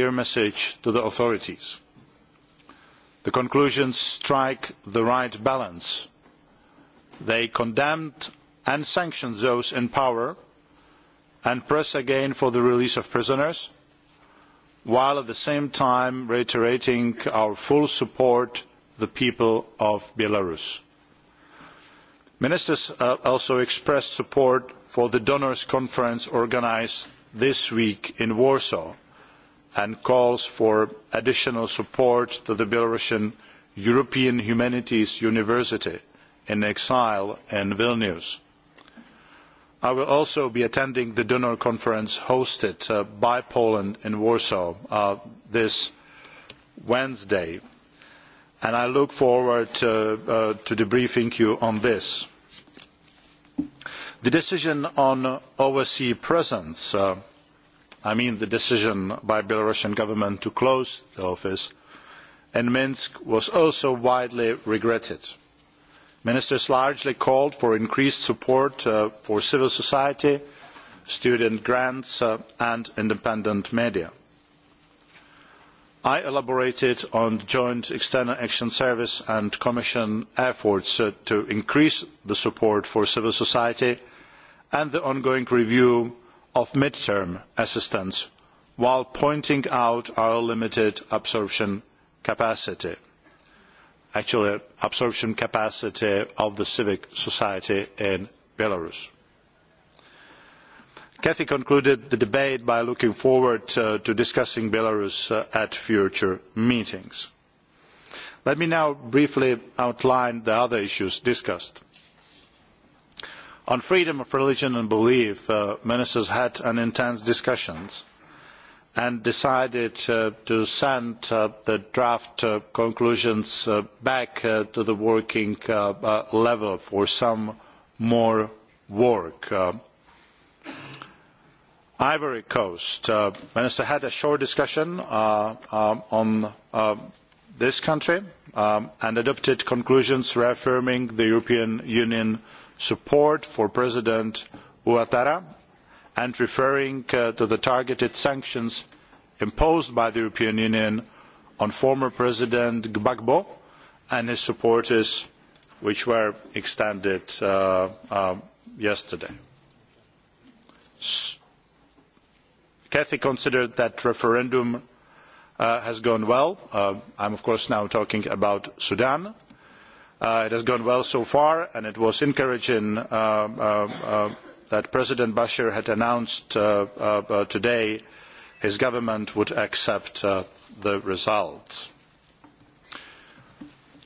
clear message to the authorities. the conclusions strike the right balance. they condemned and sanctioned those in power and press again for the release of prisoners while at the same time reiterating our full support to the people of belarus. ministers uh, also expressed support for the donors' conference organised this week in warsaw and calls for additional support to the Belarusian European Humanities University in exile in Vilnius. I will also be attending the donor conference hosted uh, by Poland in Warsaw uh, this Wednesday, and I look forward uh, uh, to debriefing you on this. The decision on overseas presence uh, i mean the decision by the belarusian government to close the office in minsk was also widely regretted. ministers largely called for increased support uh, for civil society student grants uh, and independent media. i elaborated on the joint external action service and commission efforts uh, to increase the support for civil society and the ongoing review of mid term assistance while pointing out our limited absorption capacity actually absorption capacity of the civic society in belarus. cathy concluded the debate by looking forward uh, to discussing belarus uh, at future meetings. let me now briefly outline the other issues discussed on freedom of religion and belief uh, ministers had an intense discussions and decided uh, to send uh, the draft uh, conclusions uh, back uh, to the working uh, uh, level for some more work. Uh, Ivory Coast, uh, Minister had a short discussion uh, um, on uh, this country um, and adopted conclusions reaffirming the European Union uh, support for President Ouattara and referring uh, to the targeted sanctions imposed by the European Union on former President Gbagbo and his supporters, which were extended uh, um, yesterday. S Cathy considered that referendum uh, has gone well. Uh, I'm of course now talking about Sudan. Uh, Uh, it has gone well so far and it was encouraging uh, uh, uh that president bashir had announced uh, uh, today his government would accept the results.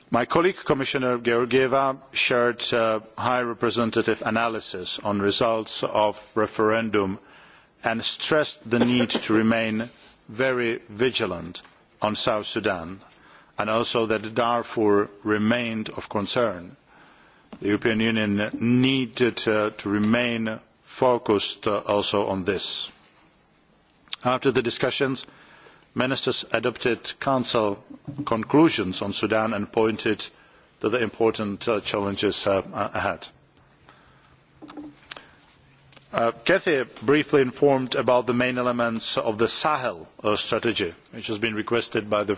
my colleague commissioner georgieva shared high representative analysis on results of referendum and stressed the need to remain very vigilant on south sudan and also that Darfur remained of concern. The European Union needed uh, to remain focused uh, also on this. After the discussions, ministers adopted Council conclusions on Sudan and pointed to the important uh, challenges uh, ahead. Uh, cathy briefly informed about the main elements of the sahel uh, strategy which has been requested by the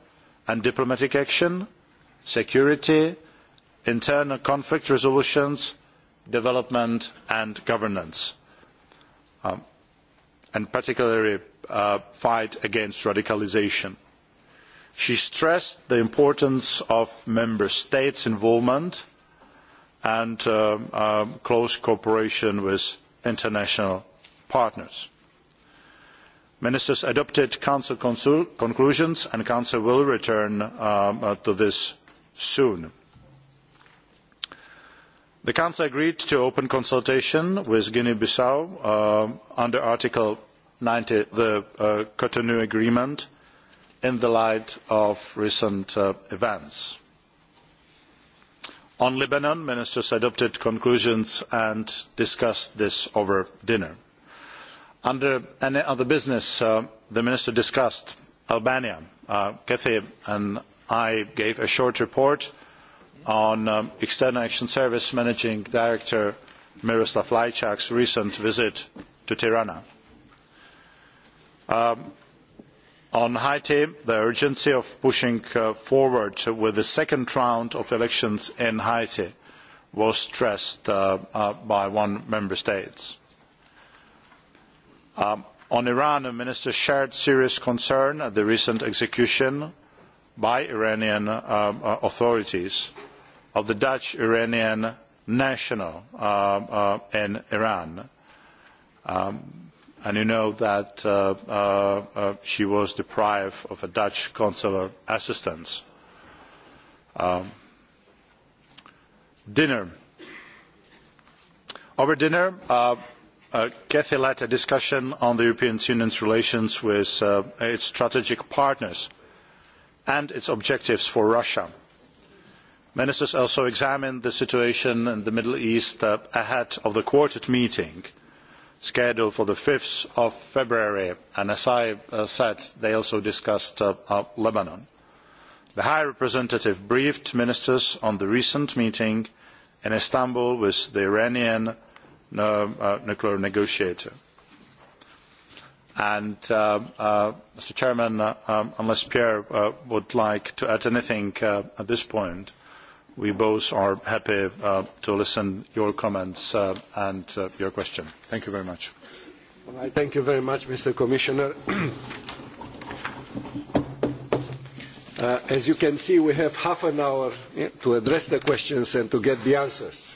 and diplomatic action security internal conflict resolutions development and governance um, and particularly the uh, fight against radicalisation. she stressed the importance of member states' involvement and uh, uh, close cooperation with international partners ministers adopted council conclusions and the council will return um, uh, to this soon. the council agreed to open consultation with guinea bissau um, under article ninety of the uh, cotonou agreement in the light of recent uh, events. on lebanon ministers adopted conclusions and discussed this over dinner under any other business uh, the minister discussed albania. Uh, cathy and i gave a short report on um, external action service managing director miroslav lajcak's recent visit to tirana. Um, on haiti the urgency of pushing uh, forward with the second round of elections in haiti was stressed uh, uh, by one member state Um, on Iran, the Minister shared serious concern at the recent execution by Iranian um, uh, authorities of the Dutch Iranian national uh, uh, in Iran. Um, and you know that uh, uh, uh, she was deprived of a Dutch consular assistance. Um, dinner. Over dinner, uh, Uh, Cathy led a discussion on the European Union's relations with uh, its strategic partners and its objectives for Russia. Ministers also examined the situation in the Middle East uh, ahead of the quartet meeting scheduled for the 5th of February, and as I uh, said, they also discussed uh, uh, Lebanon. The High Representative briefed ministers on the recent meeting in Istanbul with the Iranian nuclear uh, negotiator. And, uh, uh, Mr. Chairman, um, unless Pierre would like to add anything at this point, we both are happy uh, to listen to your comments uh, and uh, your question. Thank you very much. Well, thank you very much, Mr. Commissioner. uh, as you can see, we have half an hour to address the questions and to get the answers.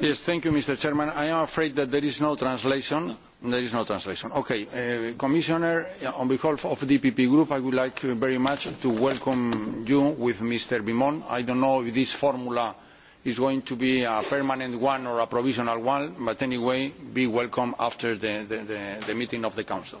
Yes, thank you, Mr. Chairman. I am afraid that there is no translation. There is no translation. Okay, uh, Commissioner, uh, on behalf of the DPP Group, I would like very much to welcome you with Mr. Bimon. I don't know if this formula is going to be a permanent one or a provisional one, but anyway, be welcome after the, the, the, the meeting of the Council.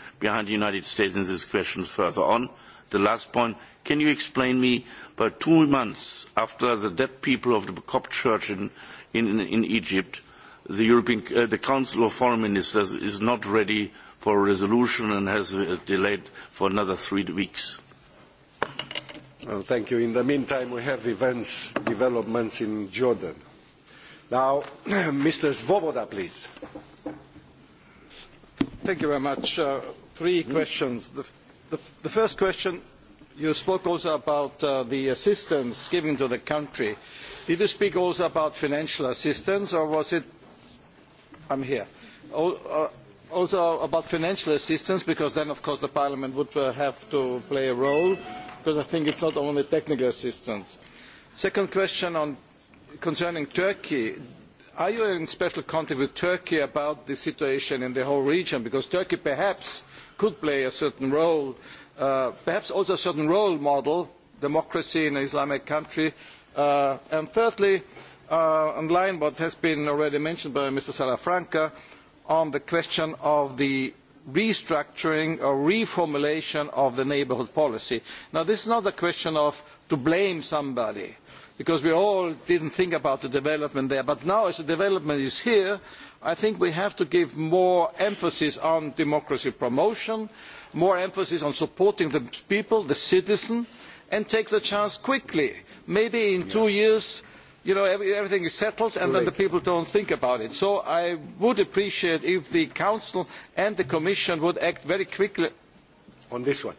behind the United States in this question further on. The last point, can you explain me, but two months after the dead people of the Coptic church in, in, in Egypt, the, European, uh, the Council of Foreign Ministers is not ready for a resolution and has uh, delayed for another three weeks. Well, thank you. In the meantime, we have events, developments in Jordan. Now, Mr. Svoboda, please. Thank you very much. Uh, three hmm? questions. The, the, the first question, you spoke also about uh, the assistance given to the country. Did you speak also about financial assistance, or was it... I'm here. O, uh, also about financial assistance, because then, of course, the Parliament would uh, have to play a role, because I think it's not only technical assistance. Second question on, concerning Turkey Are you in special contact with Turkey about the situation in the whole region? Because Turkey perhaps could play a certain role, uh, perhaps also a certain role model, democracy in an Islamic country. Uh, and thirdly, uh, in line what has been already mentioned by Mr. Salafranca, on the question of the restructuring or reformulation of the neighbourhood policy. Now, this is not a question of to blame somebody because we all did not think about the development there. But now as the development is here, I think we have to give more emphasis on democracy promotion, more emphasis on supporting the people, the citizen, and take the chance quickly. Maybe in yeah. two years, you know, every, everything is settled and then the people don't think about it. So I would appreciate if the Council and the Commission would act very quickly. On this one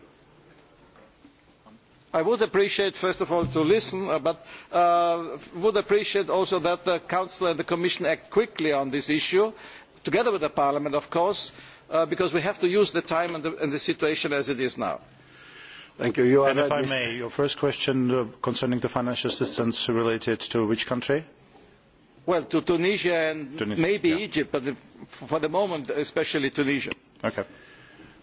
I would appreciate, first of all, to listen, uh, but uh, would appreciate also that the Council and the Commission act quickly on this issue, together with the Parliament, of course, uh, because we have to use the time and the, and the situation as it is now. Thank you. you are and if I may, your first question uh, concerning the financial assistance related to which country? Well, to Tunisia and Tunisia, maybe yeah. Egypt, but the, for the moment, especially Tunisia. Okay.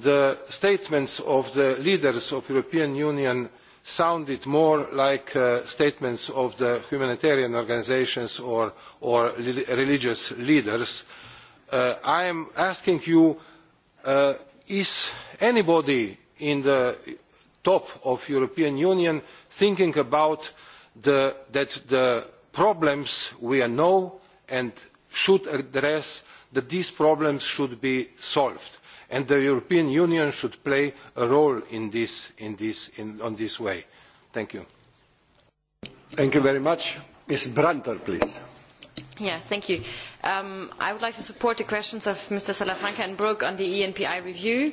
the statements of the leaders of the european union sounded more like uh, statements of the humanitarian organisations or, or religious leaders. Uh, i am asking you uh, is anybody at the top of the european union thinking about the, that the problems we know and should address that these problems should be solved? and the european union should play a role in this, in this, in, on this way. thank you. thank you very much. ms brantner please. Yeah, thank you. Um, I would like to support the questions of Mr. Salafranca and Brooke on the ENPI review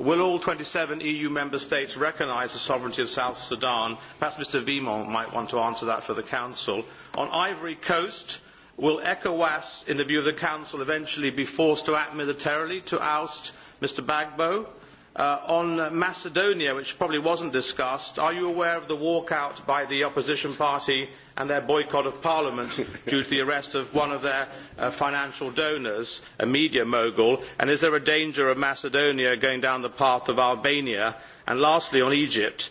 Will all 27 EU member states recognise the sovereignty of South Sudan? Perhaps Mr Vimon might want to answer that for the Council. On Ivory Coast, will ECOWAS, in the view of the Council, eventually be forced to act militarily to oust Mr Bagbo? Uh, on Macedonia, which probably wasn't discussed, are you aware of the walkout by the opposition party and their boycott of Parliament due to the arrest of one of their uh, financial donors, a media mogul? And is there a danger of Macedonia going down the path of Albania? And lastly, on Egypt,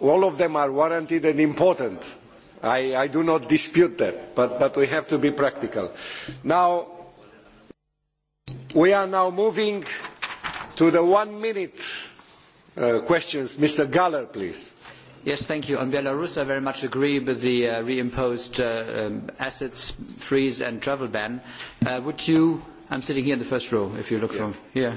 all of them are warranted and important. I, I do not dispute that, but, but we have to be practical. Now, we are now moving to the one minute uh, questions. Mr. Galler, please. Yes, thank you. On Belarus, I very much agree with the uh, reimposed uh, um, assets freeze and travel ban. Uh, would you, I'm sitting here in the first row, if you look yeah. from here. Yeah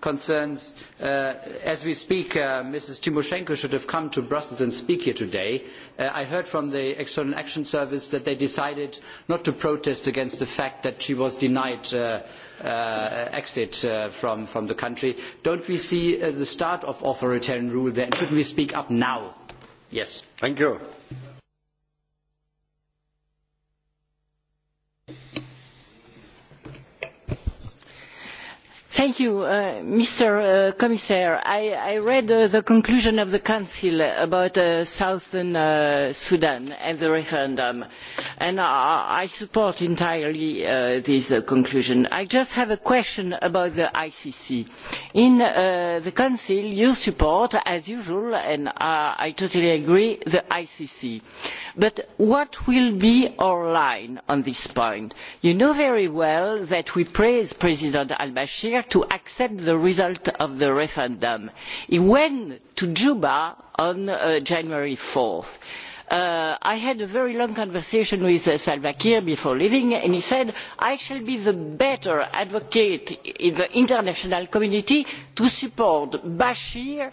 concerns, uh, as we speak, uh, Mrs. Tymoshenko should have come to Brussels and speak here today. Uh, I heard from the External Action Service that they decided not to protest against the fact that she was denied uh, uh, exit uh, from, from the country. Don't we see uh, the start of authoritarian rule there? And shouldn't we speak up now? Yes. Thank you. Thank you, uh, Mr. Uh, Commissaire. I, I read uh, the conclusion of the Council about uh, Southern uh, Sudan and the referendum, and I, I support entirely uh, this uh, conclusion. I just have a question about the ICC. In uh, the Council, you support, as usual, and uh, I totally agree, the ICC. But what will be our line on this point? You know very well that we praise President al-Bashir to accept the result of the referendum. he went to juba on uh, january 4th. Uh, I had a very long conversation with uh, Salva Kiir before leaving, and he said, I shall be the better advocate in the international community to support Bashir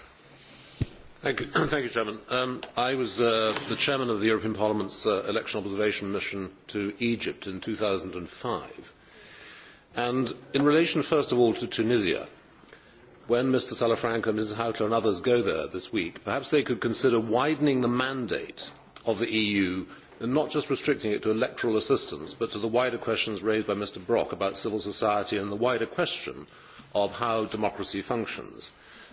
Thank you, Thank you Chairman. Um, I was uh, the Chairman of the European Parliament's uh, Election Observation Mission to Egypt in 2005. And in relation, first of all, to Tunisia, when Mr. Salafranca, Mrs. Hautler and others go there this week, perhaps they could consider widening the mandate of the EU and not just restricting it to electoral assistance, but to the wider questions raised by Mr. Brock about civil society and the wider question of how democracy functions.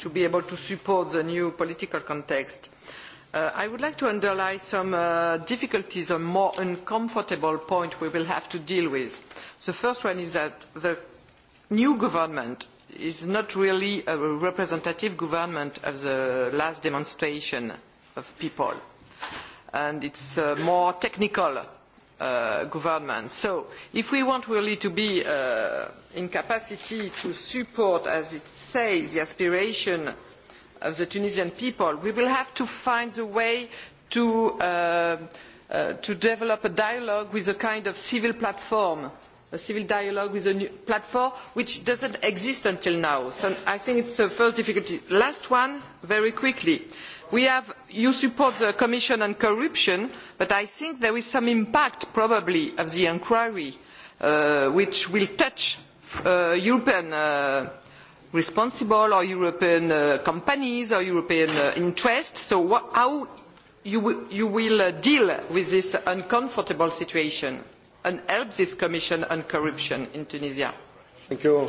to be able to support the new political context. Uh, I would like to underline some uh, difficulties, a more uncomfortable point we will have to deal with. The first one is that the new government is not really a representative government of the last demonstration of people. And it's uh, more technical uh, government. So if we want really to be uh, in capacity to support, as it says, the aspiration of the Tunisian people, we will have to find a way to, uh, uh, to develop a dialogue with a kind of civil platform uh, a civil dialogue with a new platform which does not exist until now. So I think it's the first difficulty. Last one, very quickly. We have, you support the Commission on Corruption, but I think there is some impact probably of the inquiry uh, which will touch uh, European uh, responsible or European uh, companies or European uh, interests. So what, how you, you will uh, deal with this uncomfortable situation? and help this Commission on corruption in Tunisia? Thank you.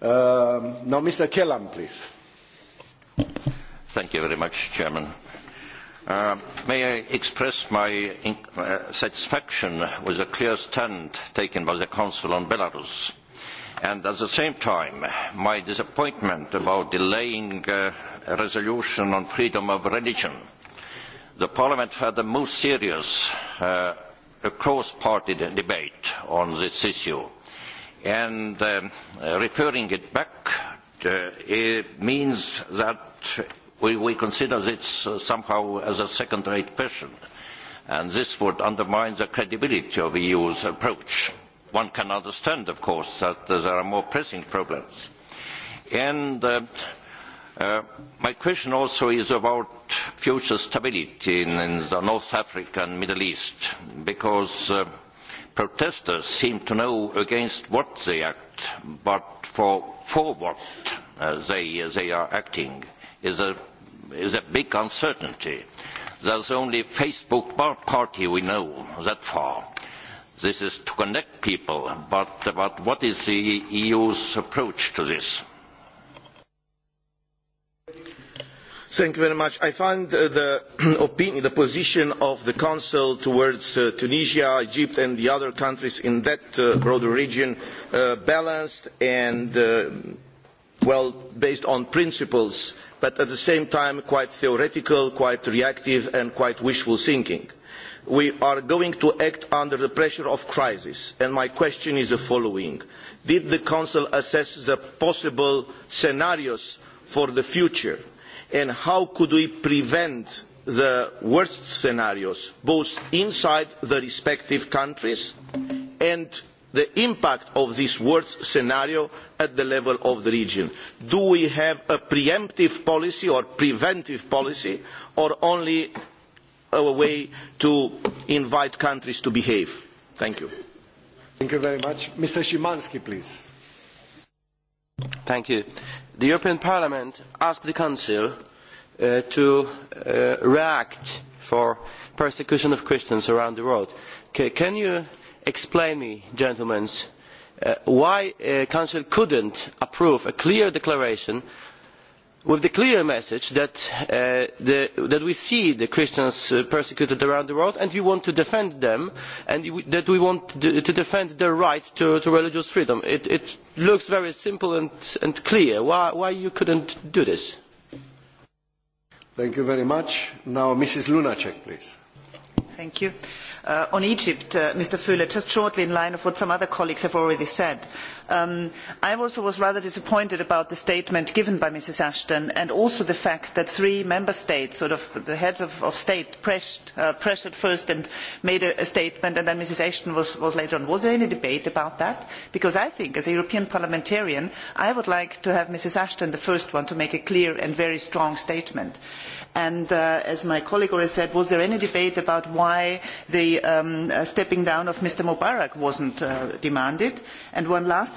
Uh, now, Mr. Kellam, please. Thank you very much, Chairman. Uh, may I express my in- uh, satisfaction with the clear stand taken by the Council on Belarus, and at the same time, my disappointment about delaying uh, a resolution on freedom of religion. The Parliament had the most serious uh, a cross-party debate on this issue. And um, referring it back to, uh, it means that we, we consider this uh, somehow as a second-rate question. And this would undermine the credibility of the EU's approach. One can understand, of course, that uh, there are more pressing problems. And uh, Uh, my question also is about future stability in, in the North Africa and Middle East, because uh, protesters seem to know against what they act, but for, for what uh, they, they are acting is a, is a big uncertainty. There's only Facebook party we know that far. This is to connect people, but, but what is the EU's approach to this? Thank you very much. I find uh, the, opinion, the position of the Council towards uh, Tunisia, Egypt and the other countries in that uh, broader region uh, balanced and uh, well based on principles but at the same time quite theoretical, quite reactive and quite wishful thinking. We are going to act under the pressure of crisis and my question is the following. Did the Council assess the possible scenarios for the future? and how could we prevent the worst scenarios, both inside the respective countries and the impact of this worst scenario at the level of the region. Do we have a preemptive policy or preventive policy or only a way to invite countries to behave? Thank you. Thank you very much. Mr. Szymanski, please. Thank you the European Parliament asked the Council uh, to uh, react for persecution of Christians around the world. C can you explain me, gentlemen, uh, why the uh, Council couldn't approve a clear declaration with the clear message that, uh, the, that we see the Christians uh, persecuted around the world and we want to defend them and that we want to defend their right to, to religious freedom. It, it looks very simple and, and clear. Why, why you couldn't do this? Thank you very much. Now Mrs. Lunacek, please. Thank you. Uh, on Egypt, uh, Mr. Fuller, just shortly in line of what some other colleagues have already said. Uh, um, i also was rather disappointed about the statement given by mrs ashton and also the fact that three member states sort of the heads of, of state pressed, uh, pressured first and made a, a statement and then mrs ashton was, was later on. was there any debate about that? because i think as a european parliamentarian i would like to have mrs ashton the first one to make a clear and very strong statement and uh, as my colleague already said was there any debate about why the um, uh, stepping down of mr mubarak was not uh, demanded? and one last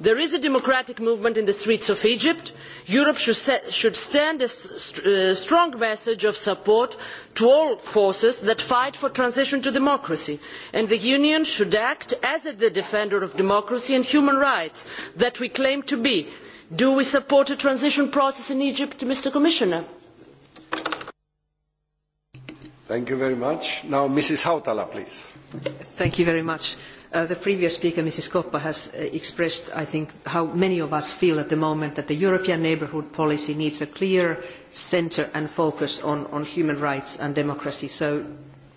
there is a democratic movement in the streets of egypt europe should, set, should send a st uh, strong message of support to all forces that fight for transition to democracy and the union should act as the defender of democracy and human rights that we claim to be. do we support a transition process in egypt mr commissioner? thank you very much. now mrs hautala please. thank you very much. Uh, the previous speaker, Mrs. Koppa, has uh, expressed, I think, how many of us feel at the moment that the European neighbourhood policy needs a clear centre and focus on, on human rights and democracy. So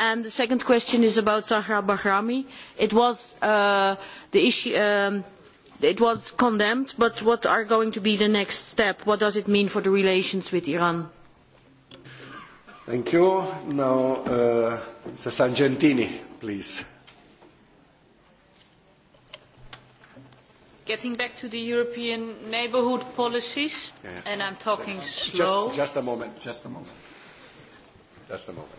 And the second question is about Zahra Bahrami. It was, uh, the issue, um, it was condemned, but what are going to be the next step? What does it mean for the relations with Iran? Thank you. Now, uh, Mr. Sangentini, please. Getting back to the European neighbourhood policies, yeah. and I'm talking just, slow. Just, just a moment. Just a moment. Just a moment.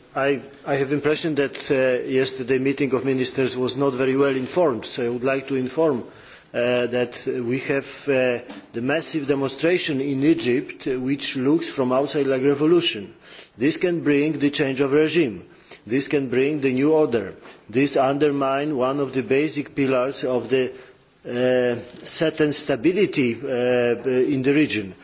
I, I have the impression that uh, yesterday meeting of ministers was not very well informed, so I would like to inform uh, that we have uh, the massive demonstration in Egypt, uh, which looks from outside like revolution. This can bring the change of regime. This can bring the new order. This undermines one of the basic pillars of the uh, certain stability uh, in the region. Uh,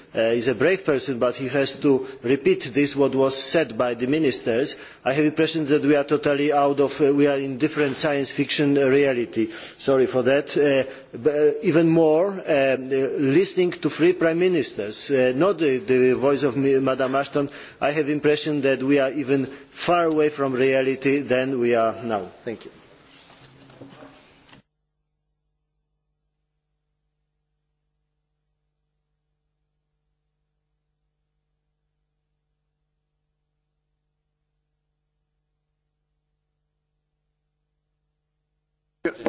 uh, is a brave person, but he has to repeat this, what was said by the ministers. I have the impression that we are totally out of, uh, we are in different science fiction reality. Sorry for that. Uh, but uh, even more, um, uh, listening to three prime ministers, uh, not the, the voice of Madam Ashton, I have the impression that we are even far away from reality than we are now. Thank you.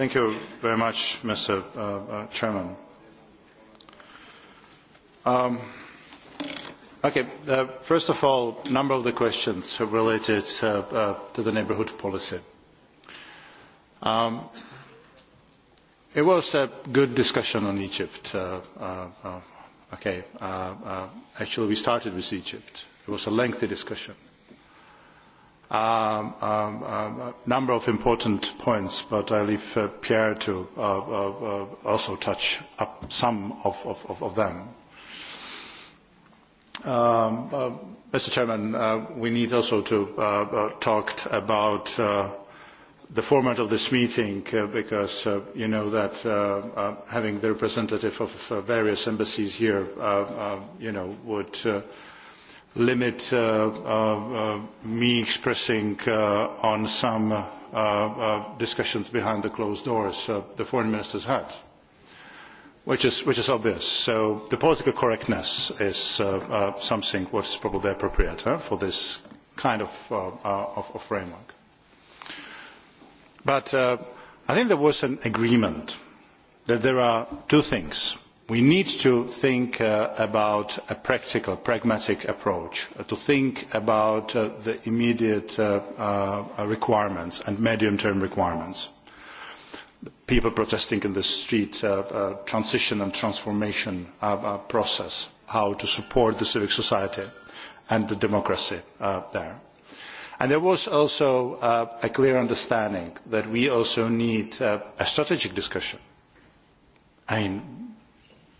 Thank you very much, Mr. Uh, uh, Chairman. Um, okay, uh, first of all, a number of the questions related uh, uh, to the neighbourhood policy. Um, it was a good discussion on Egypt. Uh, uh, uh, okay, uh, uh, actually we started with Egypt. It was a lengthy discussion. Uh, um, um, um, number of important points, but I leave uh, Pierre to uh, uh, uh, also touch up some of, of, of them. Um, uh, Mr. Chairman, uh, we need also to uh, uh, talk about uh, the format of this meeting uh, because uh, you know that uh, uh, having the representative of uh, various embassies here, uh, uh, you know, would uh, limit uh, uh, uh, me expressing uh, on some uh, uh, discussions behind the closed doors uh, the foreign ministers had, which is, which is obvious. So the political correctness is uh, uh, something what is probably appropriate huh, for this kind of, uh, uh, of, of framework. But uh, I think there was an agreement that there are two things – we need to think uh, about a practical, pragmatic approach, uh, to think about uh, the immediate uh, uh, requirements and medium-term requirements. People protesting in the street, uh, uh, transition and transformation uh, uh, process, how to support the civic society and the democracy uh, there. And there was also uh, a clear understanding that we also need uh, a strategic discussion. I mean,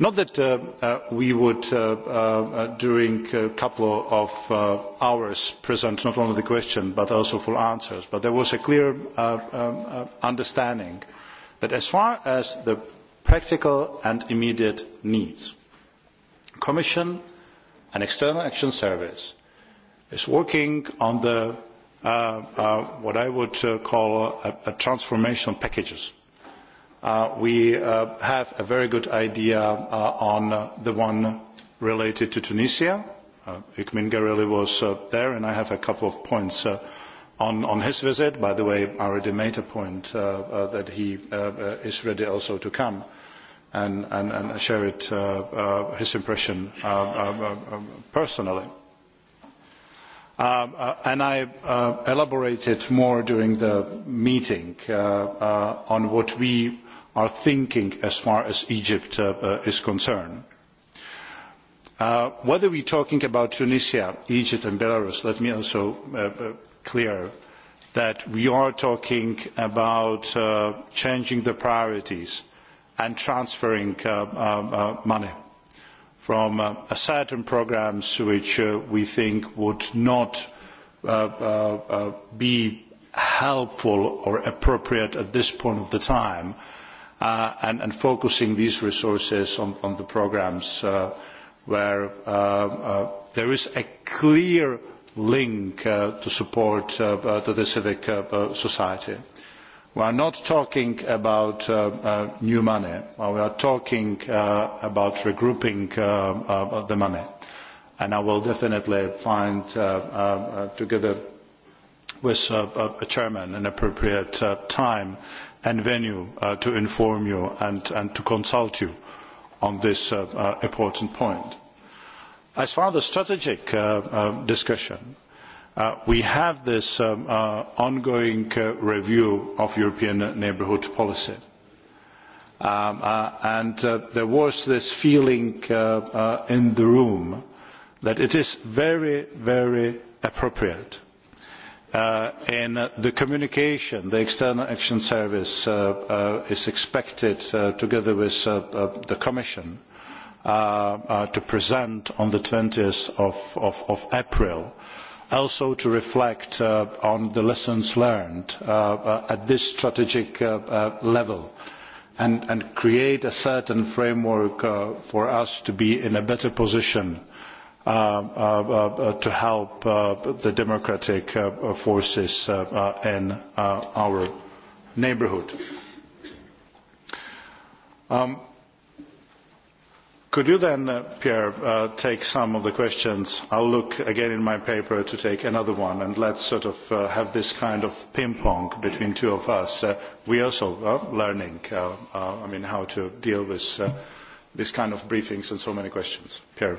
Not that uh, uh, we would, uh, uh, uh, during a couple of uh, hours, present not only the question but also full answers, but there was a clear uh, um, uh, understanding that as far as the practical and immediate needs, the Commission and External Action Service is working on the, uh, uh, what I would uh, call a, a transformation packages uh, we uh, have a very good idea uh, on uh, the one related to Tunisia. Uh, Ikmin Gareli was uh, there, and I have a couple of points uh, on, on his visit. By the way, I already made a point uh, uh, that he uh, uh, is ready also to come and, and, and share it, uh, uh, his impression uh, uh, uh, uh personally. Uh, uh, and I uh, elaborated more during the meeting uh, uh, on what we are thinking as far as Egypt uh, uh, is concerned. Uh, whether we're talking about Tunisia, Egypt and Belarus, let me also uh, uh, clear that we are talking about uh, changing the priorities and transferring uh, uh, uh money from uh, certain programs which uh, we think would not uh, uh, uh, be helpful or appropriate at this point of the time uh, uh, and, and focusing these resources on, on the programs uh, where uh, uh, there is a clear link uh, to support uh, uh, to the civic uh, uh, society. We are not talking about uh, uh, new money. Well, uh, we are talking uh, about regrouping uh, uh, the money. And I will definitely find, uh, uh, uh together with uh, a chairman an appropriate uh, time and venue uh, to inform you and, and to consult you on this uh, uh, important point. As far as the strategic uh, uh, discussion, uh, we have this um, uh, ongoing uh, review of European neighbourhood policy. Um, uh, and uh, there was this feeling uh, uh, in the room that it is very, very appropriate Uh, in the communication, the External Action Service uh, uh, is expected, uh, together with uh, uh, the Commission, uh, uh, to present on the 20th of, of, of April, also to reflect uh, on the lessons learned uh, uh, at this strategic uh, uh, level and, and create a certain framework uh, for us to be in a better position Uh uh, uh, uh, to help uh, the democratic uh, forces uh, uh, in uh, our neighborhood. Um, could you then, uh, Pierre, uh, take some of the questions? I'll look again in my paper to take another one, and let's sort of uh, have this kind of ping-pong between two of us. Uh, we also are uh, learning, uh, uh, I mean, how to deal with uh, this kind of briefings and so many questions. Pierre.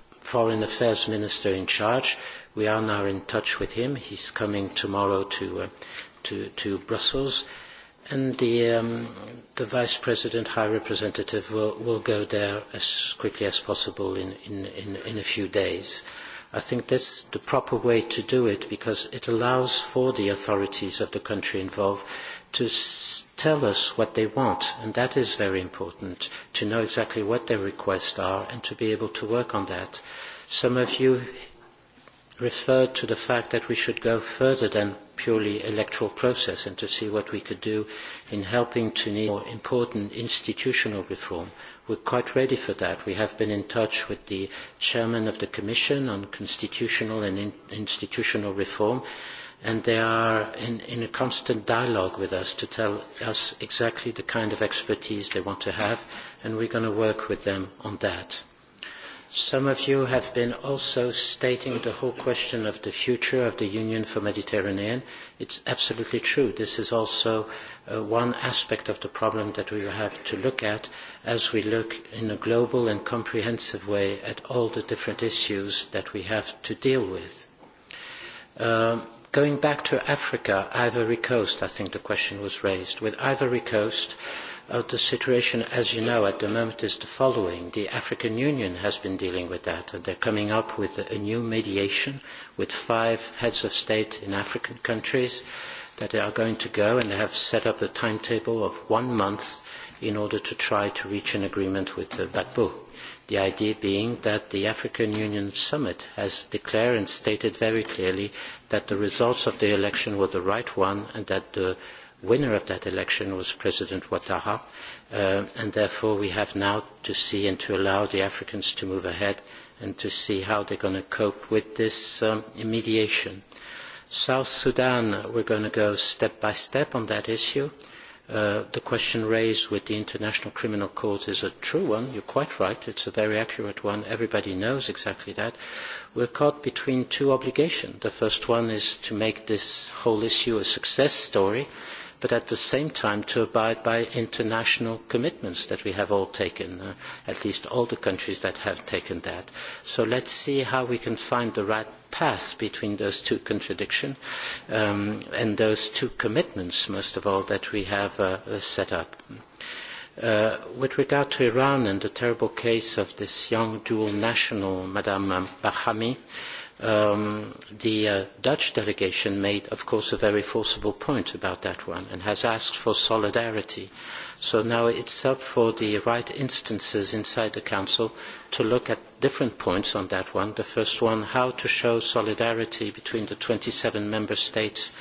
foreign affairs minister in charge. We are now in touch with him. He's coming tomorrow to, uh, to, to Brussels. And the, um, the Vice President, High Representative, will, will go there as quickly as possible in, in, in, in a few days. I think that's the proper way to do it because it allows for the authorities of the country involved to s- tell us what they want, and that is very important, to know exactly what their requests are and to be able to work on that. Some of you referred to the fact that we should go further than purely electoral process and to see what we could do in helping Tunisia more important institutional reform. We're quite ready for that. We have been in touch with the chairman of the Commission on constitutional and in, institutional reform and they are in, in a constant dialogue with us to tell us exactly the kind of expertise they want to have and we're going to work with them on that. Some of you have been also stating the whole question of the future of the Union for Mediterranean. It's absolutely true. This is also uh, one aspect of the problem that we have to look at as we look in a global and comprehensive way at all the different issues that we have to deal with. Um, going back to Africa, Ivory Coast, I think the question was raised. With Ivory Coast, uh, Uh, the situation, as you know, at the moment is the following. The African Union has been dealing with that, and they're coming up with a, a new mediation with five heads of state in African countries that are going to go and have set up a timetable of one month in order to try to reach an agreement with uh, Batbo. The idea being that the African Union summit has declared and stated very clearly that the results of the election were the right one and that the uh, winner of that election was President Ouattara, uh, and therefore we have now to see and to allow the Africans to move ahead and to see how they're going to cope with this um, mediation. South Sudan, we're going to go step by step on that issue. Uh, the question raised with the International Criminal Court is a true one. You're quite right. It's a very accurate one. Everybody knows exactly that. We're caught between two obligations. The first one is to make this whole issue a success story. Uh, but at the same time to abide by international commitments that we have all taken, uh, at least all the countries that have taken that. So let's see how we can find the right path between those two contradictions um, and those two commitments, most of all, that we have uh, uh, set up. Uh, with regard to Iran and the terrible case of this young dual national, Madame Bahami, uh, um, the uh, Dutch delegation made, of course, a very forcible point about that one and has asked for solidarity. So now it's up for the right instances inside the Council to look at different points on that one. The first one, how to show solidarity between the 27 member states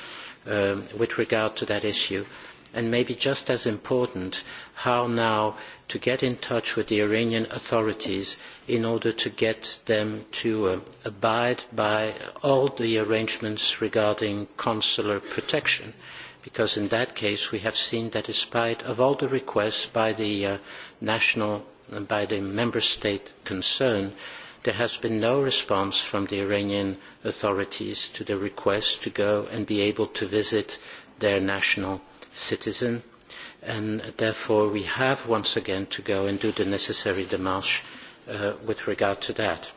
um, with regard to that issue. And maybe just as important, how now uh, to get in touch with the Iranian authorities in order to get them to uh, abide by all the arrangements regarding consular protection. Because in that case, we have seen that despite of all the requests by the uh, national, uh, by the member state concerned, there has been no response from the Iranian authorities to the request to go and be able to visit their national citizen and therefore we have once again to go and do the necessary démarche uh, with regard to that.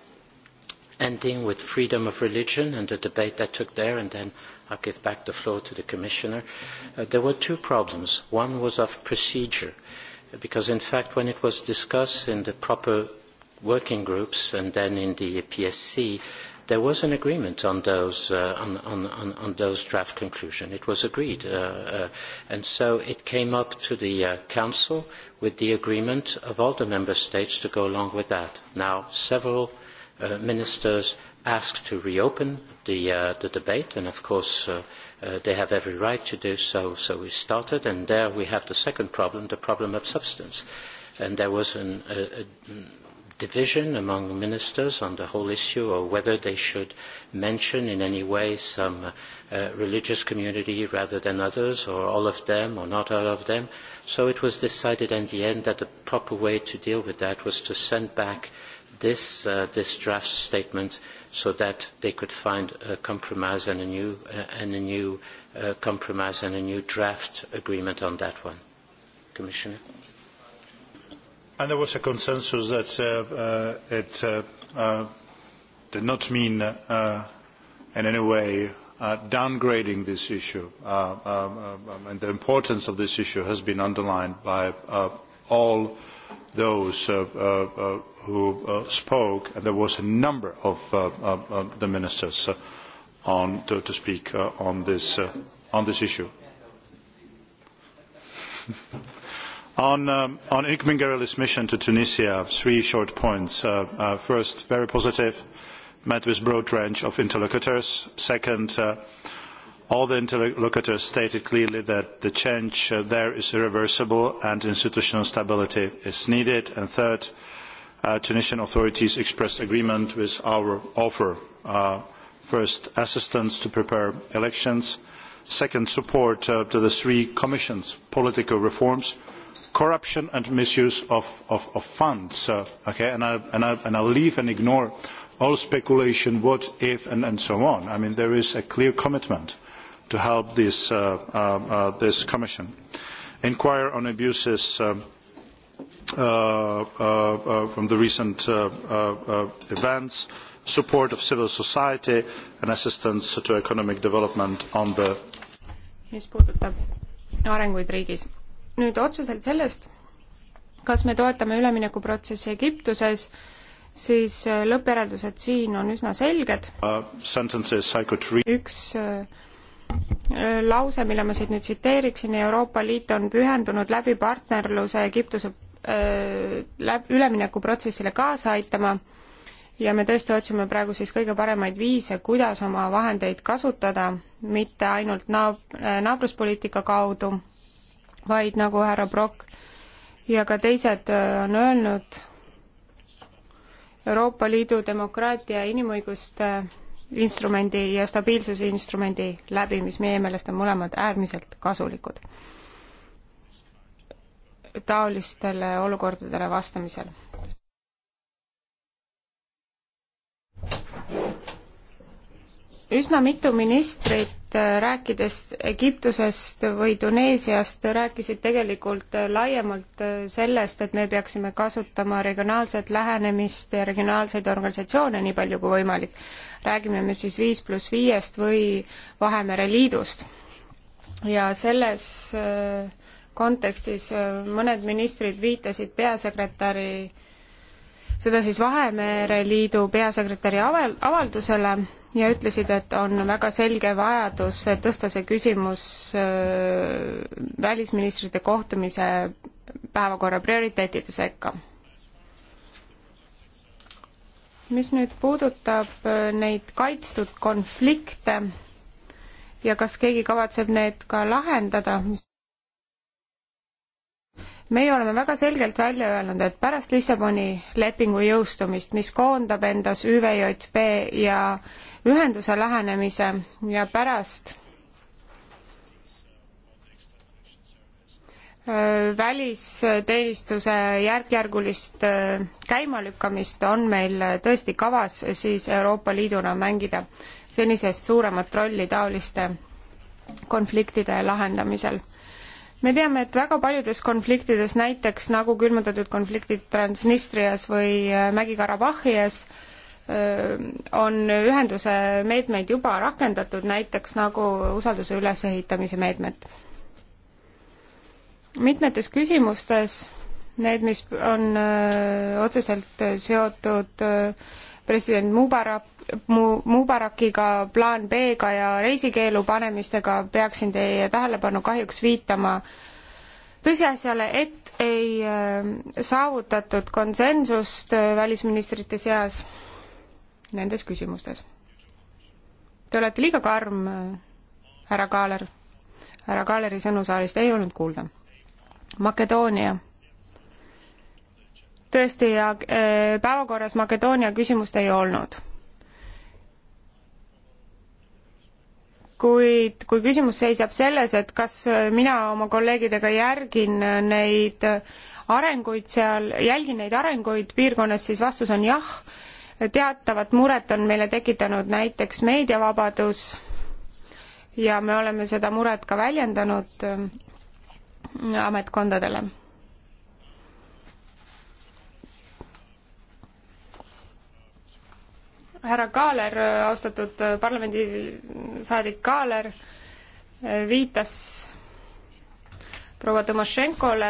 Ending with freedom of religion and the debate that took there, and then I'll give back the floor to the Commissioner. Uh, there were two problems. One was of procedure, because in fact when it was discussed in the proper working groups and then in the PSC, there was an agreement on those uh, on, on, on, on those draft conclusion. It was agreed, uh, uh, and so it came up to the uh, council with the agreement of all the member states to go along with that. Now, several uh, ministers asked to reopen the uh, the debate, and of course. Uh, uh, they have every right to do so, so we started, and there we have the second problem, the problem of substance. And there was an, a, a division among ministers on the whole issue or whether they should mention in any way some uh, religious community rather than others or all of them or not all of them. So it was decided in the end that the proper way to deal with that was to send back this, uh, this draft statement so that they could find a compromise and a new, uh, and a new uh, compromise and a new draft agreement on that one. Commissioner? And there was a consensus that uh, uh, it uh, uh, did not mean uh, uh in any way uh, downgrading this issue. Uh, um, um, and the importance of this issue has been underlined by uh, all those uh, uh, uh who uh, spoke, and there was a number of uh, uh, the ministers uh, on, to, to speak uh, on, this, uh, on this issue. on um, on Ikmin Gereli's mission to Tunisia, three short points. Uh, uh, first, very positive, met with broad range of interlocutors. Second, uh, all the interlocutors stated clearly that the change uh, there is irreversible and institutional stability is needed. And third, uh, Tunisian authorities expressed agreement with our offer. Uh, first, assistance to prepare elections. Second, support uh, to the three commissions' political reforms – corruption and misuse of, of, of funds. Uh, okay? and, I, and, I, and I'll leave and ignore all speculation, what if, and, and so on. I mean, there is a clear commitment to help this, uh, uh, uh, this Commission inquire on abuses uh, uh, uh, uh from the recent uh, uh, uh, events, support of civil society, and assistance to economic development on the mis puudutab arenguid riigis nüüd otseselt sellest, kas me toetame üleminekuprotsessi Egiptuses, siis äh, lõppjäreldused siin on üsna selged uh,. üks äh, äh, lause, mille ma siit nüüd tsiteeriksin, Euroopa Liit on pühendunud läbi partnerluse Egiptuse läb-, üleminekuprotsessile kaasa aitama ja me tõesti otsime praegu siis kõige paremaid viise, kuidas oma vahendeid kasutada, mitte ainult naab-, naabruspoliitika kaudu, vaid nagu härra Brock ja ka teised äh, on öelnud, Euroopa Liidu demokraatia ja inimõiguste instrumendi ja stabiilsuse instrumendi läbi, mis meie meelest on mõlemad äärmiselt kasulikud taolistele olukordadele vastamisel. üsna mitu ministrit et äh, rääkides Egiptusest või Tuneesiast, rääkisid tegelikult äh, laiemalt äh, sellest, et me peaksime kasutama regionaalset lähenemist ja regionaalseid organisatsioone nii palju kui võimalik. räägime me siis viis pluss viiest või Vahemere Liidust. ja selles kontekstis mõned ministrid viitasid peasekretäri seda siis Vahemere Liidu peasekretäri avaldusele ja ütlesid, et on väga selge vajadus tõsta see küsimus välisministrite kohtumise päevakorra prioriteetide sekka. mis nüüd puudutab neid kaitstud konflikte ja kas keegi kavatseb need ka lahendada, mis meie oleme väga selgelt välja öelnud, et pärast Lissaboni lepingu jõustumist, mis koondab endas ÜVJP ja ühenduse lähenemise ja pärast äh, välisteenistuse järk-järgulist äh, käimalükkamist on meil tõesti kavas siis Euroopa Liiduna mängida senisest suuremat rolli taoliste konfliktide lahendamisel me teame, et väga paljudes konfliktides, näiteks nagu külmutatud konfliktid Transnistrias või äh, Mägi-Karabahhias, äh, on ühenduse meetmeid juba rakendatud, näiteks nagu usalduse ülesehitamise meetmed. mitmetes küsimustes, need, mis on öö, äh, otseselt seotud öö, president Mubarak, Mubarakiga, plaan B-ga ja reisikeelu panemistega peaksin teie tähelepanu kahjuks viitama tõsiasjale, et ei äh, saavutatud konsensust äh, välisministrite seas nendes küsimustes. Te olete liiga karm, äh, härra Kaaler. härra Kaaleri sõnu saalist ei olnud kuulda. Makedoonia tõesti ja eh, päevakorras Makedoonia küsimust ei olnud. kuid kui küsimus seisab selles, et kas mina oma kolleegidega järgin neid arenguid seal, jälgin neid arenguid piirkonnas, siis vastus on jah. teatavat muret on meile tekitanud näiteks meediavabadus ja me oleme seda muret ka väljendanud eh, ametkondadele härra Kaaler, austatud parlamendisaadik Kaaler, viitas proua Tomašenkole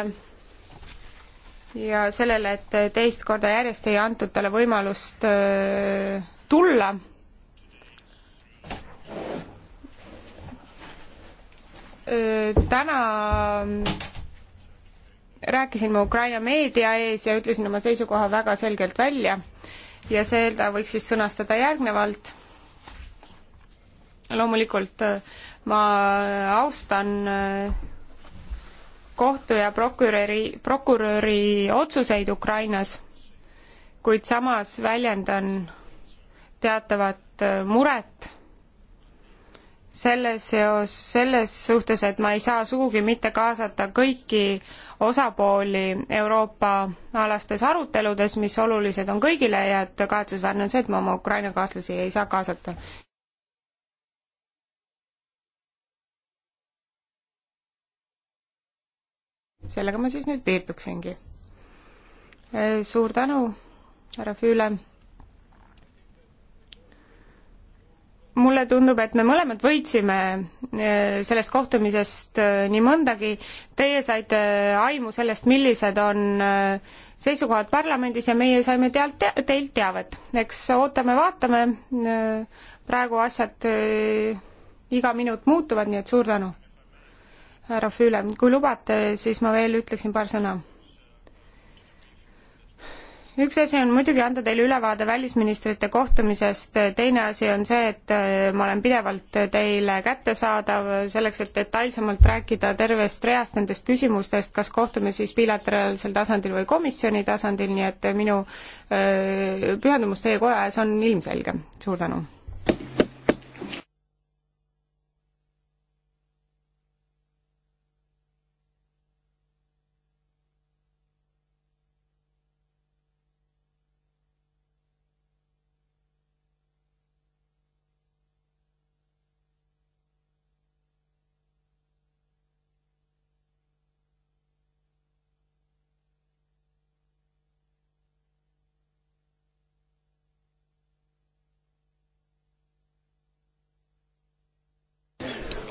ja sellele, et teist korda järjest ei antud talle võimalust äh, tulla. Äh, täna rääkisin ma Ukraina meedia ees ja ütlesin oma seisukoha väga selgelt välja ja seda võiks siis sõnastada järgnevalt. loomulikult äh, ma austan äh, kohtu ja prokuröri, prokuröri otsuseid Ukrainas, kuid samas väljendan teatavat äh, muret selles seos, selles suhtes, et ma ei saa sugugi mitte kaasata kõiki osapooli Euroopa alastes aruteludes, mis olulised on kõigile ja et kahetsusväärne on see, et ma oma Ukraina kaaslasi ei saa kaasata. sellega ma siis nüüd piirduksingi. suur tänu, härra Füüle mulle tundub, et me mõlemad võitsime eh, sellest kohtumisest eh, nii mõndagi. Teie saite aimu sellest, millised on eh, seisukohad parlamendis ja meie saime tealt, teilt teavet. eks ootame-vaatame, praegu asjad iga minut muutuvad, nii et suur tänu, härra Füüle. kui lubate, siis ma veel ütleksin paar sõna üks asi on muidugi anda teile ülevaade välisministrite kohtumisest, teine asi on see, et äh, ma olen pidevalt teile kättesaadav selleks, et detailsemalt rääkida tervest reast nendest küsimustest, kas kohtume siis bilateraalsel tasandil või komisjoni tasandil, nii et minu äh, pühendumus teie koja ees on ilmselge. suur tänu!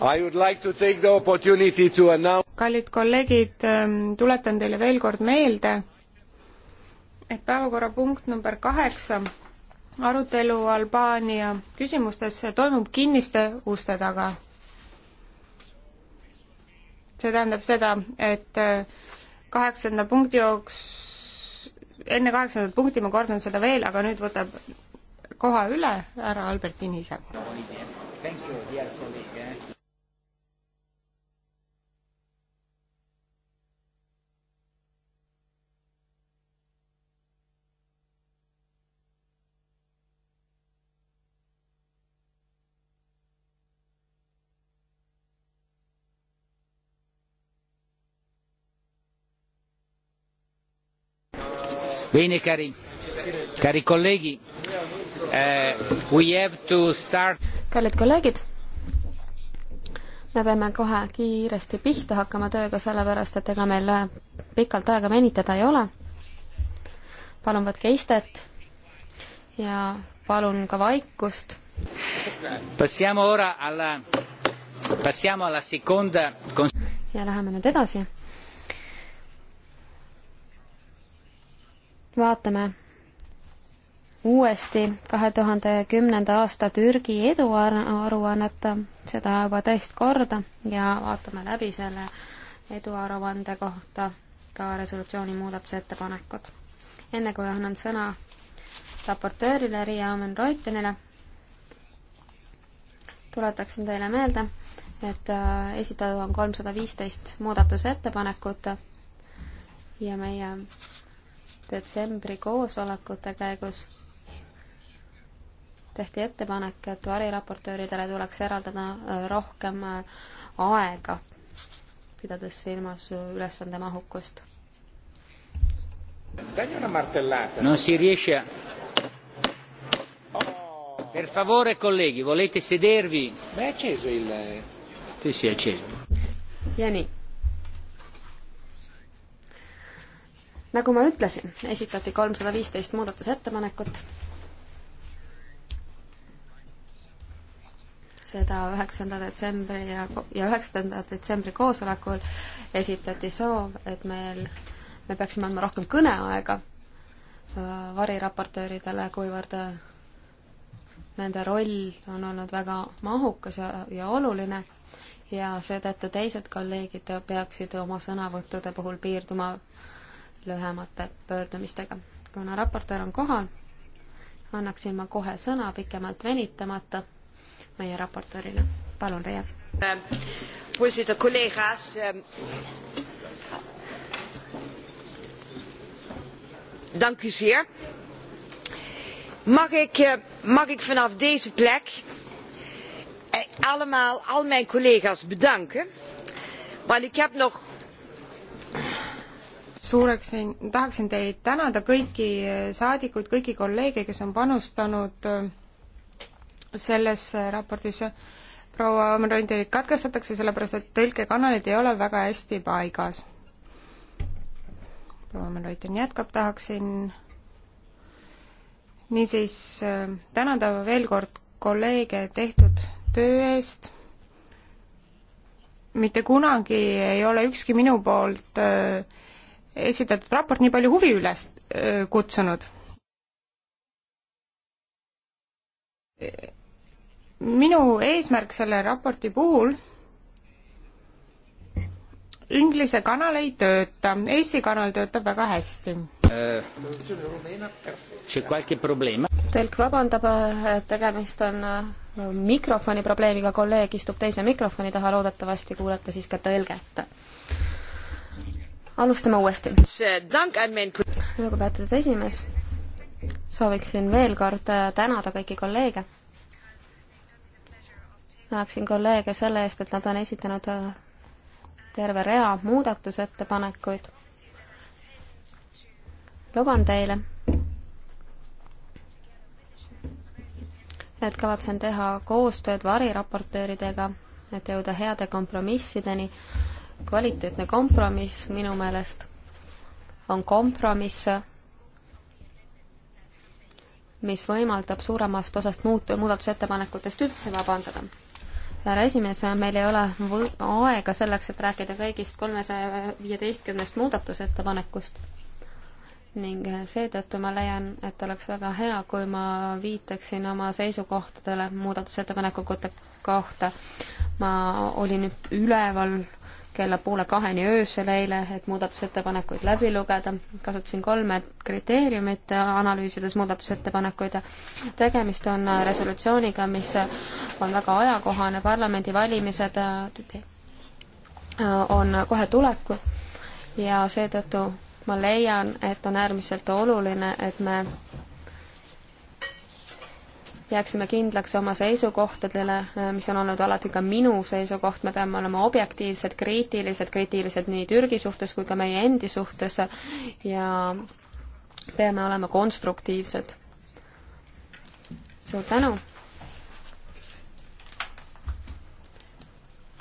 Like kallid kolleegid, ähm, tuletan teile veel kord meelde, et päevakorrapunkt number kaheksa arutelu Albaania küsimustes toimub kinniste uste taga. see tähendab seda, et äh, kaheksanda punkti jooks, enne kaheksandat punkti ma kordan seda veel, aga nüüd võtab koha üle härra Albert Inise. Thank you, dear Bene, cari, cari colleghi, eh, we have to start. kallid kolleegid, me peame kohe kiiresti pihta hakkama tööga, sellepärast et ega meil eh, pikalt aega venitada ei ole. palun võtke istet ja palun ka vaikust. Passiamo ora alla, passiamo alla seconda. ja läheme nüüd edasi vaatame uuesti kahe tuhande kümnenda aasta Türgi eduaruannet, seda juba teist korda ja vaatame läbi selle eduaruande kohta ka resolutsiooni muudatusettepanekud. enne kui annan sõna raportöörile Riia Amen-Reutenile, tuletaksin teile meelde, et äh, esitatud on kolmsada viisteist muudatusettepanekut ja meie detsembri koosolekute käigus tehti ettepanek, et variraportööridele tuleks eraldada äh, rohkem äh, aega, pidades silmas äh, ülesande mahukust. Non si riesce a... Oh. Per favore colleghi, volete sedervi? Ma è acceso il... Eh, sì, sì, è acceso. Ja nii nagu ma ütlesin, esitati kolmsada viisteist muudatusettepanekut. seda üheksanda detsembri ja, ja üheksanda detsembri koosolekul esitati soov, et meil, me peaksime andma rohkem kõneaega äh, variraportööridele, kuivõrd äh, nende roll on olnud väga mahukas ja, ja oluline ja seetõttu teised kolleegid peaksid oma sõnavõttude puhul piirduma lühemate pöördumistega. kuna raportöör on kohal, annaksin ma kohe sõna pikemalt venitamata meie raportöörile. palun, Reet. Voorzitter, collega's. Ehm, dank u zeer. Mag ik, eh, mag ik vanaf deze plek eh, allemaal al mijn collega's bedanken? Want ik heb nog suureksin, tahaksin teid tänada kõiki saadikuid, kõiki kolleege, kes on panustanud äh, sellesse raportisse. proua Omerand teid katkestatakse, sellepärast et tõlkekanalid ei ole väga hästi paigas. proua Omerand jätkab, tahaksin niisiis äh, tänada veel kord kolleege tehtud töö eest. mitte kunagi ei ole ükski minu poolt äh, esitatud raport nii palju huvi üles kutsunud. minu eesmärk selle raporti puhul Inglise kanal ei tööta, Eesti kanal töötab väga hästi. tõlk vabandab, tegemist on mikrofoni probleemiga, kolleeg istub teise mikrofoni taha, loodetavasti kuulete siis ka tõlget alustame uuesti. lugupeetud esimees, sooviksin veel kord äh, tänada kõiki kolleege. tänaksin kolleege selle eest, et nad on esitanud äh, terve rea muudatusettepanekuid. luban teile, et kavatsen teha koostööd variraportööridega, et jõuda heade kompromissideni kvaliteetne kompromiss minu meelest on kompromiss, mis võimaldab suuremast osast muut-, muudatusettepanekutest üldse vabandada. härra esimees, meil ei ole võ-, aega selleks, et rääkida kõigist kolmesaja viieteistkümnest muudatusettepanekust ning seetõttu ma leian, et oleks väga hea, kui ma viitaksin oma seisukohtadele muudatusettepanekute kohta. ma olin üleval äh, kella poole kaheni öösel eile, et muudatusettepanekuid läbi lugeda. kasutasin kolme kriteeriumit, analüüsides muudatusettepanekuid. tegemist on resolutsiooniga, mis on väga ajakohane, parlamendivalimised äh, on kohe tulekul ja seetõttu ma leian, et on äärmiselt oluline, et me jääksime kindlaks oma seisukohtadele, äh, mis on olnud alati ka minu seisukoht, me peame olema objektiivsed, kriitilised, kriitilised nii Türgi suhtes kui ka meie endi suhtes ja peame olema konstruktiivsed. suur tänu!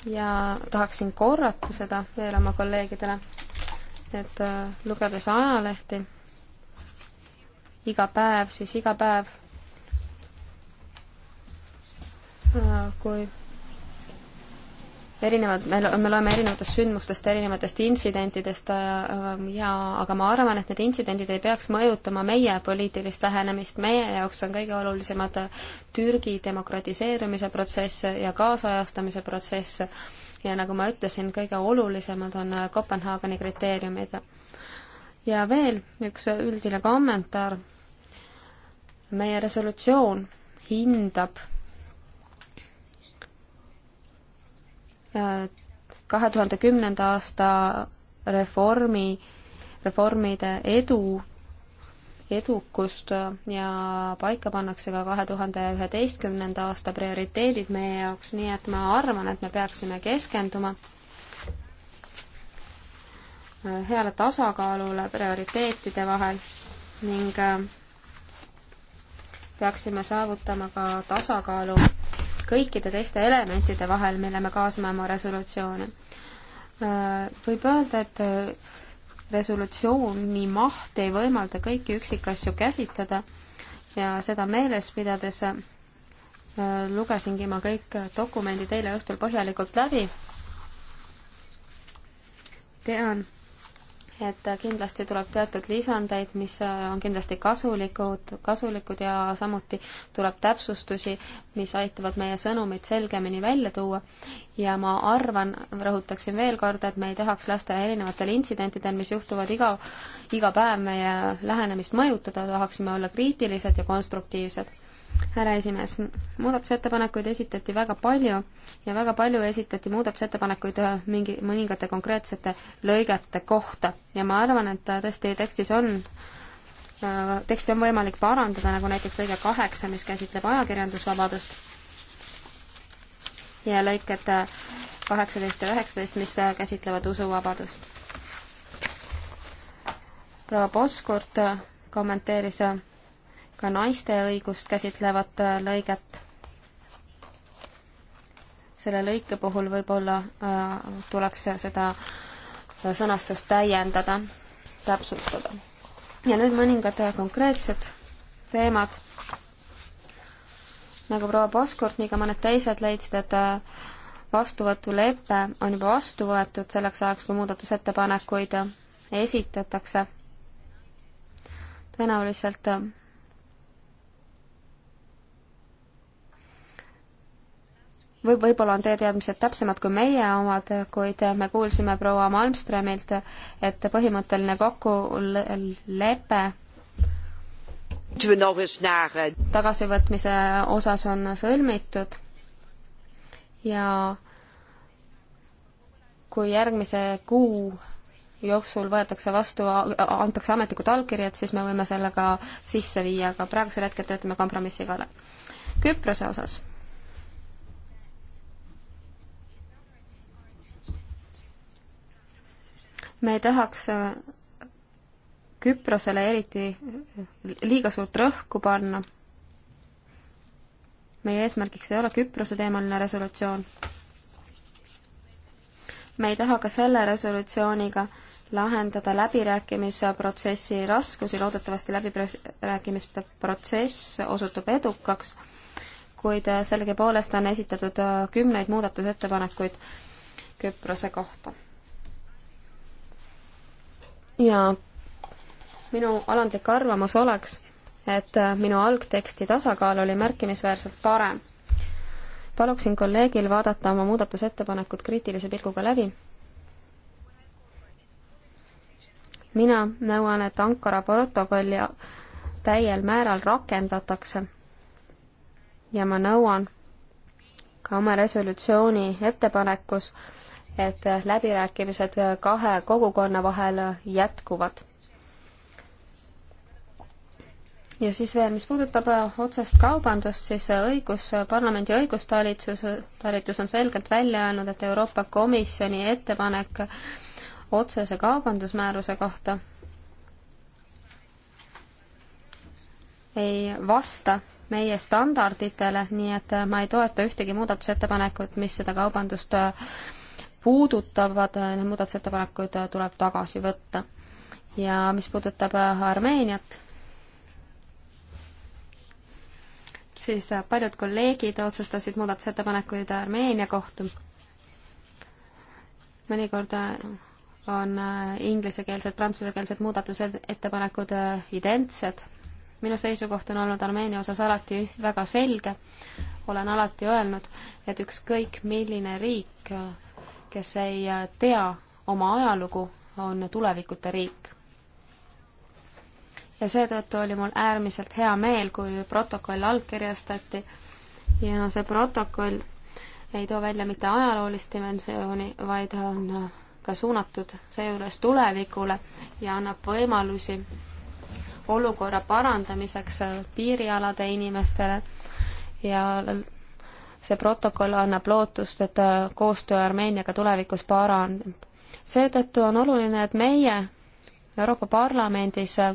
ja tahaksin korrata seda veel oma kolleegidele, et äh, lugedes ajalehti, iga päev, siis iga päev Äh, kui erinevad, me, me loeme erinevatest sündmustest, erinevatest intsidentidest äh, äh, ja aga ma arvan, et need intsidendid ei peaks mõjutama meie poliitilist lähenemist, meie jaoks on kõige olulisemad Türgi demokratiseerumise protsess ja kaasajastamise protsess ja nagu ma ütlesin, kõige olulisemad on Kopenhaageni kriteeriumid. ja veel üks üldine kommentaar, meie resolutsioon hindab kahe tuhande kümnenda aasta reformi, reformide edu, edukust äh, ja paika pannakse ka kahe tuhande üheteistkümnenda aasta prioriteedid meie jaoks, nii et ma arvan, et me peaksime keskenduma äh, heale tasakaalule prioriteetide vahel ning äh, peaksime saavutama ka tasakaalu kõikide teiste elementide vahel, mille me kaasame oma resolutsiooni. Äh, võib öelda, et äh, resolutsiooni maht ei võimalda kõiki üksikasju käsitleda ja seda meeles pidades äh, lugesingi ma kõik dokumendid eile õhtul põhjalikult läbi. tean, et kindlasti tuleb teatud lisandeid, mis äh, on kindlasti kasulikud, kasulikud ja samuti tuleb täpsustusi, mis aitavad meie sõnumit selgemini välja tuua. ja ma arvan, rõhutaksin veel kord, et me ei tahaks lasta erinevatel intsidentidel, mis juhtuvad iga, iga päev meie lähenemist mõjutada, tahaksime olla kriitilised ja konstruktiivsed härra esimees, muudatusettepanekuid esitati väga palju ja väga palju esitati muudatusettepanekuid äh, mingi, mõningate konkreetsete lõigete kohta ja ma arvan, et äh, tõesti tekstis on äh, teksti on võimalik parandada, nagu näiteks lõige kaheksa, mis käsitleb ajakirjandusvabadust ja lõiked kaheksateist ja üheksateist, mis käsitlevad usuvabadust. proua Poskurt kommenteeris ka naiste õigust käsitlevat äh, lõiget. selle lõike puhul võib-olla äh, tuleks seda sõnastust täiendada, täpsustada. ja nüüd mõningad äh, konkreetsed teemad. nagu proua Poskurt, nii ka mõned teised leidsid, et äh, vastuvõtulepe on juba vastu võetud selleks ajaks, kui muudatusettepanekuid äh, esitatakse. tõenäoliselt või võib-olla on teie teadmised täpsemad kui meie omad, kuid me kuulsime proua Malmströmilt, et põhimõtteline kokkulepe tagasivõtmise osas on sõlmitud ja kui järgmise kuu jooksul võetakse vastu, antakse ametlikud allkirjad, siis me võime selle ka sisse viia, aga praegusel hetkel töötame kompromissi kallal. Küprose osas me tahaks äh, Küprosele eriti äh, liiga suurt rõhku panna. meie eesmärgiks ei ole Küprose teemaline resolutsioon. me ei taha ka selle resolutsiooniga lahendada läbirääkimisprotsessi raskusi, loodetavasti läbirääkimisprotsess osutub edukaks, kuid äh, sellegipoolest on esitatud kümneid muudatusettepanekuid Küprose kohta ja minu alandlik arvamus oleks, et äh, minu algteksti tasakaal oli märkimisväärselt parem. paluksin kolleegil vaadata oma muudatusettepanekud kriitilise pilguga läbi. mina nõuan, et Ankara protokolli täiel määral rakendatakse ja ma nõuan ka oma resolutsiooni ettepanekus, et läbirääkimised kahe kogukonna vahel jätkuvad. ja siis veel, mis puudutab otsest kaubandust, siis õigus, parlamendi õigustalitus, talitus on selgelt välja öelnud, et Euroopa Komisjoni ettepanek otsese kaubandusmääruse kohta ei vasta meie standarditele, nii et ma ei toeta ühtegi muudatusettepanekut, mis seda kaubandust äh, puudutavad, äh, need muudatusettepanekud äh, tuleb tagasi võtta. ja mis puudutab äh, Armeeniat, siis paljud kolleegid otsustasid muudatusettepanekuid Armeenia kohta. mõnikord on inglisekeelsed, prantsusekeelsed muudatused, ettepanekud identsed. minu seisukoht on olnud Armeenia osas alati väga selge. olen alati öelnud, et ükskõik milline riik kes ei äh, tea oma ajalugu, on tulevikuta riik. ja seetõttu oli mul äärmiselt hea meel, kui protokoll allkirjastati ja see protokoll ei too välja mitte ajaloolist dimensiooni, vaid on äh, ka suunatud seejuures tulevikule ja annab võimalusi olukorra parandamiseks äh, piirialade inimestele ja see protokoll annab lootust, et äh, koostöö Armeeniaga tulevikus paraneb. seetõttu on oluline, et meie Euroopa Parlamendis äh,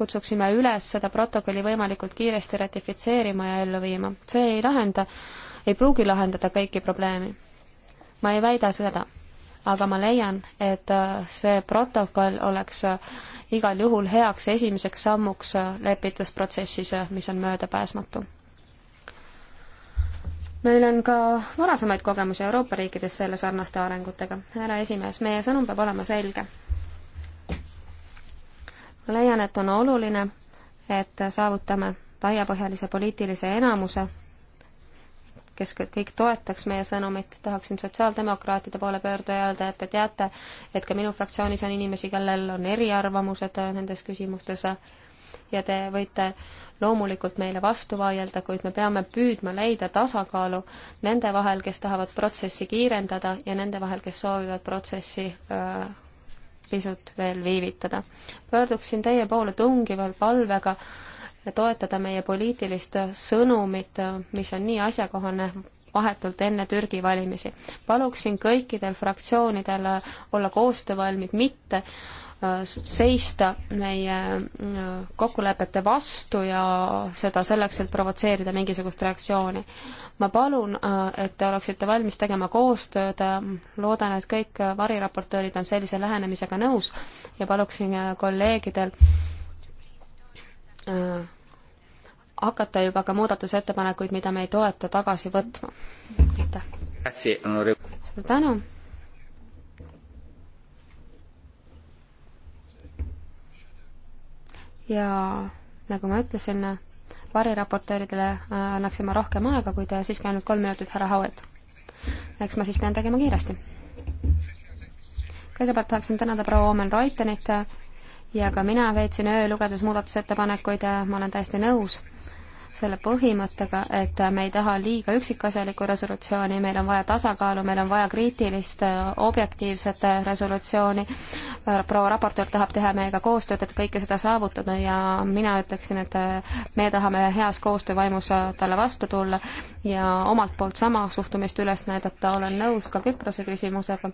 kutsuksime üles seda protokolli võimalikult kiiresti ratifitseerima ja ellu viima. see ei lahenda, ei pruugi lahendada kõiki probleemi. ma ei väida seda, aga ma leian, et äh, see protokoll oleks igal juhul heaks esimeseks sammuks lepitusprotsessis, mis on möödapääsmatu meil on ka varasemaid kogemusi Euroopa riikides selle sarnaste arengutega. härra esimees, meie sõnum peab olema selge. ma leian, et on oluline, et saavutame laiapõhjalise poliitilise enamuse, kes kõik toetaks meie sõnumit, tahaksin sotsiaaldemokraatide poole pöörduda ja öelda, et te teate, et ka minu fraktsioonis on inimesi, kellel on eriarvamused nendes küsimustes ja te võite loomulikult meile vastu vaielda, kuid me peame püüdma leida tasakaalu nende vahel, kes tahavad protsessi kiirendada ja nende vahel, kes soovivad protsessi öö, pisut veel viivitada. pöörduksin teie poole tungiva palvega toetada meie poliitilist sõnumit, mis on nii asjakohane vahetult enne Türgi valimisi. paluksin kõikidel fraktsioonidel olla koostöövalmid, mitte seista meie äh, kokkulepete vastu ja seda selleks, et provotseerida mingisugust reaktsiooni. ma palun, äh, et te oleksite valmis tegema koostööd, loodan, et kõik variraportöörid on sellise lähenemisega nõus ja paluksin äh, kolleegidel hakata juba ka muudatusettepanekuid, mida me ei toeta, tagasi võtma. aitäh! suur tänu! ja nagu ma ütlesin, variraportööridele äh, annaksime rohkem aega, kuid siiski ainult kolm minutit, härra Hauet. eks ma siis pean tegema kiiresti. kõigepealt tahaksin tänada proua Omen Reutenit ja ka mina veetsin öö lugedes muudatusettepanekuid, ma olen täiesti nõus selle põhimõttega, et me ei taha liiga üksikasjalikku resolutsiooni, meil on vaja tasakaalu, meil on vaja kriitilist, äh, objektiivset äh, resolutsiooni. Äh, proua raportöör tahab teha meiega koostööd, et kõike seda saavutada ja mina ütleksin, et me tahame heas koostöövaimus talle vastu tulla ja omalt poolt sama suhtumist üles näidata, olen nõus ka Küprose küsimusega.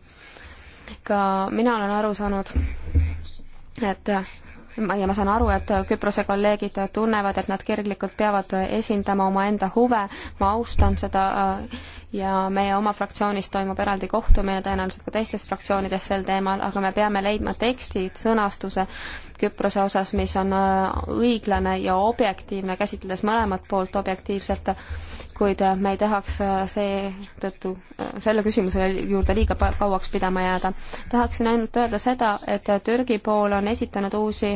ka mina olen aru saanud, et ma, ja ma saan aru, et Küprose kolleegid tunnevad, et nad kirglikult peavad esindama omaenda huve, ma austan seda äh, ja meie oma fraktsioonis toimub eraldi kohtumine tõenäoliselt ka teistes fraktsioonides sel teemal, aga me peame leidma tekstid, sõnastuse Küprose osas, mis on äh, õiglane ja objektiivne, käsitledes mõlemat poolt objektiivselt kuid äh, me ei tahaks äh, seetõttu äh, selle küsimuse juurde liiga kauaks pidama jääda. tahaksin ainult öelda seda, et Türgi pool on esitanud uusi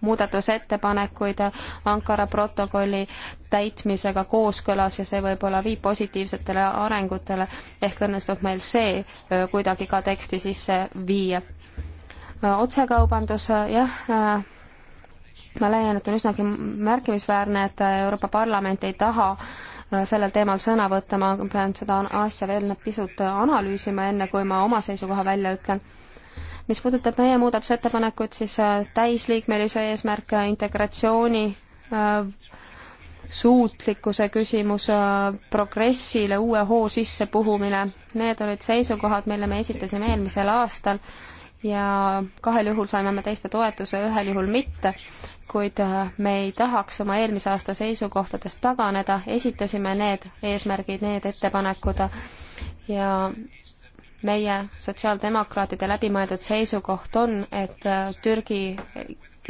muudatusettepanekuid Ankara protokolli täitmisega kooskõlas ja see võib-olla viib positiivsetele arengutele, ehk õnnestub meil see kuidagi ka teksti sisse viia. otsekaubandus, jah ma leian, et on üsnagi märkimisväärne, et Euroopa Parlament ei taha Äh, sellel teemal sõna võtta, ma pean seda asja veel pisut äh, analüüsima, enne kui ma oma seisukoha välja ütlen mis puudutab meie muudatusettepanekut, siis äh, täisliikmelisuse eesmärk, integratsiooni suutlikkuse küsimus, progressile uue hoo sissepuhumine, need olid seisukohad, mille me esitasime eelmisel aastal ja kahel juhul saime me teiste toetuse, ühel juhul mitte kuid äh, me ei tahaks oma eelmise aasta seisukohtadest taganeda, esitasime need eesmärgid, need ettepanekud ja meie sotsiaaldemokraatide läbimõeldud seisukoht on, et äh, Türgi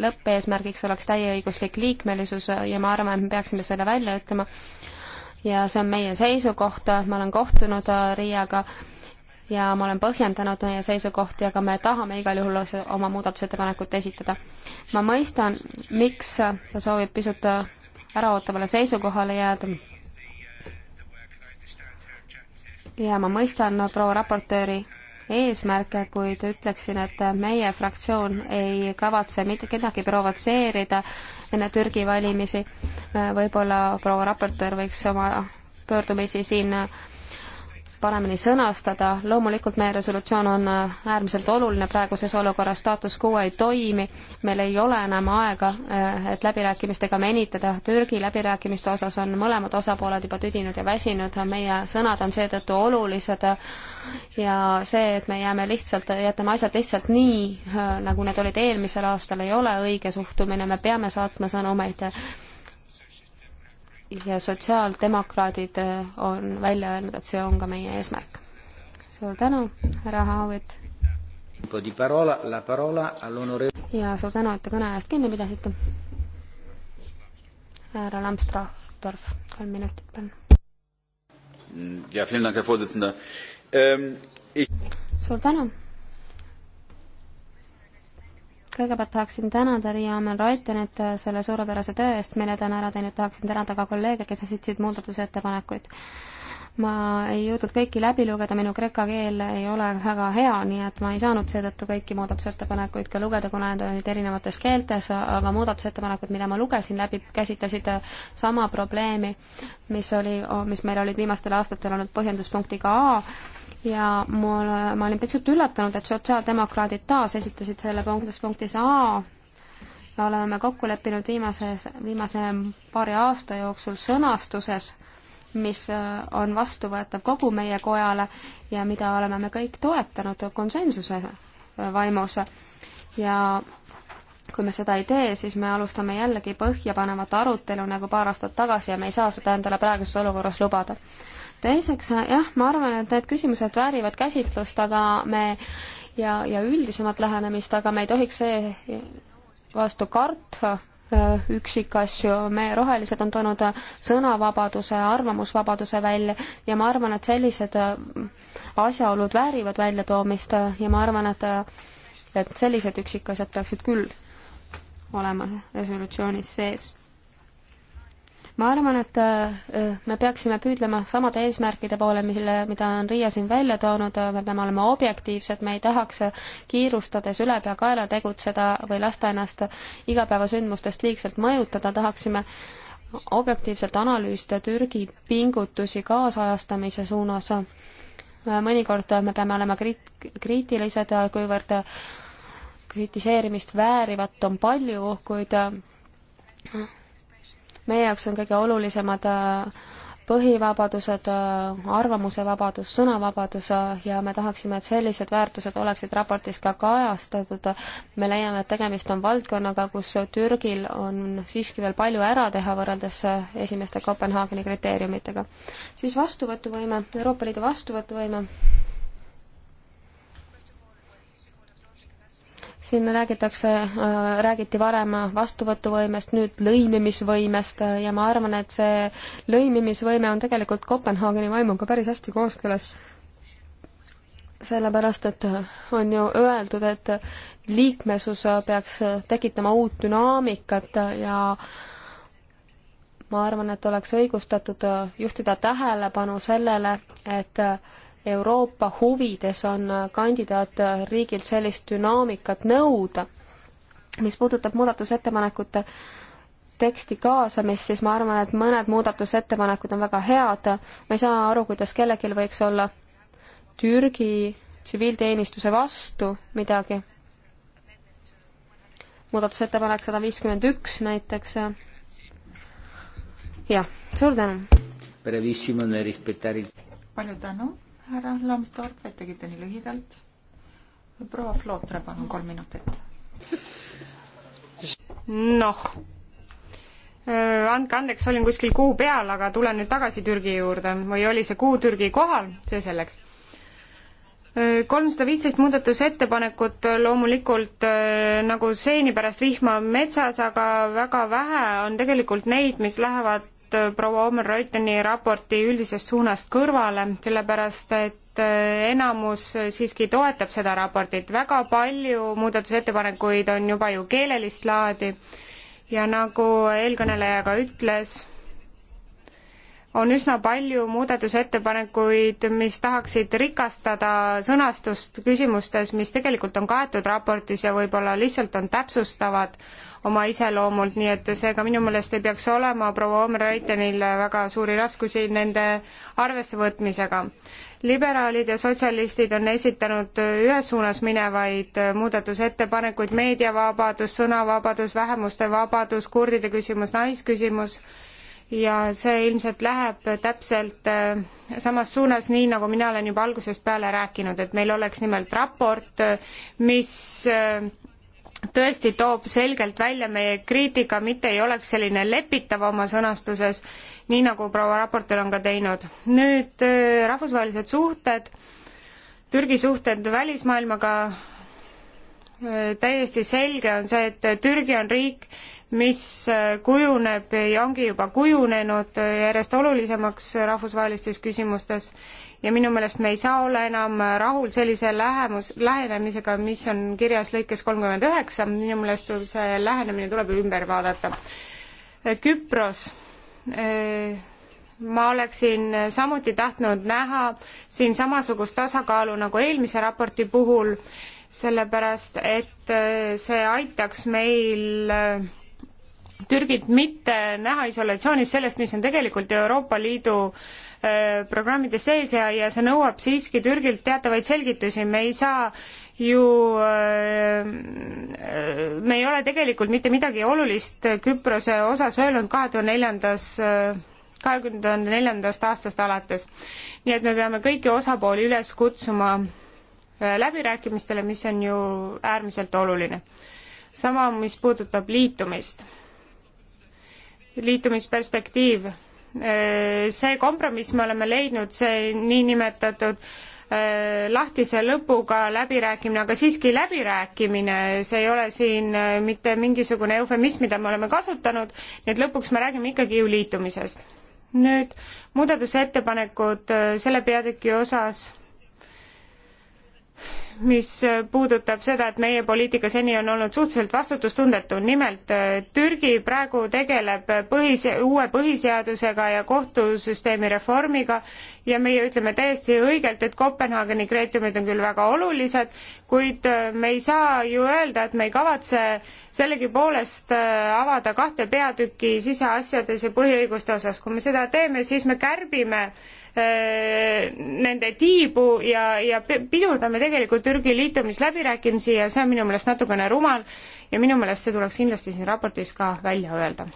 lõppeesmärgiks oleks täieõiguslik liikmelisus ja ma arvan, et me peaksime selle välja ütlema. ja see on meie seisukoht, ma olen kohtunud äh, Riiaga äh, ja ma olen põhjendanud meie seisukohti, aga me tahame igal juhul oma muudatusettepanekut esitada. ma mõistan, miks ta soovib pisut äraootavale seisukohale jääda. ja ma mõistan proua raportööri eesmärke, kuid ütleksin, et meie fraktsioon ei kavatse mitte kedagi provotseerida enne Türgi valimisi. võib-olla proua raportöör võiks oma pöördumisi siin paremini sõnastada, loomulikult meie resolutsioon on äh, äärmiselt oluline praeguses olukorras, staatus quo ei toimi, meil ei ole enam aega, äh, et läbirääkimistega venitada, Türgi läbirääkimiste osas on mõlemad osapooled juba tüdinud ja väsinud, meie sõnad on seetõttu olulised ja see, et me jääme lihtsalt, jätame asjad lihtsalt nii, äh, nagu need olid eelmisel aastal, ei ole õige suhtumine, me peame saatma sõnumeid ja sotsiaaldemokraadid eh, on välja öelnud, et see on ka meie eesmärk. suur tänu, härra Haavit! ja suur tänu, et te kõne ajast kinni pidasite. härra Lambsdorff, kolm minutit, palun. Ähm, suur tänu! kõigepealt tahaksin tänada Riia Amen Reutenit äh, selle suurepärase töö eest, mille ta on ära teinud, tahaksin tänada ka kolleege, kes esitasid muudatusettepanekuid. ma ei jõudnud kõiki läbi lugeda, minu kreeka keel ei ole väga hea, nii et ma ei saanud seetõttu kõiki muudatusettepanekuid ka lugeda, kuna need olid erinevates keeltes, aga muudatusettepanekud, mida ma lugesin läbi, käsitlesid äh, sama probleemi, mis oli, mis meil olid viimastel aastatel olnud põhjenduspunktiga A ja mul, ma olin pisut üllatunud, et sotsiaaldemokraadid taas esitasid selle punktis punktis A. me oleme kokku leppinud viimase, viimase paari aasta jooksul sõnastuses, mis äh, on vastuvõetav kogu meie kojale ja mida oleme me kõik toetanud konsensuse äh, vaimus. ja kui me seda ei tee, siis me alustame jällegi põhjapanevat arutelu nagu paar aastat tagasi ja me ei saa seda endale praeguses olukorras lubada teiseks, jah, ma arvan, et need küsimused väärivad käsitlust, aga me ja, ja üldisemat lähenemist, aga me ei tohiks see vastu karta äh, üksikasju, me rohelised on toonud sõnavabaduse, arvamusvabaduse välja ja ma arvan, et sellised äh, asjaolud väärivad väljatoomist äh, ja ma arvan, et et sellised üksikasjad peaksid küll olema resolutsioonis sees ma arvan, et äh, äh, me peaksime püüdlema samade eesmärkide poole, mille, mida on Riia siin välja toonud, me peame olema objektiivsed, me ei tahaks kiirustades ülepeakaela tegutseda või lasta ennast igapäevasündmustest liigselt mõjutada, tahaksime objektiivselt analüüsida Türgi pingutusi kaasajastamise suunas. Äh, mõnikord me peame olema kriit-, kriitilised, kuivõrd kritiseerimist väärivat on palju, kuid meie jaoks on kõige olulisemad äh, põhivabadused, äh, arvamuse vabadus, sõnavabadus äh, ja me tahaksime, et sellised väärtused oleksid raportis ka kajastatud. me leiame, et tegemist on valdkonnaga, kus Türgil on siiski veel palju ära teha võrreldes esimeste Kopenhaageni kriteeriumitega. siis vastuvõtuvõime, Euroopa Liidu vastuvõtuvõime siin räägitakse, äh, räägiti varem vastuvõtuvõimest, nüüd lõimimisvõimest äh, ja ma arvan, et see lõimimisvõime on tegelikult Kopenhaageni vaimuga päris hästi kooskõlas. sellepärast, et äh, on ju öeldud, et liikmesus peaks tekitama uut dünaamikat ja ma arvan, et oleks õigustatud juhtida tähelepanu sellele, et Euroopa huvides on kandidaatriigilt sellist dünaamikat nõuda. mis puudutab muudatusettepanekute teksti kaasamist, siis ma arvan, et mõned muudatusettepanekud on väga head. ma ei saa aru, kuidas kellelgi võiks olla Türgi tsiviilteenistuse vastu midagi. muudatusettepanek sada viiskümmend üks näiteks. jah, suur tänu. palju tänu härra Lamstorp, et tegite nii lühidalt. proua Flootre, palun kolm minutit. noh, äh, andke andeks, olin kuskil kuu peal, aga tulen nüüd tagasi Türgi juurde või oli see kuu Türgi kohal, see selleks äh, kolmsada viisteist muudatusettepanekut loomulikult äh, nagu seeni pärast vihma metsas, aga väga vähe on tegelikult neid, mis lähevad jäänud äh, proua Omen-Reuteni raporti üldisest suunast kõrvale, sellepärast et äh, enamus äh, siiski toetab seda raportit. väga palju muudatusettepanekuid on juba ju keelelist laadi ja nagu eelkõneleja ka ütles, on üsna palju muudatusettepanekuid, mis tahaksid rikastada sõnastust küsimustes, mis tegelikult on kaetud raportis ja võib-olla lihtsalt on täpsustavad oma iseloomult, nii et seega minu meelest ei peaks olema proua Omer-Reitenil väga suuri raskusi nende arvessevõtmisega. liberaalid ja sotsialistid on esitanud ühes suunas minevaid muudatusettepanekuid, meediavabadus, sõnavabadus, vähemuste vabadus, kurdide küsimus, naisküsimus nice, ja see ilmselt läheb täpselt äh, samas suunas, nii nagu mina olen juba algusest peale rääkinud, et meil oleks nimelt raport, mis äh, tõesti toob selgelt välja meie kriitika, mitte ei oleks selline lepitav oma sõnastuses, nii nagu proua raportöör on ka teinud. nüüd äh, rahvusvahelised suhted, Türgi suhted välismaailmaga täiesti selge on see, et Türgi on riik, mis kujuneb ja ongi juba kujunenud järjest olulisemaks rahvusvahelistes küsimustes ja minu meelest me ei saa olla enam rahul sellise lähemus, lähenemisega, mis on kirjas lõikes kolmkümmend üheksa, minu meelest see lähenemine tuleb ümber vaadata. Küpros ma oleksin samuti tahtnud näha siin samasugust tasakaalu nagu eelmise raporti puhul äh, sellepärast et äh, see aitaks meil äh, Türgit mitte näha isolatsioonis sellest, mis on tegelikult Euroopa Liidu äh, programmide sees ja, ja see nõuab siiski Türgilt teatavaid selgitusi, me ei saa ju, me ei ole tegelikult mitte midagi olulist Küprose osas öelnud kahe tuhande neljandas kahekümne neljandast aastast alates. nii et me peame kõiki osapooli üles kutsuma läbirääkimistele, mis on ju äärmiselt oluline. sama, mis puudutab liitumist, liitumisperspektiiv, äh, see kompromiss me oleme leidnud, see niinimetatud äh, lahtise lõpuga läbirääkimine, aga siiski läbirääkimine, see ei ole siin äh, mitte mingisugune eufemism, mida me oleme kasutanud, nii et lõpuks me räägime ikkagi ju liitumisest. nüüd muudatusettepanekud selle peatüki osas mis puudutab seda, et meie poliitika seni on olnud suhteliselt vastutustundetu, nimelt äh, Türgi praegu tegeleb põhise, uue põhiseadusega ja kohtusüsteemi reformiga ja meie ütleme täiesti õigelt, et Kopenhaageni kreetiumid on küll väga olulised, kuid äh, me ei saa ju öelda, et me ei kavatse sellegipoolest äh, avada kahte peatükki siseasjades ja põhiõiguste osas, kui me seda teeme, siis me kärbime Äh, nende tiibu ja, ja pidurdame tegelikult Türgi liitumisläbirääkimisi ja see on minu meelest natukene rumal ja minu meelest see tuleks kindlasti siin raportis ka välja öelda.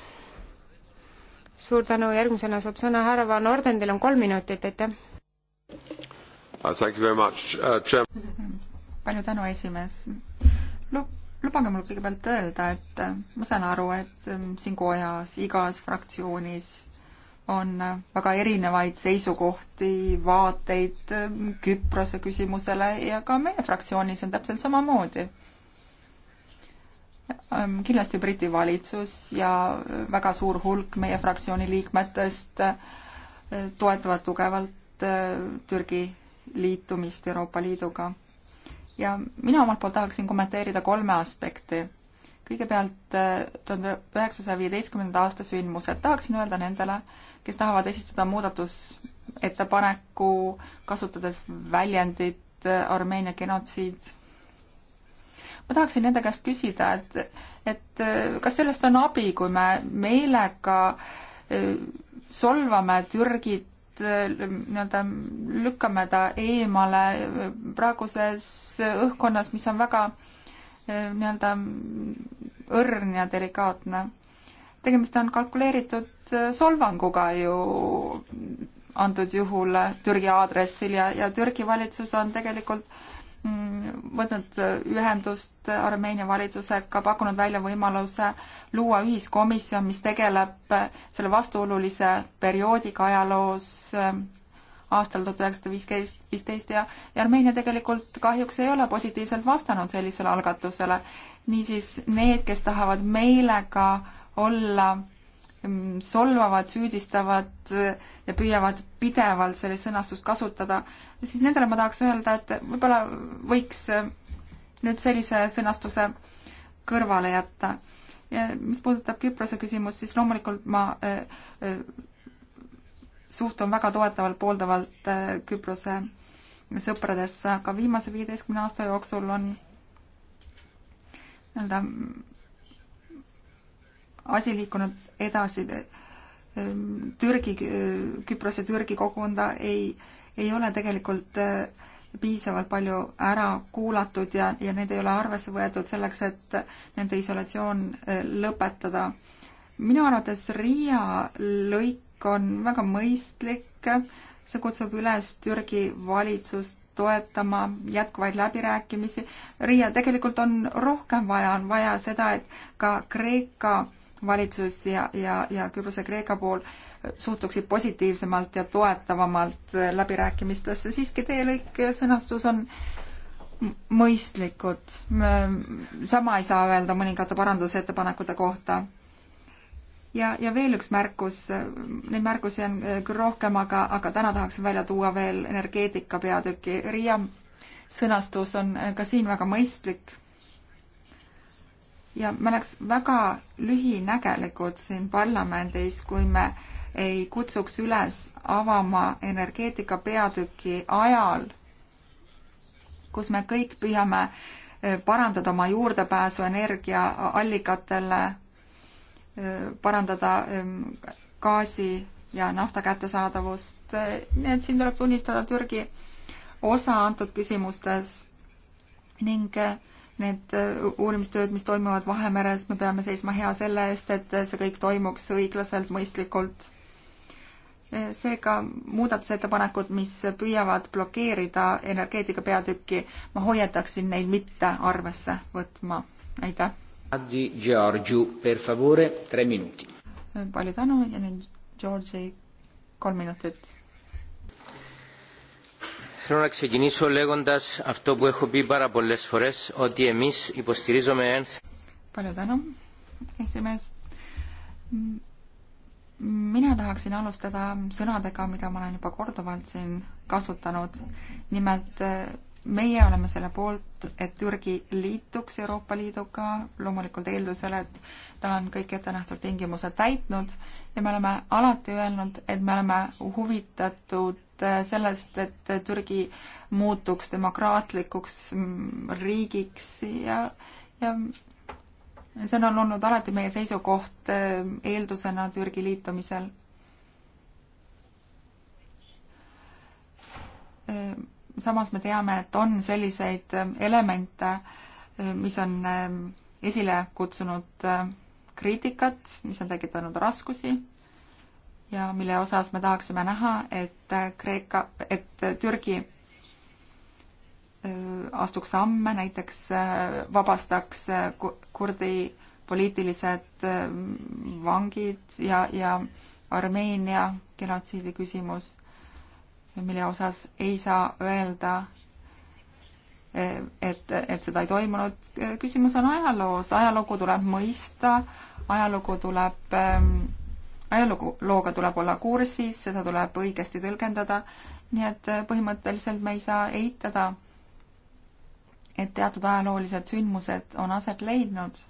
suur tänu, järgmisena saab sõna härra Van Orden, teil on kolm minutit, aitäh. Uh, uh, palju tänu, esimees Lu lubage mul kõigepealt öelda, et ma saan aru, et mm, siin kojas, igas fraktsioonis on väga erinevaid seisukohti, vaateid Küprose küsimusele ja ka meie fraktsioonis on täpselt samamoodi. Ehm, kindlasti Briti valitsus ja väga suur hulk meie fraktsiooni liikmetest eh, toetavad tugevalt eh, Türgi liitumist Euroopa Liiduga. ja mina omalt poolt tahaksin kommenteerida kolme aspekti kõigepealt eh, tuhande üheksasaja viieteistkümnenda aasta sündmused, tahaksin öelda nendele, kes tahavad esitada muudatusettepaneku, kasutades väljendit äh, Armeenia genotsiid. ma tahaksin nende käest küsida, et, et äh, kas sellest on abi, kui me meelega äh, solvame Türgit, nii-öelda lükkame ta eemale praeguses õhkkonnas, mis on väga nii-öelda õrn ja delikaatne tegemist on kalkuleeritud äh, solvanguga ju antud juhul äh, Türgi aadressil ja, ja Türgi valitsus on tegelikult mm, võtnud äh, ühendust Armeenia valitsusega, pakkunud välja võimaluse luua ühiskomisjon, mis tegeleb selle vastuolulise perioodiga ajaloos aastal tuhat üheksasada viisteist, viisteist ja, ja Armeenia tegelikult kahjuks ei ole positiivselt vastanud sellisele algatusele. niisiis need, kes tahavad meelega äh, olla mm, solvavad, süüdistavad eh, ja püüavad pidevalt sellist sõnastust kasutada, siis nendele ma tahaks öelda, et võib-olla võiks eh, nüüd sellise sõnastuse kõrvale jätta. ja mis puudutab Küprose küsimust, siis loomulikult ma eh, suhtun väga toetavalt, pooldavalt Küprose sõpradesse, aga viimase viieteistkümne aasta jooksul on nii-öelda asi liikunud edasi. Türgi, Küprose Türgi kogukonda ei, ei ole tegelikult eh, piisavalt palju ära kuulatud ja, ja need ei ole arvesse võetud selleks, et nende isolatsioon eh, lõpetada. minu arvates Riia lõik on väga mõistlik, see kutsub üles Türgi valitsust toetama jätkuvaid läbirääkimisi. Riia tegelikult on rohkem vaja, on vaja seda, et ka Kreeka valitsus ja, ja, ja Küprose Kreeka pool suhtuksid positiivsemalt ja toetavamalt läbirääkimistesse, siiski teie lõik sõnastus on mõistlikud. sama ei saa öelda mõningate parandusettepanekute kohta. ja, ja veel üks märkus, neid märkusi on küll rohkem, aga, aga täna tahaksin välja tuua veel energeetika peatüki. Riia sõnastus on ka siin väga mõistlik ja me oleks väga lühinägelikud siin parlamendis, kui me ei kutsuks üles avama energeetika peatüki ajal, kus me kõik püüame eh, parandada oma juurdepääsu energiaallikatele, eh, parandada ehm, gaasi ja nafta kättesaadavust, eh, nii et siin tuleb tunnistada Türgi osa antud küsimustes ning äh, need äh, uurimistööd, mis toimuvad Vahemeres, me peame seisma hea selle eest, et see kõik toimuks õiglaselt, mõistlikult. Äh, seega muudatusettepanekud, mis püüavad blokeerida energeetika peatükki, ma hoiataksin neid mitte arvesse võtma. aitäh. Giorgio, per favore, tre minuti. Äh, palju tänu ja nüüd Georgi kolm minutit Θέλω να ξεκινήσω λέγοντας αυτό που έχω πει πάρα πολλές φορές, ότι εμείς υποστηρίζουμε ένθ... Palju tänu, esimees. Mina tahaksin alustada sõnadega, mida ma olen juba korduvalt siin kasutanud. Nimelt meie oleme selle poolt, et Türgi liituks Euroopa Liiduga, loomulikult eeldusel, et ta on kõik ettenähtud tingimused täitnud ja me oleme alati öelnud, et me oleme huvitatud Äh, sellest, et äh, Türgi muutuks demokraatlikuks mm, riigiks ja, ja see on olnud alati meie seisukoht äh, eeldusena Türgi liitumisel. samas me teame, et on selliseid elemente, mis on esile kutsunud kriitikat, mis on tekitanud raskusi ja mille osas me tahaksime näha, et Kreeka, et Türgi äh, astuks samme, näiteks äh, vabastaks äh, kurdi poliitilised vangid ja, ja Armeenia genotsiidi küsimus, mille osas ei saa öelda, et, et seda ei toimunud. küsimus on ajaloos, ajalugu tuleb mõista, ajalugu tuleb ähm, ajalooga tuleb olla kursis, seda tuleb õigesti tõlgendada, nii et äh, põhimõtteliselt me ei saa eitada, et teatud ajaloolised sündmused on aset leidnud.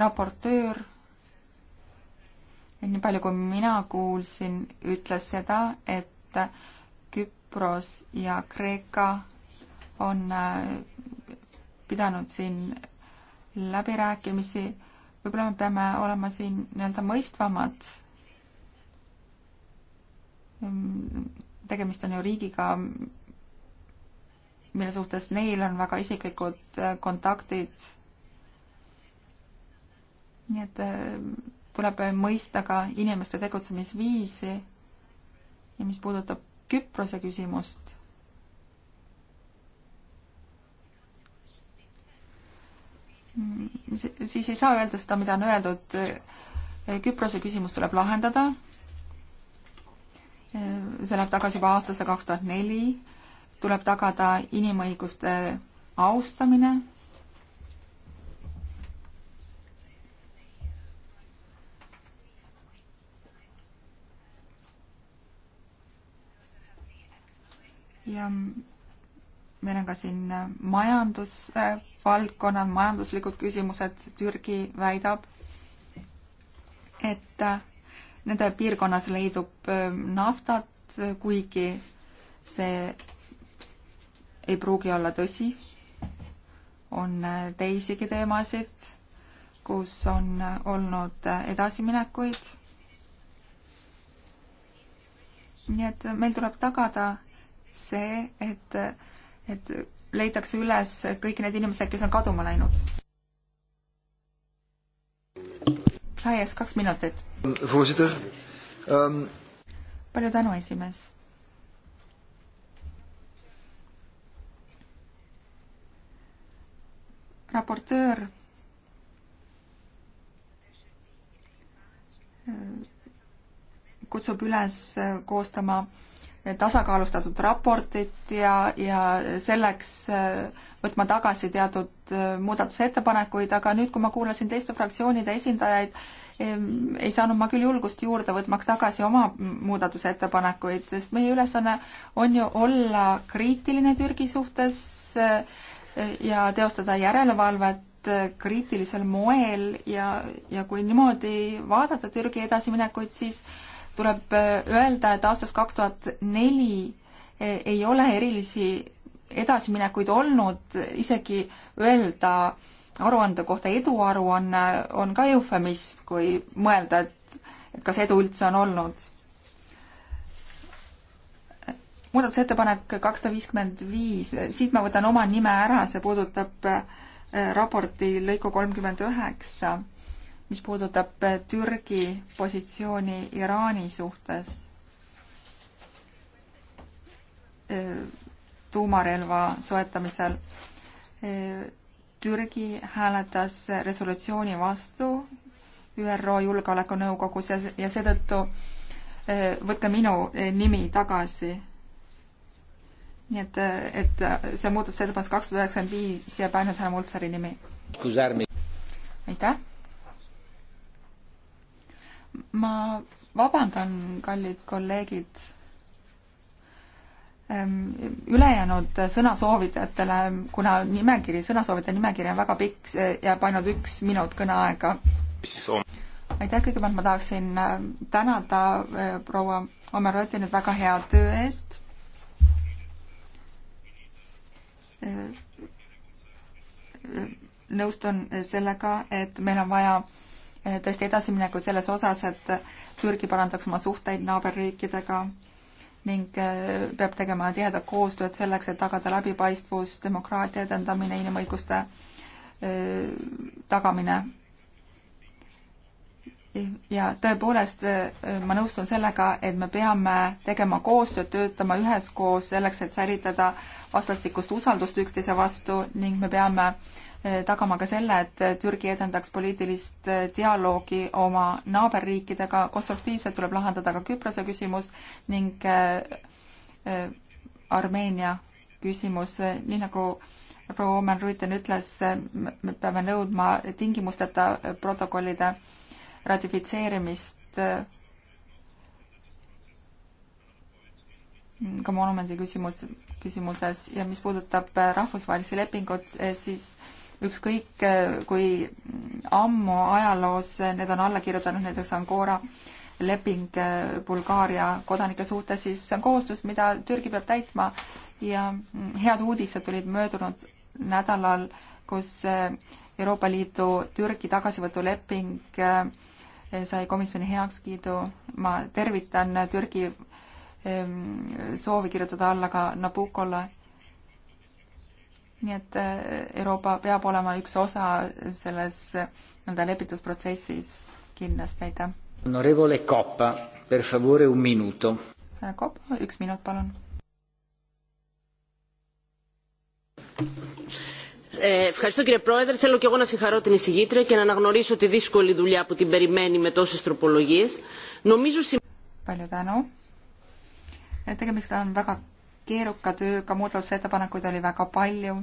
raportöör, nii palju kui mina kuulsin, ütles seda, et Küpros ja Kreeka on äh, pidanud siin läbirääkimisi, võib-olla me peame olema siin nii-öelda mõistvamad. tegemist on ju riigiga, mille suhtes neil on väga isiklikud äh, kontaktid. nii et äh, tuleb mõista ka inimeste tegutsemisviisi ja mis puudutab Küprose küsimust Mm, siis ei saa öelda seda, mida on öeldud. Küprose küsimus tuleb lahendada. see läheb tagasi juba aastasse kaks tuhat neli. tuleb tagada inimõiguste austamine. ja meil on ka siin äh, majandusvaldkonnad, äh, majanduslikud küsimused, Türgi väidab, et äh, nende piirkonnas leidub naftat, kuigi see ei pruugi olla tõsi. on teisigi teemasid, kus on olnud edasiminekuid. nii et meil tuleb tagada see, et et leitakse üles kõik need inimesed, kes on kaduma läinud. Klaies, kaks minutit. voorzitter um.... palju tänu, esimees. raportöör eh, kutsub üles eh, koostama tasakaalustatud raportit ja, ja selleks äh, võtma tagasi teatud äh, muudatusettepanekuid, aga nüüd, kui ma kuulasin teiste fraktsioonide esindajaid, ei saanud ma küll julgust juurde, võtmaks tagasi oma muudatusettepanekuid, sest meie ülesanne on ju olla kriitiline Türgi suhtes äh, ja teostada järelevalvet kriitilisel moel ja, ja kui niimoodi vaadata Türgi edasiminekuid, siis äh, tuleb äh, öelda, et aastast kaks tuhat neli äh, ei ole erilisi edasiminekuid olnud, isegi öelda aruande kohta eduaruanne on, on ka eufemism, kui mõelda, et, et kas edu üldse on olnud. muudatusettepanek kakssada viiskümmend viis, siit ma võtan oma nime ära, see puudutab äh, raporti lõiku kolmkümmend üheksa mis puudutab Türgi positsiooni Iraani suhtes eh, tuumarelva soetamisel. Eh, Türgi hääletas resolutsiooni vastu ÜRO Julgeolekunõukogus ja seetõttu eh, võtke minu nimi tagasi nii et, et see muudatusettepanek kakssada üheksakümmend viis jääb ainult härra Multsari nimi. aitäh! ma vabandan, kallid kolleegid, ehm, ülejäänud sõnasoovitajatele, kuna nimekiri, sõnasoovijate nimekiri on väga pikk, jääb ainult üks minut kõneaega. aitäh, kõigepealt ma tahaksin ehm, tänada eh, proua Omeroti nüüd väga hea töö eest eh, eh, nõustun sellega, et meil on vaja Eh, tõesti edasiminekuid selles osas, et Türgi parandaks oma suhteid naaberriikidega ning eh, peab tegema tihedat koostööd selleks, et tagada läbipaistvus, demokraatia edendamine, inimõiguste eh, tagamine. ja tõepoolest, ma nõustun sellega, et me peame tegema koostööd, töötama üheskoos selleks, et säilitada vastastikust usaldust üksteise vastu ning me peame äh, Eh, tagama ka selle, et Türgi edendaks poliitilist eh, dialoogi oma naaberriikidega, konstruktiivselt tuleb lahendada ka Küprose küsimus ning eh, Armeenia küsimus, nii nagu proua Omen Ruiten ütles, me peame nõudma tingimusteta protokollide ratifitseerimist ka monumendi küsimus, küsimuses ja mis puudutab rahvusvahelisi lepinguid, siis äh, ükskõik kui ammu ajaloos need on alla kirjutanud näiteks Angora leping Bulgaaria kodanike suhtes, siis see on kohustus, mida Türgi peab täitma ja head uudised tulid möödunud nädalal, kus Euroopa Liidu Türgi tagasivõtuleping sai komisjoni heakskiidu. ma tervitan Türgi ehm, soovi kirjutada alla ka Nabukole nii et äh, Euroopa peab olema üks osa selles äh, nii-öelda lepitusprotsessis kindlasti, aitäh. Honorevole Coppa, per favore un minuto. Äh, Coppa, üks minut, palun. Ευχαριστώ κύριε Πρόεδρε. Θέλω και εγώ να συγχαρώ την εισηγήτρια και να αναγνωρίσω τη δύσκολη δουλειά που την περιμένει με τόσες τροπολογίες. Νομίζω... Palju tänu. Tegemist on väga keeruka tööga, muudatusettepanekuid oli väga palju.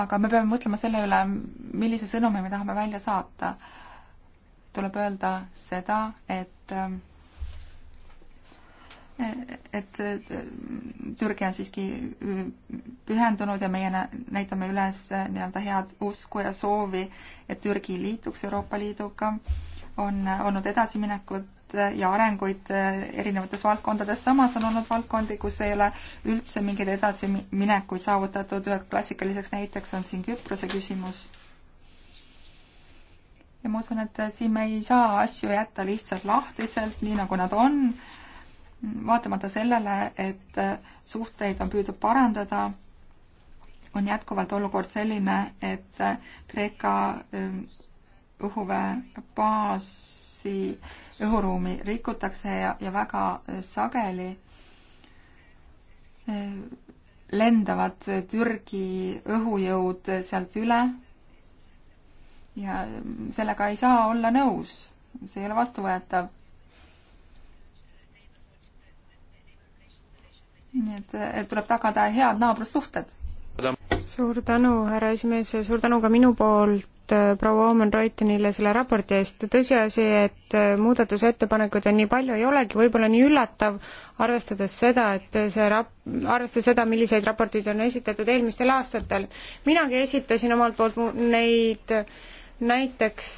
aga me peame mõtlema selle üle, millise sõnumi me tahame välja saata. tuleb öelda seda, et et Türgi on siiski pühendunud ja meie näitame üles nii-öelda head usku ja soovi, et Türgi liituks Euroopa Liiduga. on olnud edasiminekut arengut ja arenguid eh, erinevates valdkondades, samas on olnud valdkondi, kus ei ole üldse mingeid edasiminekuid saavutatud, üheks klassikaliseks näiteks on siin Küprose küsimus. ja ma usun, et siin me ei saa asju jätta lihtsalt lahtiselt, nii nagu nad on, vaatamata sellele, et eh, suhteid on püüdnud parandada, on jätkuvalt olukord selline, et eh, Kreeka õhuväebaasi õhuruumi rikutakse ja, ja väga sageli eh, lendavad Türgi õhujõud sealt üle ja mm, sellega ei saa olla nõus, see ei ole vastuvõetav. nii et, et tuleb tagada head naabrussuhted suur tänu, härra esimees, ja suur tänu ka minu poolt äh, proua Oman Reutenile selle raporti eest. tõsiasi, et äh, muudatusettepanekuid on nii palju, ei olegi võib-olla nii üllatav, arvestades seda, et see rap-, arvestades seda, milliseid raporteid on esitatud eelmistel aastatel. minagi esitasin omalt poolt neid äh, näiteks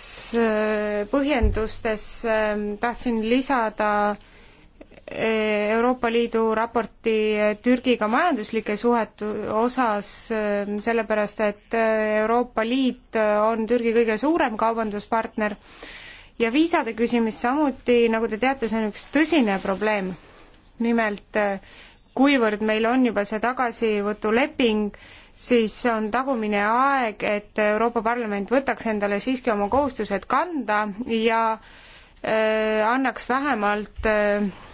põhjendustes tahtsin lisada äh, Euroopa Liidu raporti Türgiga majanduslike suhete osas, sellepärast et Euroopa Liit on Türgi kõige suurem kaubanduspartner ja viisade küsimist samuti, nagu te teate, see on üks tõsine probleem. nimelt, kuivõrd meil on juba see tagasivõtuleping, siis on tagumine aeg, et Euroopa Parlament võtaks endale siiski oma kohustused kanda ja öö, äh, annaks vähemalt öö, äh,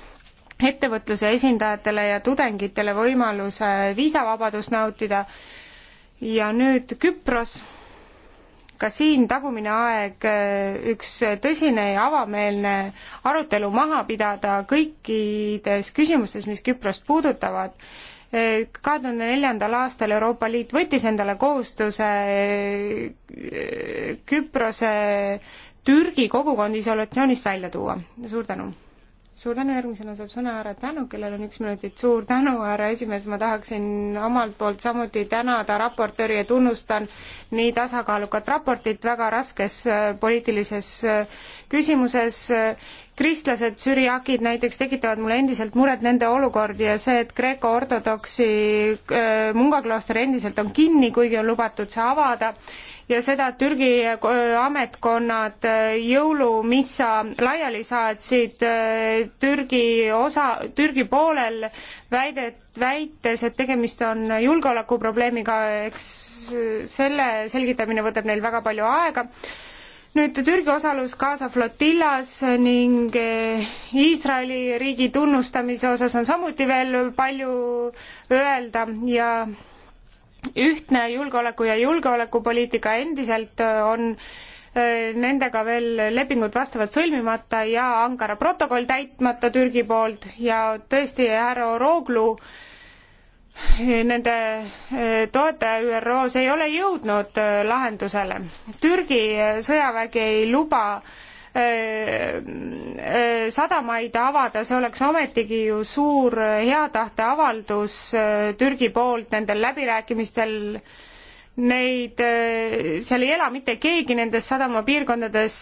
ettevõtluse esindajatele ja tudengitele võimaluse viisavabadust nautida. ja nüüd Küpros, ka siin tagumine aeg üks tõsine ja avameelne arutelu maha pidada kõikides küsimustes, mis Küprost puudutavad kahe tuhande neljandal aastal Euroopa Liit võttis endale kohustuse Küprose Türgi kogukond isolatsioonist välja tuua. suur tänu! suur tänu, järgmisena saab sõna härra Tänu, kellel on üks minutit. suur tänu, härra esimees, ma tahaksin omalt poolt samuti tänada raportööri ja tunnustan nii tasakaalukat raportit väga raskes äh, poliitilises äh, küsimuses kristlased, süriakid näiteks tekitavad mulle endiselt muret nende olukord ja see, et Kreeka ortodoksi äh, mungaklooster endiselt on kinni, kuigi on lubatud see avada, ja seda, et Türgi äh, ametkonnad äh, jõulumissa laiali saatsid Türgi osa, Türgi poolel väidet, väites, et tegemist on julgeolekuprobleemiga, eks selle selgitamine võtab neil väga palju aega nüüd Türgi osalus Gaza flotillas ning eh, Iisraeli riigi tunnustamise osas on samuti veel palju öelda ja ühtne julgeoleku ja julgeolekupoliitika endiselt on eh, nendega veel lepingud vastavalt sõlmimata ja Ankara protokoll täitmata Türgi poolt ja tõesti härra Oroglu äh, nende eh, toetaja ÜRO-s ei ole jõudnud eh, lahendusele. Türgi sõjavägi ei luba eh, sadamaid avada, see oleks ometigi ju suur heatahte avaldus Türgi poolt nendel läbirääkimistel. Neid, seal ei ela mitte keegi nendes sadamapiirkondades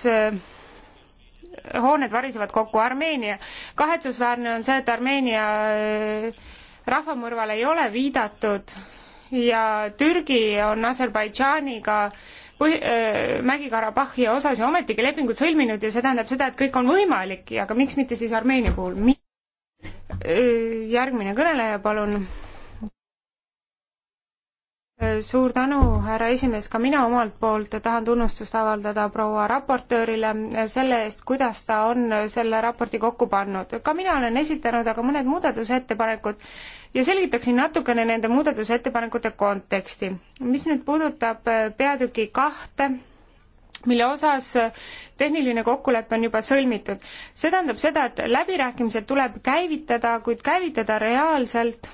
hooned varisevad kokku. Armeenia, kahetsusväärne on see, et Armeenia rahvamõrval ei ole viidatud ja Türgi on Aserbaidžaaniga põhi- äh,, Mägi-Karabahhi osas ju ometigi lepingud sõlminud ja see tähendab seda, et kõik on võimalik, aga miks mitte siis Armeenia puhul Mi? järgmine kõneleja, palun. suur tänu, härra esimees, ka mina omalt poolt tahan tunnustust avaldada proua raportöörile selle eest, kuidas ta on selle raporti kokku pannud. ka mina olen esitanud aga mõned muudatusettepanekud ja selgitaksin natukene nende muudatusettepanekute konteksti. mis nüüd puudutab äh, peatüki kahte, mille osas äh, tehniline kokkulepe on juba sõlmitud. see tähendab seda, et läbirääkimised tuleb käivitada, kuid käivitada reaalselt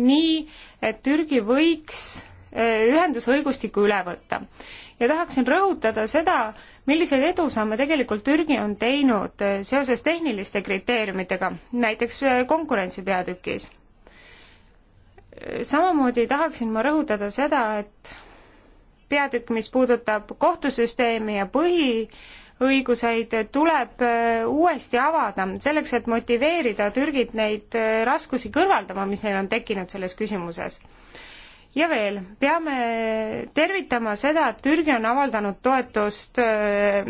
nii, et Türgi võiks äh, ühendusõigustiku üle võtta. ja tahaksin rõhutada seda, milliseid edusamme tegelikult Türgi on teinud seoses tehniliste kriteeriumitega, näiteks konkurentsi peatükis samamoodi tahaksin ma rõhutada seda, et peatükk, mis puudutab kohtusüsteemi ja põhiõiguseid, tuleb äh, uuesti avada, selleks et motiveerida Türgit neid äh, raskusi kõrvaldama, mis neil on tekkinud selles küsimuses. ja veel, peame tervitama seda, et Türgi on avaldanud toetust äh,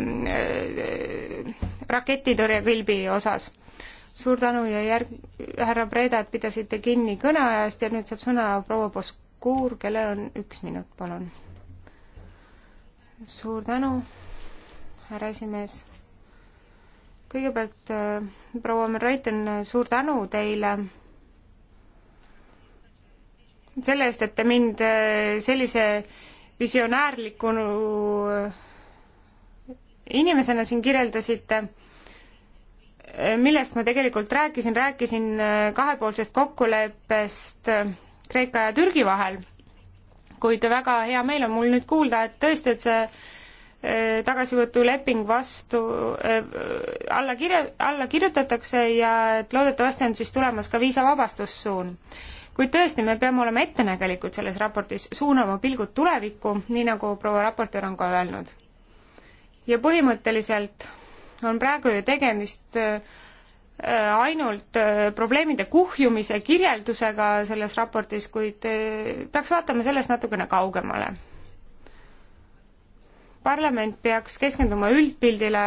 raketitõrjekõlbi osas suur tänu ja järg-, härra Breda, et pidasite kinni kõneajast ja nüüd saab sõna proua Poskuur, kellel on üks minut, palun. suur tänu, härra esimees. kõigepealt äh, proua Merreiten, suur tänu teile selle eest, et te mind äh, sellise visionäärliku äh, inimesena siin kirjeldasite millest ma tegelikult rääkisin, rääkisin äh, kahepoolsest kokkuleppest äh, Kreeka ja Türgi vahel, kuid väga hea meel on mul nüüd kuulda, et tõesti, et see äh, tagasivõtuleping vastu äh, alla kirja, alla kirjutatakse ja et loodetavasti on siis tulemas ka viisavabastussuun. kuid tõesti, me peame olema ettenägelikud selles raportis, suunama pilgud tulevikku, nii nagu proua raportöör on ka öelnud. ja põhimõtteliselt on praegu ju tegemist äh, äh, ainult äh, probleemide kuhjumise kirjeldusega selles raportis, kuid peaks vaatama sellest natukene kaugemale. parlament peaks keskenduma üldpildile,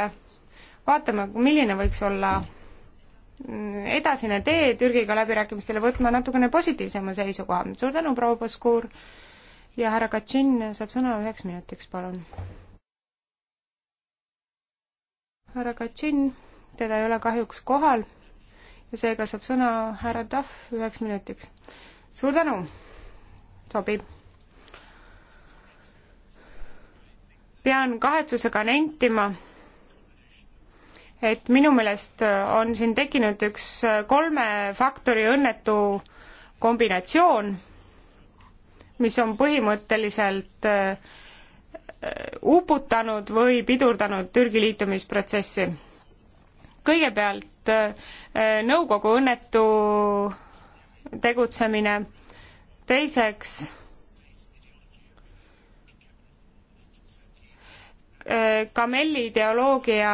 vaatama, milline võiks olla mm, edasine tee Türgiga läbirääkimistele, võtma natukene positiivsema seisukoha. suur tänu, proua Poskuur ja härra Katšin saab sõna üheks minutiks, palun härra Katšin, teda ei ole kahjuks kohal ja seega saab sõna härra Tahv üheks minutiks. suur tänu, sobib. pean kahetsusega nentima, et minu meelest on siin tekkinud üks kolme faktori õnnetu kombinatsioon, mis on põhimõtteliselt äh, Äh, uputanud või pidurdanud Türgi liitumisprotsessi. kõigepealt äh, nõukogu õnnetu tegutsemine, teiseks äh, Kamelli ideoloogia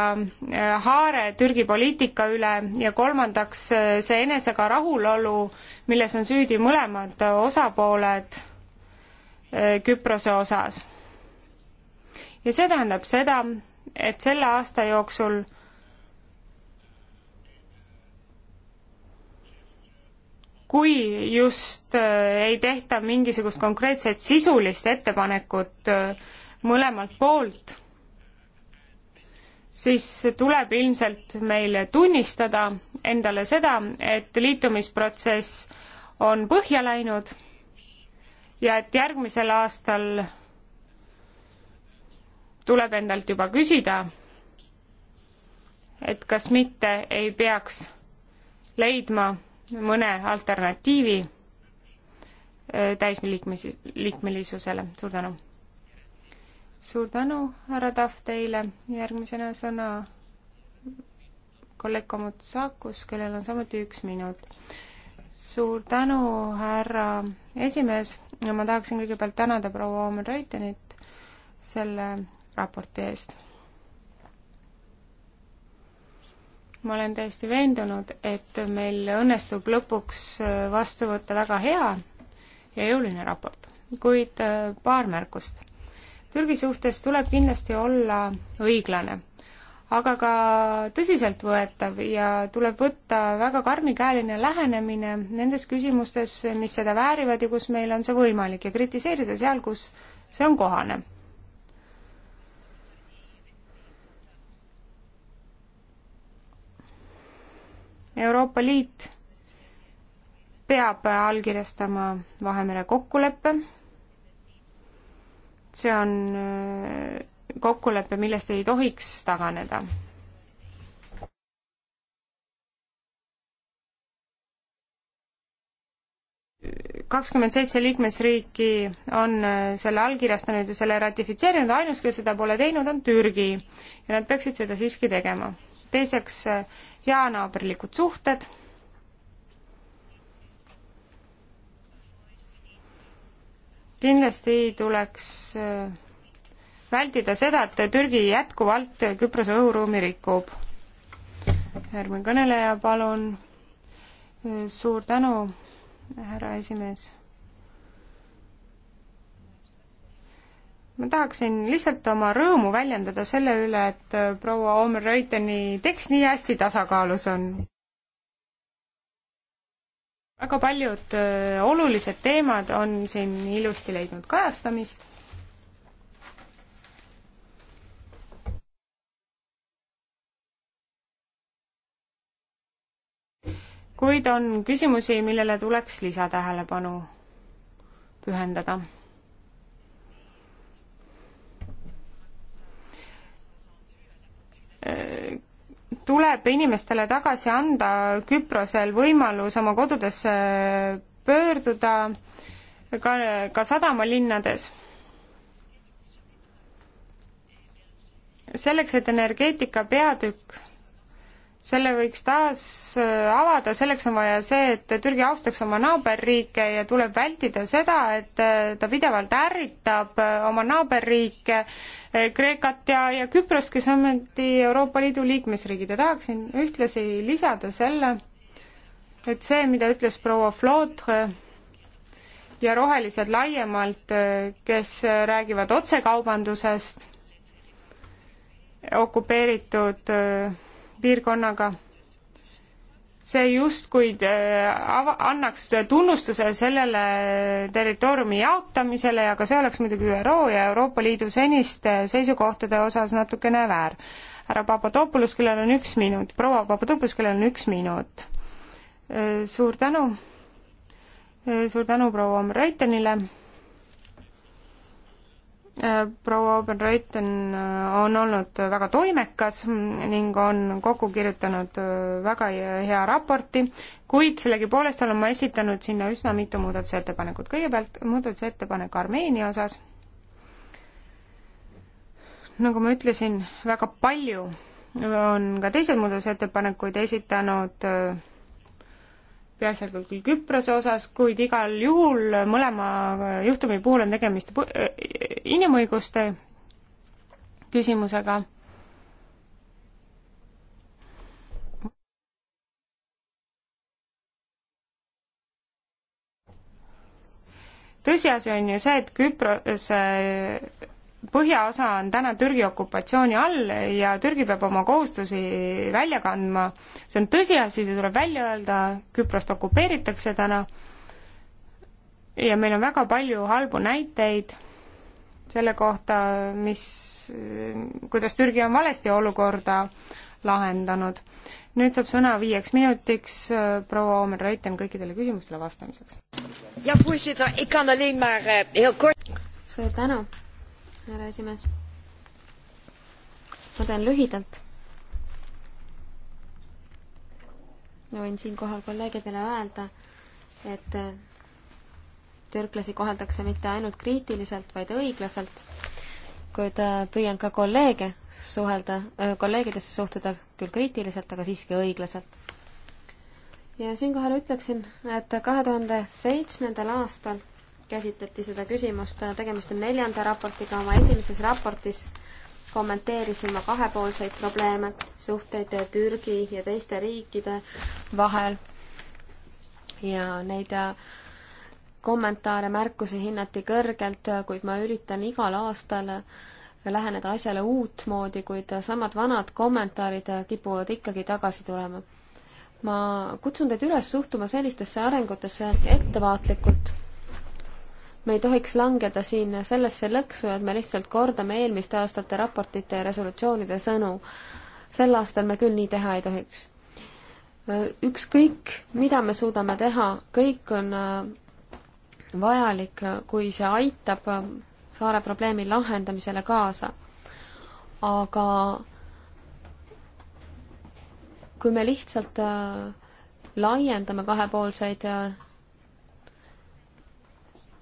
haare Türgi poliitika üle ja kolmandaks see enesega rahulolu, milles on süüdi mõlemad osapooled Küprose osas ja see tähendab seda, et selle aasta jooksul kui just äh, ei tehta mingisugust konkreetset sisulist ettepanekut äh, mõlemalt poolt, siis tuleb ilmselt meil tunnistada endale seda, et liitumisprotsess on põhja läinud ja et järgmisel aastal tuleb endalt juba küsida, et kas mitte ei peaks leidma mõne alternatiivi äh, täisliikmelis-, liikmelisusele, suur tänu! suur tänu, härra Tahv, teile, järgmisena sõna kolleeg Komutsakus, kellel on samuti üks minut. suur tänu, härra esimees, ma tahaksin kõigepealt tänada proua Oomen Reutenit selle raporti eest. ma olen täiesti veendunud, et meil õnnestub lõpuks äh, vastu võtta väga hea ja jõuline raport, kuid äh, paar märkust. Türgi suhtes tuleb kindlasti olla õiglane, aga ka tõsiseltvõetav ja tuleb võtta väga karmikäeline lähenemine nendes küsimustes, mis seda väärivad ja kus meil on see võimalik ja kritiseerida seal, kus see on kohane Euroopa Liit peab allkirjastama Vahemere kokkuleppe. see on äh, kokkulepe, millest ei tohiks taganeda. kakskümmend seitse liikmesriiki on äh, selle allkirjastanud ja selle ratifitseerinud, ainus, kes seda pole teinud, on Türgi ja nad peaksid seda siiski tegema teiseks heanaaberlikud suhted kindlasti tuleks äh, vältida seda, et Türgi jätkuvalt Küprose õhuruumi rikub. järgmine kõneleja, palun. Äh, suur tänu, härra esimees. ma tahaksin lihtsalt oma rõõmu väljendada selle üle, et äh, proua Omer Reuteni tekst nii hästi tasakaalus on. väga paljud äh, olulised teemad on siin ilusti leidnud kajastamist. kuid on küsimusi, millele tuleks lisatähelepanu pühendada tuleb inimestele tagasi anda Küprosel võimalus oma kodudesse pöörduda ka, ka sadamalinnades. selleks, et energeetika peatükk selle võiks taas äh, avada, selleks on vaja see, et Türgi austaks oma naaberriike ja tuleb vältida seda, et äh, ta pidevalt ärritab äh, oma naaberriike, Kreekat ja, ja Küprost, kes on mõneti Euroopa Liidu liikmesriigid ja tahaksin ühtlasi lisada selle, et see, mida ütles proua Flotre, ja rohelised laiemalt, kes räägivad otsekaubandusest, okupeeritud öö, piirkonnaga. see justkui äh, annaks tunnustuse sellele territooriumi jaotamisele ja ka see oleks muidugi ÜRO ja Euroopa Liidu seniste seisukohtade osas natukene väär. härra Papadopoulos, kellel on üks minut, proua Papadopoulos, kellel on üks minut. Äh, suur tänu, äh, suur tänu proua Omreitenile Äh, proua Oben-Reuten äh, on olnud väga toimekas ning on kokku kirjutanud äh, väga hea raporti, kuid sellegipoolest olen ma esitanud sinna üsna mitu muudatusettepanekut. kõigepealt muudatusettepanek Armeenia osas. nagu ma ütlesin, väga palju on ka teised muudatusettepanekuid esitanud äh, peaasjalikult küll Küprose osas, kuid igal juhul mõlema juhtumi puhul on tegemist äh, inimõiguste küsimusega. tõsiasi on ju see, et Küprose põhjaosa on täna Türgi okupatsiooni all ja Türgi peab oma kohustusi välja kandma. see on tõsiasi, see tuleb välja öelda, Küprost okupeeritakse täna. ja meil on väga palju halbu näiteid selle kohta, mis, kuidas Türgi on valesti olukorda lahendanud. nüüd saab sõna viieks minutiks äh, proua Oomen Reiten kõikidele küsimustele vastamiseks. Eh, suur tänu härra esimees. ma teen lühidalt. võin siinkohal kolleegidele öelda, et türklasi koheldakse mitte ainult kriitiliselt, vaid õiglaselt, kuid äh, püüan ka kolleege suhelda, äh, kolleegidesse suhtuda küll kriitiliselt, aga siiski õiglaselt. ja siinkohal ütleksin, et kahe tuhande seitsmendal aastal käsitleti seda küsimust, tegemist on neljanda raportiga, oma esimeses raportis kommenteerisin ma kahepoolseid probleeme, suhteid Türgi ja teiste riikide vahel ja neid äh, kommentaare, märkusi hinnati kõrgelt, kuid ma üritan igal aastal läheneda asjale uutmoodi, kuid samad vanad kommentaarid kipuvad ikkagi tagasi tulema. ma kutsun teid üles suhtuma sellistesse arengutesse ettevaatlikult me ei tohiks langeda siin sellesse lõksu, et me lihtsalt kordame eelmiste aastate raportite ja resolutsioonide sõnu. sel aastal me küll nii teha ei tohiks. ükskõik, mida me suudame teha, kõik on äh, vajalik, kui see aitab äh, saare probleemi lahendamisele kaasa. aga kui me lihtsalt äh, laiendame kahepoolseid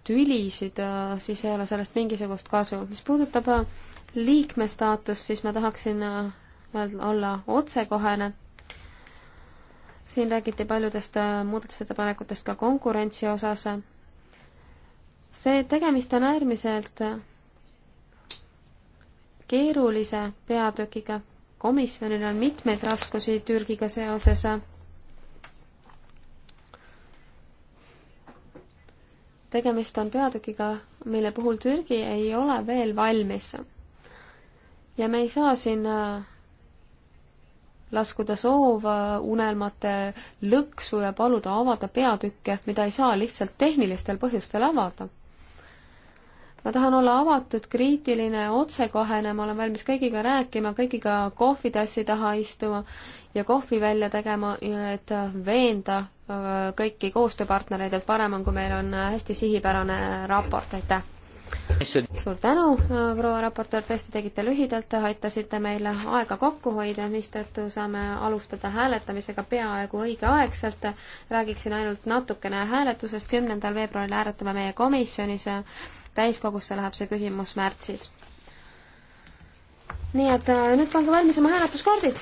tülisid, äh, siis ei ole sellest mingisugust kasu. mis puudutab äh, liikme staatust, siis ma tahaksin äh, olla otsekohene. siin räägiti paljudest muudatusettepanekutest ka konkurentsi osas. see, tegemist on äärmiselt keerulise peatükiga. komisjonil on mitmeid raskusi Türgiga seoses tegemist on peatükiga, mille puhul Türgi ei ole veel valmis. ja me ei saa siin äh, laskuda soova äh, unelmate lõksu ja paluda avada peatükke, mida ei saa lihtsalt tehnilistel põhjustel avada. ma tahan olla avatud, kriitiline, otsekohene, ma olen valmis kõigiga rääkima, kõigiga kohvitassi taha istuma ja kohvi välja tegema, et äh, veenda kõiki koostööpartnereid, et parem on, kui meil on hästi sihipärane raport, aitäh! suur tänu, proua raportöör, tõesti tegite lühidalt, aitasite meile aega kokku hoida, mistõttu saame alustada hääletamisega peaaegu õigeaegselt. räägiksin ainult natukene hääletusest, kümnendal veebruaril hääletame meie komisjonis, täiskogusse läheb see küsimus märtsis. nii et äh, nüüd pange valmis oma hääletuskaardid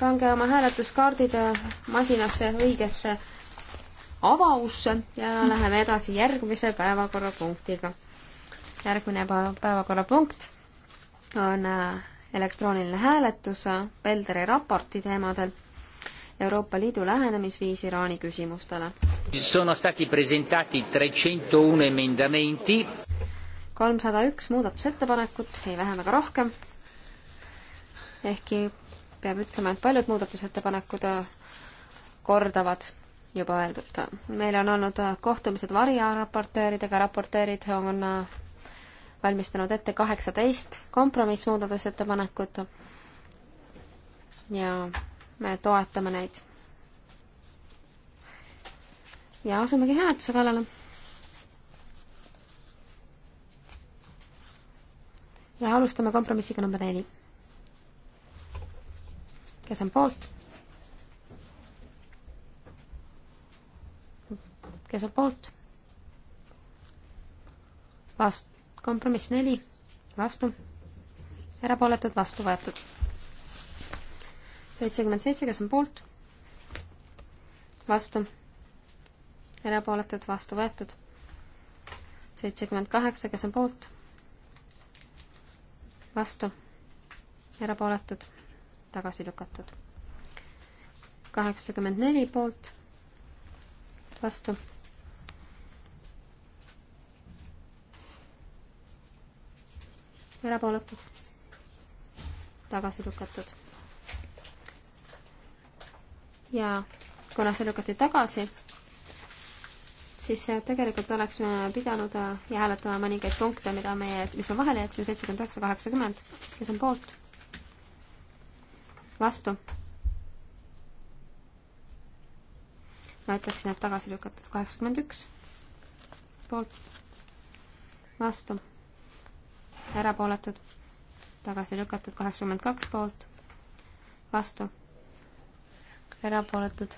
pange oma hääletuskaardid äh, masinasse õigesse avausse ja läheme edasi järgmise päevakorrapunktiga. järgmine päevakorrapunkt on äh, elektrooniline hääletus äh, Pelderi raporti teemadel Euroopa Liidu lähenemisviis Iraani küsimustele. Sono stati presentati 301 emendamenti. 301 muudatusettepanekut, ei vähem ega rohkem. ehkki peab ütlema, et paljud muudatusettepanekud äh, kordavad juba öeldud. meil on olnud äh, kohtumised variraportööridega, raportöörid on äh, valmistanud ette kaheksateist kompromissmuudatusettepanekut ja me toetame neid. ja asumegi hääletuse kallale. ja alustame kompromissiga number neli kes on poolt? kes on poolt? vast-, kompromiss neli, vastu, erapooletud, vastu võetud. seitsekümmend seitse, kes on poolt? vastu, erapooletud, vastu võetud. seitsekümmend kaheksa, kes on poolt? vastu, erapooletud tagasi lükatud. kaheksakümmend neli poolt, vastu. erapooletud, tagasi lükatud. ja kuna see lükati tagasi, siis tegelikult oleksime pidanud äh, hääletama mõningaid punkte, mida meie, mis me vahele jätsime, seitsekümmend üheksa, kaheksakümmend, kes on poolt vastu. ma ütleksin, et tagasi lükatud kaheksakümmend üks poolt, vastu, erapooletud, tagasi lükatud kaheksakümmend kaks poolt, vastu, erapooletud,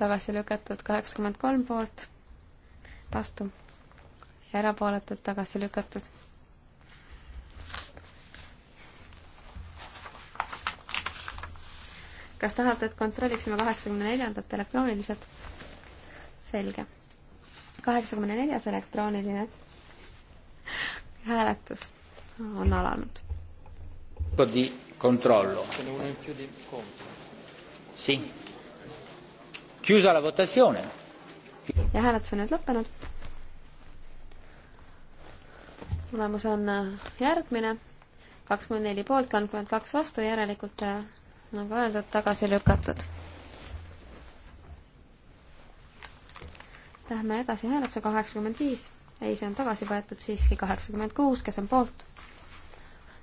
tagasi lükatud kaheksakümmend kolm poolt, vastu, erapooletud, tagasi lükatud kas tahate, et kontrolliksime kaheksakümne neljandat elektrooniliselt? selge. kaheksakümne neljas elektrooniline hääletus on alanud. di controllo. Sì. Chiusa la votazione. ja hääletus on nüüd lõppenud. tulemus on äh, järgmine kakskümmend neli poolt, kolmkümmend kaks vastu, järelikult äh, nagu öeldud, tagasi lükatud. Lähme edasi hääletuse kaheksakümmend viis. ei, see on tagasi võetud siiski kaheksakümmend kuus, kes on poolt?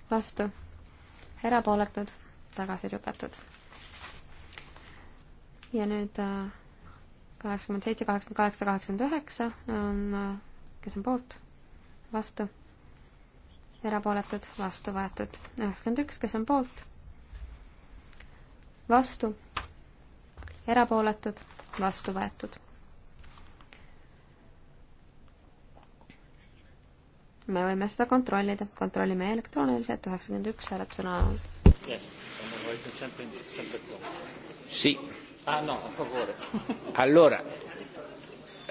vastu? erapooletud? tagasi lükatud. ja nüüd äh, kaheksakümmend seitse, kaheksakümmend kaheksa, kaheksakümmend üheksa on, äh, kes on poolt? vastu? erapooletud? vastu võetud. üheksakümmend üks, kes on poolt? vastu, erapooletud, vastu võetud. me võime seda kontrollida, kontrollime elektrooniliselt, üheksakümmend üks hääletus on alanud. Ah, allora,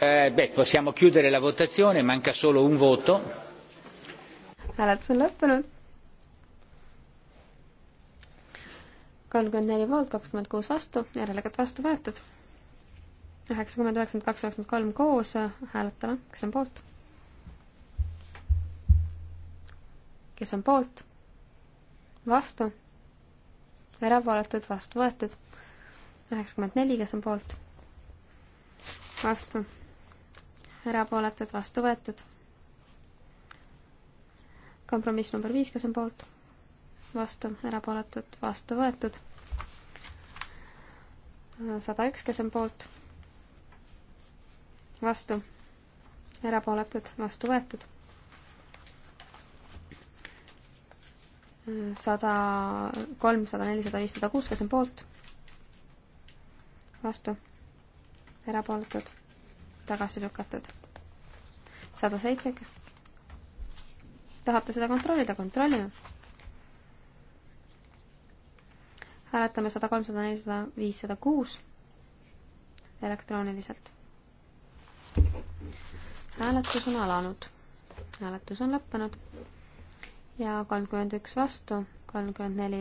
eh, beh, possiamo chiudere la votazione, manca solo un voto. hääletus on lõppenud kolmkümmend neli poolt, kakskümmend kuus vastu, järelikult vastu võetud. üheksakümmend, üheksakümmend kaks, üheksakümmend kolm koos, hääletame, kes on poolt. kes on poolt? vastu. erapooletud, vastu võetud. üheksakümmend neli, kes on poolt? vastu. erapooletud, vastu võetud. kompromiss number viis, kes on poolt? vastu, erapooletud, vastu võetud. sada üks, kes on poolt, vastu, erapooletud, vastu võetud. sada kolm, sada neli, sada viis, sada kuus, kes on poolt, vastu, erapooletud, tagasi lükatud. sada seitse, tahate seda kontrollida, kontrollime hääletame sada kolmsada, nelisada, viissada kuus elektrooniliselt. hääletus on alanud, hääletus on lõppenud ja kolmkümmend üks vastu, kolmkümmend neli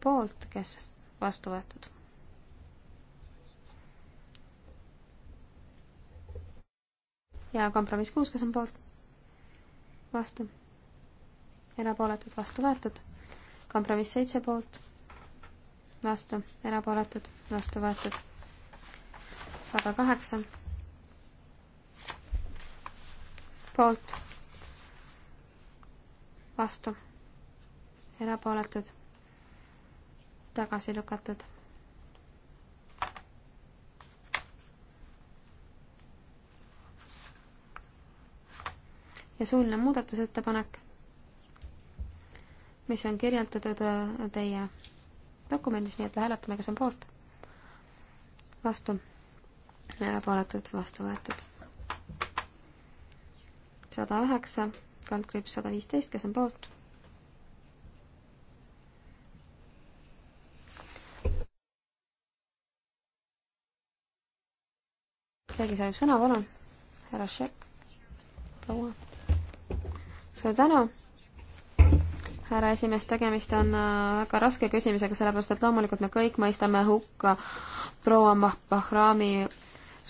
poolt, kes vastu võetud. ja kompromiss kuus, kes on poolt, vastu, erapooletud, vastu võetud, kompromiss seitse poolt vastu, erapooletud, vastu võetud. sada kaheksa. poolt, vastu, erapooletud, tagasi lükatud. ja suuline muudatusettepanek, mis on kirjeldatud äh, teie dokumendis, nii et hääletame, kes on poolt. vastu. erapooletud, vastu võetud. sada üheksa, kaldkriips sada viisteist, kes on poolt? keegi soovib sõna, palun. härra Šek, proua. suur tänu härra esimees, tegemist on äh, väga raske küsimusega, sellepärast et loomulikult me kõik mõistame hukka proua Mahbahrami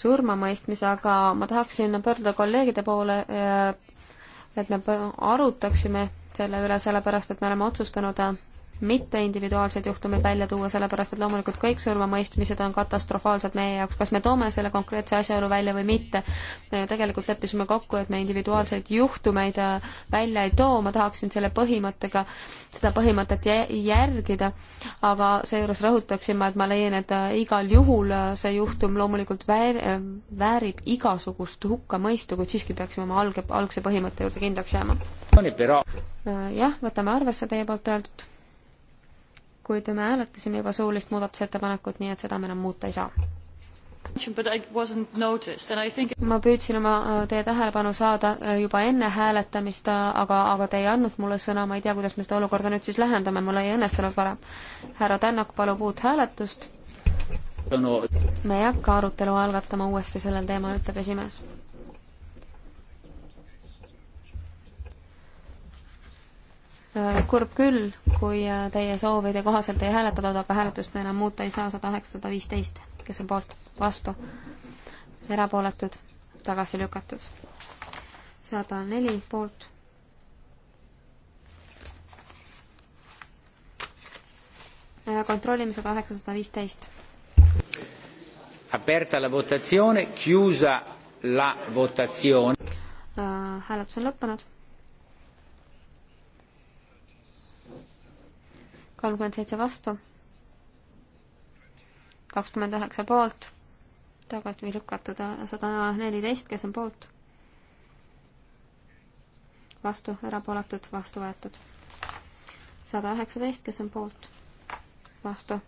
surmamõistmise, aga ma tahaksin pöörduda kolleegide poole, äh, et me arutaksime selle üle, sellepärast et me oleme otsustanud äh, mitte individuaalseid juhtumeid välja tuua, sellepärast et loomulikult kõik surmamõistmised on katastrofaalsed meie jaoks, kas me toome selle konkreetse asjaolu välja või mitte. me ju tegelikult leppisime kokku, et me individuaalseid juhtumeid äh, välja ei too, ma tahaksin selle põhimõttega, seda põhimõtet järgida, aga seejuures rõhutaksin ma, et ma leian, et äh, igal juhul äh, see juhtum loomulikult väär, väärib igasugust hukkamõistu, kuid siiski peaksime oma alge, algse põhimõtte juurde kindlaks jääma. jah, võtame arvesse teie poolt öeldut kuid me hääletasime juba suulist muudatusettepanekut, nii et seda me enam muuta ei saa. Think... ma püüdsin oma äh, teie tähelepanu saada äh, juba enne hääletamist, äh, aga, aga te ei andnud mulle sõna, ma ei tea, kuidas me seda olukorda nüüd siis lähendame, mul ei õnnestunud varem. härra Tännak palub uut hääletust. me ei hakka arutelu algatama uuesti sellel teemal, ütleb esimees Äh, kurb küll, kui äh, teie soovide kohaselt ei hääletatud, aga hääletust me enam muuta ei saa, sada üheksasada viisteist, kes on poolt, vastu, erapooletud, tagasi lükatud. sada neli poolt äh, kontrollime sada üheksasada viisteist. Aperta la votazione, chiusa la votazione. hääletus on lõppenud. kolmkümmend seitse vastu, kakskümmend üheksa poolt, tagasi lükatud sada neliteist, kes on poolt, vastu, erapooletud, vastu võetud. sada üheksateist, kes on poolt, vastu,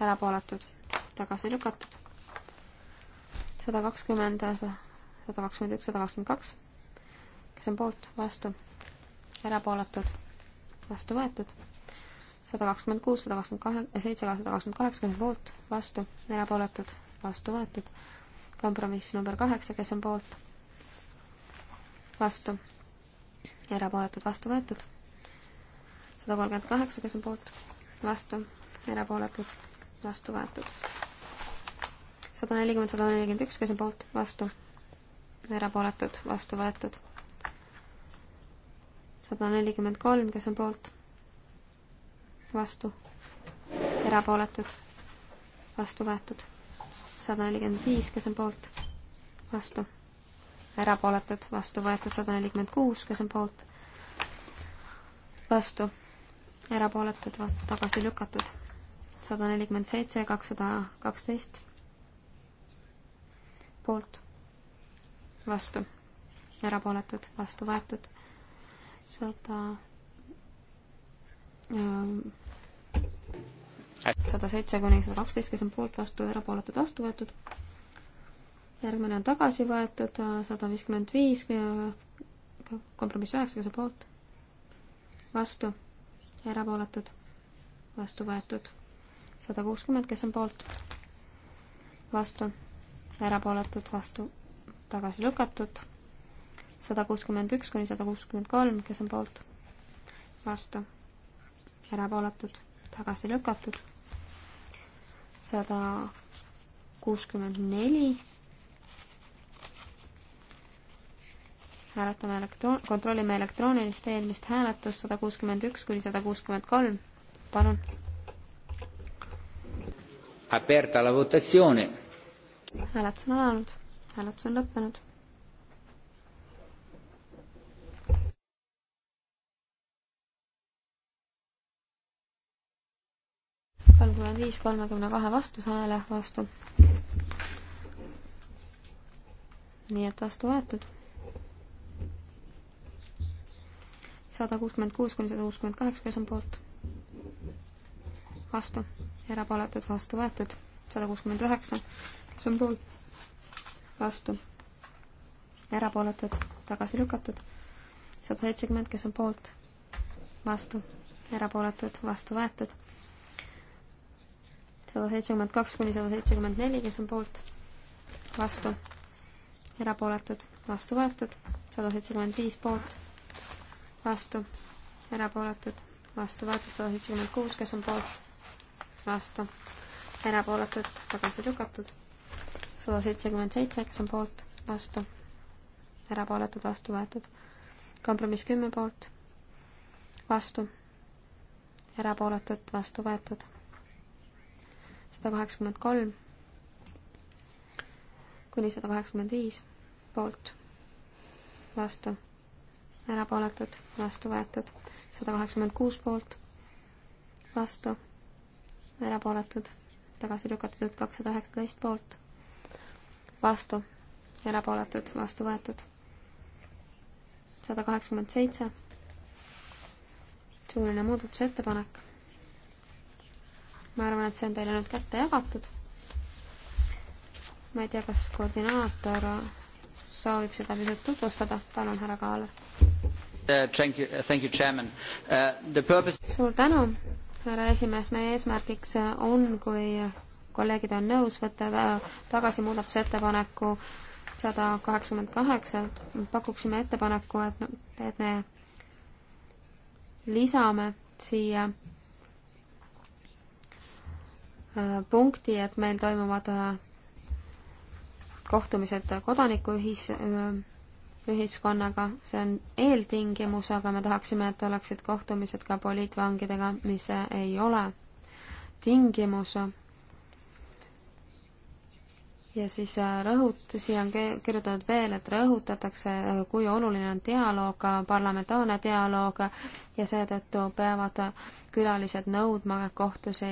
erapooletud, tagasi lükatud. sada kakskümmend, sada kakskümmend üks, sada kakskümmend kaks, kes on poolt, vastu, erapooletud, vastu võetud sada kakskümmend kuus, sada kakskümmend kahe, eh, seitse, sada kakskümmend kaheksa, kes on poolt, vastu, erapooletud, vastu võetud. kompromiss number kaheksa, kes on poolt, vastu, erapooletud, vastu võetud. sada kolmkümmend kaheksa, kes on poolt, vastu, erapooletud, vastu võetud. sada nelikümmend, sada nelikümmend üks, kes on poolt, vastu, erapooletud, vastu võetud. sada nelikümmend kolm, kes on poolt vastu, erapooletud, vastu võetud. sada nelikümmend viis, kes on poolt, vastu, erapooletud, vastu võetud. sada nelikümmend kuus, kes on poolt, vastu, erapooletud, tagasi lükatud. sada nelikümmend seitse, kakssada kaksteist, poolt, vastu, erapooletud, vastu võetud. sada 100 sada seitse kuni sada kaksteist, kes on poolt, vastu, erapooletud, vastu võetud. järgmine on tagasi võetud, sada viiskümmend viis, kompromiss üheksa, kes on poolt, vastu, erapooletud, vastu võetud. sada kuuskümmend, kes on poolt, vastu, erapooletud, vastu, tagasi lükatud. sada kuuskümmend üks kuni sada kuuskümmend kolm, kes on poolt, vastu erapooletud, tagasi lükatud. sada kuuskümmend neli. hääletame elektroon, kontrollime elektroonilist eelmist hääletust sada kuuskümmend üks kuni sada kuuskümmend kolm. palun. Aperta la votatsioone. hääletus on alanud, hääletus on lõppenud viis kolmekümne kahe vastushääle vastu. nii et vastu võetud. sada kuuskümmend kuus kuni sada kuuskümmend kaheksa, kes on poolt? vastu, erapooletud, vastu võetud, sada kuuskümmend üheksa, kes on poolt? vastu, erapooletud, tagasi lükatud, sada seitsekümmend, kes on poolt? vastu, erapooletud, vastu võetud sada seitsekümmend kaks kuni sada seitsekümmend neli, kes on poolt, vastu, erapooletud, vastu võetud, sada seitsekümmend viis poolt, vastu, erapooletud, vastu võetud, sada seitsekümmend kuus, kes on poolt, vastu, erapooletud, tagasi lükatud, sada seitsekümmend seitse, kes on poolt, vastu, erapooletud, vastu võetud, kompromiss kümme poolt, vastu erapooletut vastu võetud sada kaheksakümmend kolm kuni sada kaheksakümmend viis poolt, vastu, erapooletud, vastu võetud, sada kaheksakümmend kuus poolt, vastu, erapooletud, tagasi lükatud, kakssada üheksateist poolt, vastu, erapooletud, vastu võetud, sada kaheksakümmend seitse, suuline muudatusettepanek ma arvan, et see on teile nüüd kätte jagatud. ma ei tea, kas koordinaator soovib seda pisut tutvustada, palun, härra Kaaler. Uh, thank you, uh, thank you, chairman uh,. The purpose suur tänu, härra esimees, meie eesmärgiks on, kui kolleegid on nõus, võtta tagasi muudatusettepaneku sada kaheksakümmend kaheksa, pakuksime ettepaneku, et, et me lisame siia Äh, punkti, et meil toimuvad äh, kohtumised kodanikuühis-, äh, ühiskonnaga, see on eeltingimus, aga me tahaksime, et oleksid kohtumised ka poliitvangidega, mis ei ole tingimus ja siis äh, rõhut-, siia on kirjutatud veel, et rõhutatakse, äh, kui oluline on dialoog, äh, parlamentaarne dialoog ja seetõttu peavad külalised nõudma kohtusi,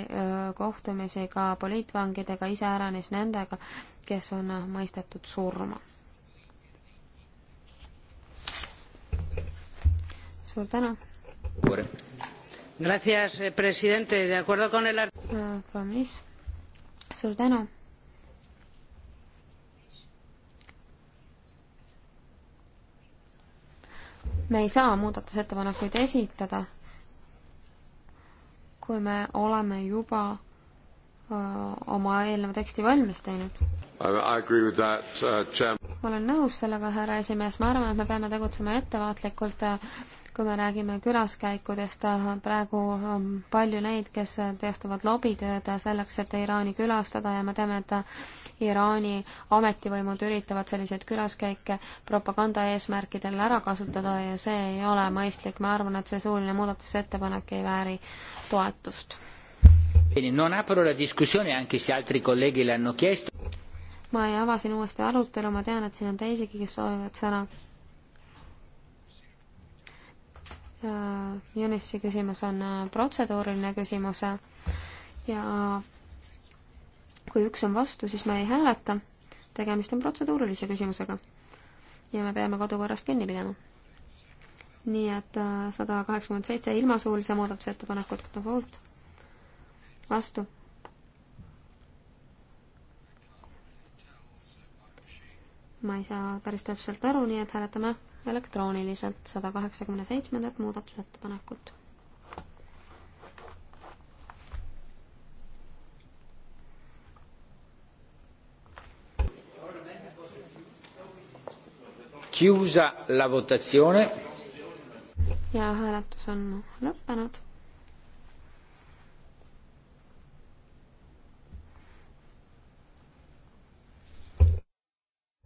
kohtumisi ka poliitvangidega, iseäranis nendega, kes on mõistetud surma. suur tänu! Gracias, eh, presidente, de acuerdo con el art-. proua minister, suur tänu! me ei saa muudatusettepanekuid esitada, kui me oleme juba öö, oma eelneva teksti valmis teinud. Uh, ma olen nõus sellega, härra esimees, ma arvan, et me peame tegutsema ettevaatlikult kui me räägime külaskäikudest, praegu on palju neid, kes teostavad lobitööd selleks, et Iraani külastada ja me teame, et Iraani ametivõimud üritavad selliseid külaskäike propaganda eesmärkidel ära kasutada ja see ei ole mõistlik, ma arvan, et see suuline muudatusettepanek ei vääri toetust. Non apro la discussione anche se altri colleghi l'hanno chiesto. ma ei ava siin uuesti arutelu, ma tean, et siin on teisigi, kes soovivad sõna Junissi küsimus on äh, protseduuriline küsimus ja kui üks on vastu, siis me ei hääleta. tegemist on protseduurilise küsimusega ja me peame kodukorrast kinni pidama. nii et äh, sada kaheksakümmend seitse ilma suulise muudatusettepanekuteta poolt, vastu. ma ei saa päris täpselt aru, nii et hääletame elektrooniliselt sada kaheksakümne seitsmendat muudatusettepanekut. Chiusa la votazione. ja hääletus on lõppenud.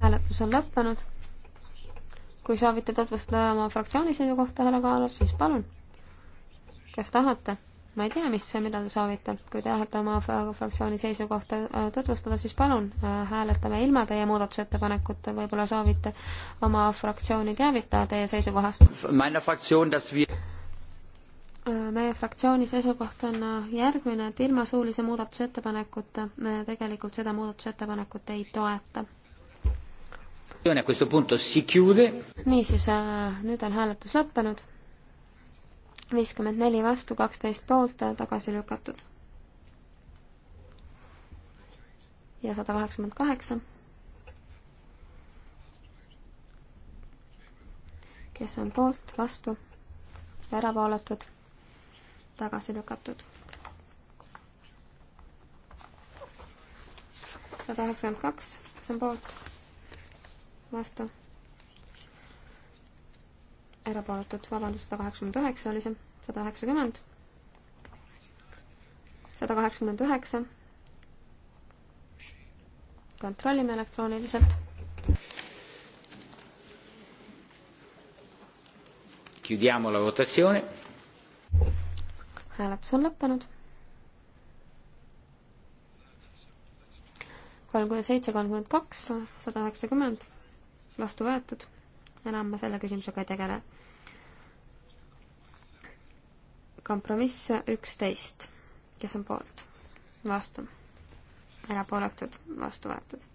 hääletus on lõppenud kui soovite tutvustada oma fraktsiooni seisukohta, härra Kaalov, siis palun. kas tahate? ma ei tea, mis, mida te soovite. kui te tahate oma fraktsiooni seisukohta äh, tutvustada, siis palun äh, hääletame ilma teie muudatusettepanekuta, võib-olla soovite oma fraktsiooni teavitada teie seisukohast. Äh, meie fraktsiooni seisukoht on järgmine, et ilma suulise muudatusettepanekuta me tegelikult seda muudatusettepanekut ei toeta niisiis, äh, nüüd on hääletus lõppenud. viiskümmend neli vastu, kaksteist poolt, äh, tagasi lükatud. ja sada kaheksakümmend kaheksa. kes on poolt, vastu, äravaalatud, tagasi lükatud sada kaheksakümmend kaks, kes on poolt, vastu. erapooletud, vabandust, sada kaheksakümmend üheksa oli see, sada üheksakümmend, sada kaheksakümmend üheksa. kontrollime elektrooniliselt. Chiudiamo la votazione. hääletus on lõppenud kolmkümmend seitse, kolmkümmend kaks, sada üheksakümmend vastu võetud, enam ma selle küsimusega ei tegele. kompromiss üksteist, kes on poolt, vastu, erapooletud, vastu võetud.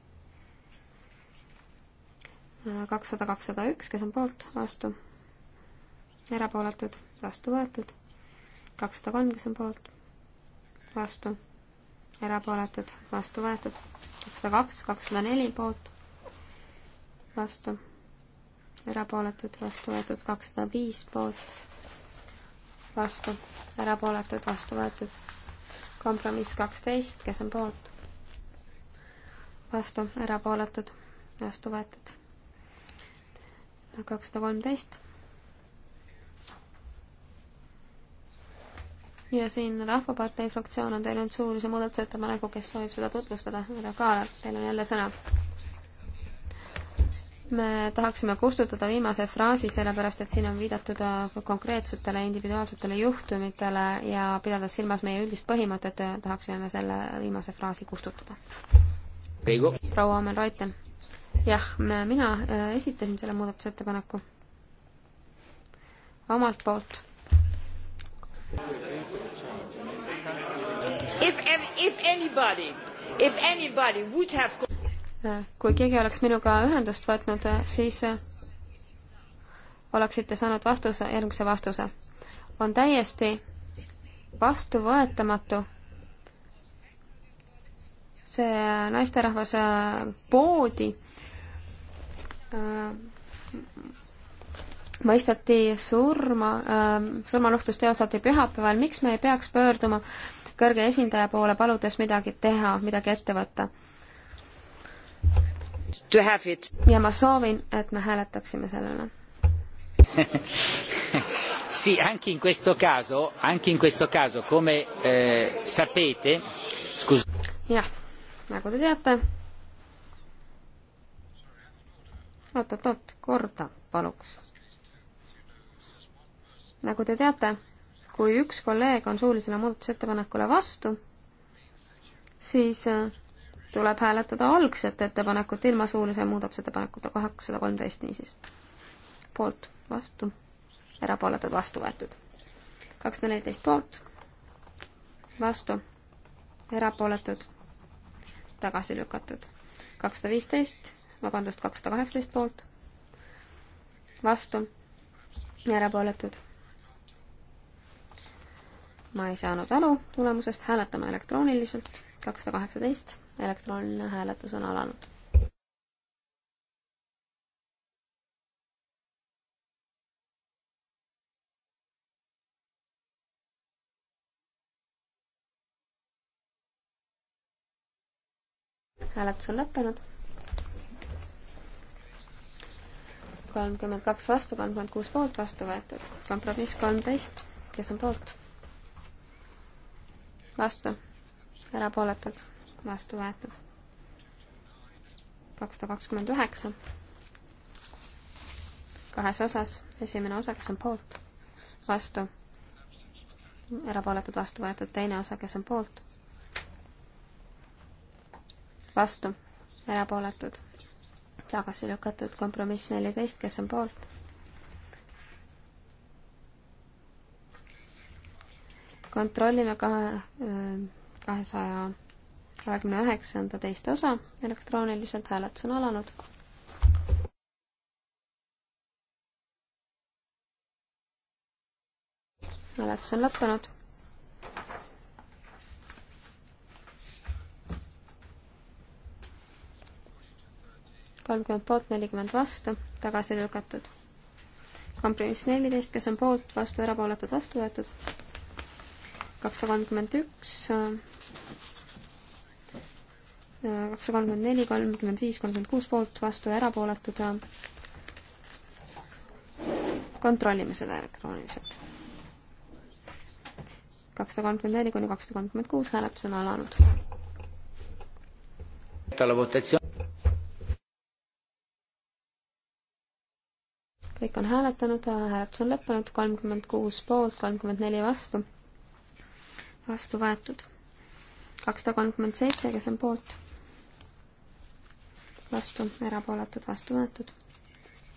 kakssada, kakssada üks, kes on poolt, vastu, erapooletud, vastu võetud. kakssada kolm, kes on poolt, vastu, erapooletud, vastu võetud. kakssada kaks, kakssada neli poolt vastu, erapooletud, vastu võetud kakssada viis poolt, vastu, erapooletud, vastu võetud. kompromiss kaksteist, kes on poolt? vastu, erapooletud, vastu võetud. kakssada kolmteist. ja siin Rahvapartei fraktsioon on teinud suuruse muudatusettepaneku, kes soovib seda tutvustada, härra Kaalep, teil on jälle sõna me tahaksime kustutada viimase fraasi, sellepärast et siin on viidatud äh, konkreetsetele individuaalsetele juhtumitele ja pidades silmas meie üldist põhimõtet, tahaksime me selle viimase fraasi kustutada. proua Omen Raiten. jah, mina äh, esitasin selle muudatusettepaneku omalt poolt. If, if anybody, if anybody would have kui keegi oleks minuga ühendust võtnud, siis oleksite saanud vastuse, järgmise vastuse. on täiesti vastuvõetamatu see naisterahvas poodi mõisteti surma, surmanuhtlus teostati pühapäeval, miks me ei peaks pöörduma kõrge esindaja poole, paludes midagi teha, midagi ette võtta? ja ma soovin, et me hääletaksime selle üle sì, anche in questo caso, anche in questo caso come eh, sapete, scus- jah, nagu te teate. oot-oot-oot, korda paluks. nagu te teate, kui üks kolleeg on suulisele muudatusettepanekule vastu, siis äh, tuleb hääletada algset ettepanekut ilma suulise muudatusettepanekuta kaheksasada kolmteist niisiis. poolt, vastu, erapooletud, vastu võetud. kakssada neliteist poolt, vastu, erapooletud, tagasi lükatud. kakssada viisteist, vabandust, kakssada kaheksateist poolt, vastu, erapooletud. ma ei saanud aru tulemusest, hääletame elektrooniliselt, kakssada kaheksateist elektrooniline hääletus on alanud. hääletus on lõppenud. kolmkümmend kaks vastu, kolmkümmend kuus poolt vastu võetud. kompromiss kolmteist, kes on poolt? vastu, erapooletud vastu võetud. kakssada kakskümmend üheksa. kahes osas, esimene osa, kes on poolt, vastu, erapooletud, vastu võetud, teine osa, kes on poolt, vastu, erapooletud, tagasi lükatud, kompromiss neliteist, kes on poolt kontrollime kahe, kahesaja kahekümne üheksanda teist osa, elektrooniliselt hääletus on alanud. hääletus on lõppenud. kolmkümmend poolt, nelikümmend vastu, tagasi lükatud. kompromiss neliteist, kes on poolt, vastu, erapooletud, vastu võetud. kakssada kolmkümmend üks kakssada kolmkümmend neli, kolmkümmend viis, kolmkümmend kuus poolt, vastu ja erapooletud. kontrollime seda elektrooniliselt. kakssada kolmkümmend neli kuni kakssada kolmkümmend kuus hääletus on alanud. kõik on hääletanud, hääletus on lõppenud, kolmkümmend kuus poolt, kolmkümmend neli vastu. vastu võetud. kakssada kolmkümmend seitse, kes on poolt? vastu, erapooletud, vastu võetud.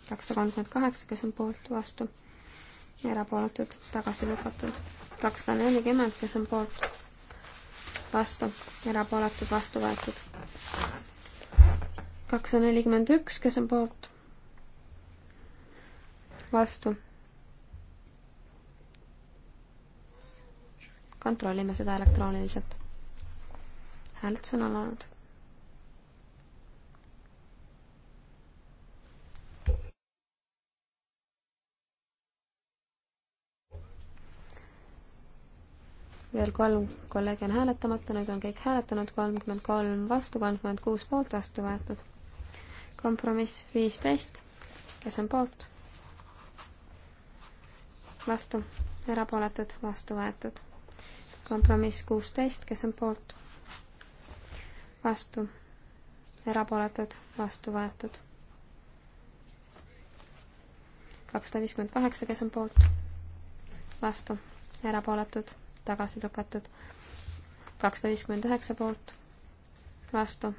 kakssada kolmkümmend kaheksa, kes on poolt, vastu, erapooletud, tagasi lükatud. kakssada nelikümmend, kes on poolt, vastu, erapooletud, vastu võetud. kakssada nelikümmend üks, kes on poolt, vastu. kontrollime seda elektrooniliselt. hääletus on alanud veel kolm kolleegi on hääletamata, nüüd on kõik hääletanud, kolmkümmend kolm vastu, kolmkümmend kuus poolt vastu võetud. kompromiss viisteist, kes on poolt? vastu, erapooletud, vastu võetud. kompromiss kuusteist, kes on poolt? vastu, erapooletud, vastu võetud. kakssada viiskümmend kaheksa, kes on poolt? vastu, erapooletud tagasi lükatud. kakssada viiskümmend üheksa poolt, vastu,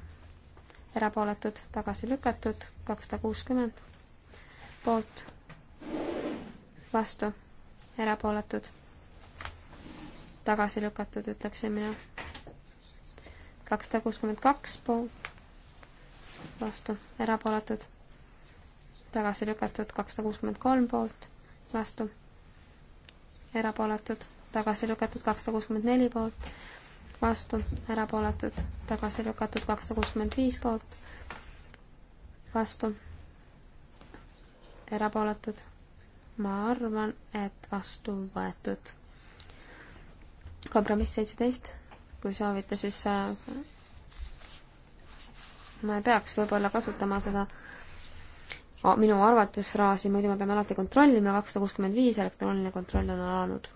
erapooletud, tagasi lükatud, kakssada kuuskümmend poolt, vastu, erapooletud, tagasi lükatud, ütleksin mina. kakssada kuuskümmend kaks poolt, vastu, erapooletud, tagasi lükatud, kakssada kuuskümmend kolm poolt, vastu erapooletud, tagasi lükatud kakssada kuuskümmend neli poolt, vastu, erapooletud, tagasi lükatud kakssada kuuskümmend viis poolt, vastu, erapooletud. ma arvan, et vastu võetud. kompromiss seitseteist, kui soovite, siis äh, ma ei peaks võib-olla kasutama seda minu arvates fraasi, muidu me peame alati kontrollima, kakssada kuuskümmend viis elektrooniline kontroll on alanud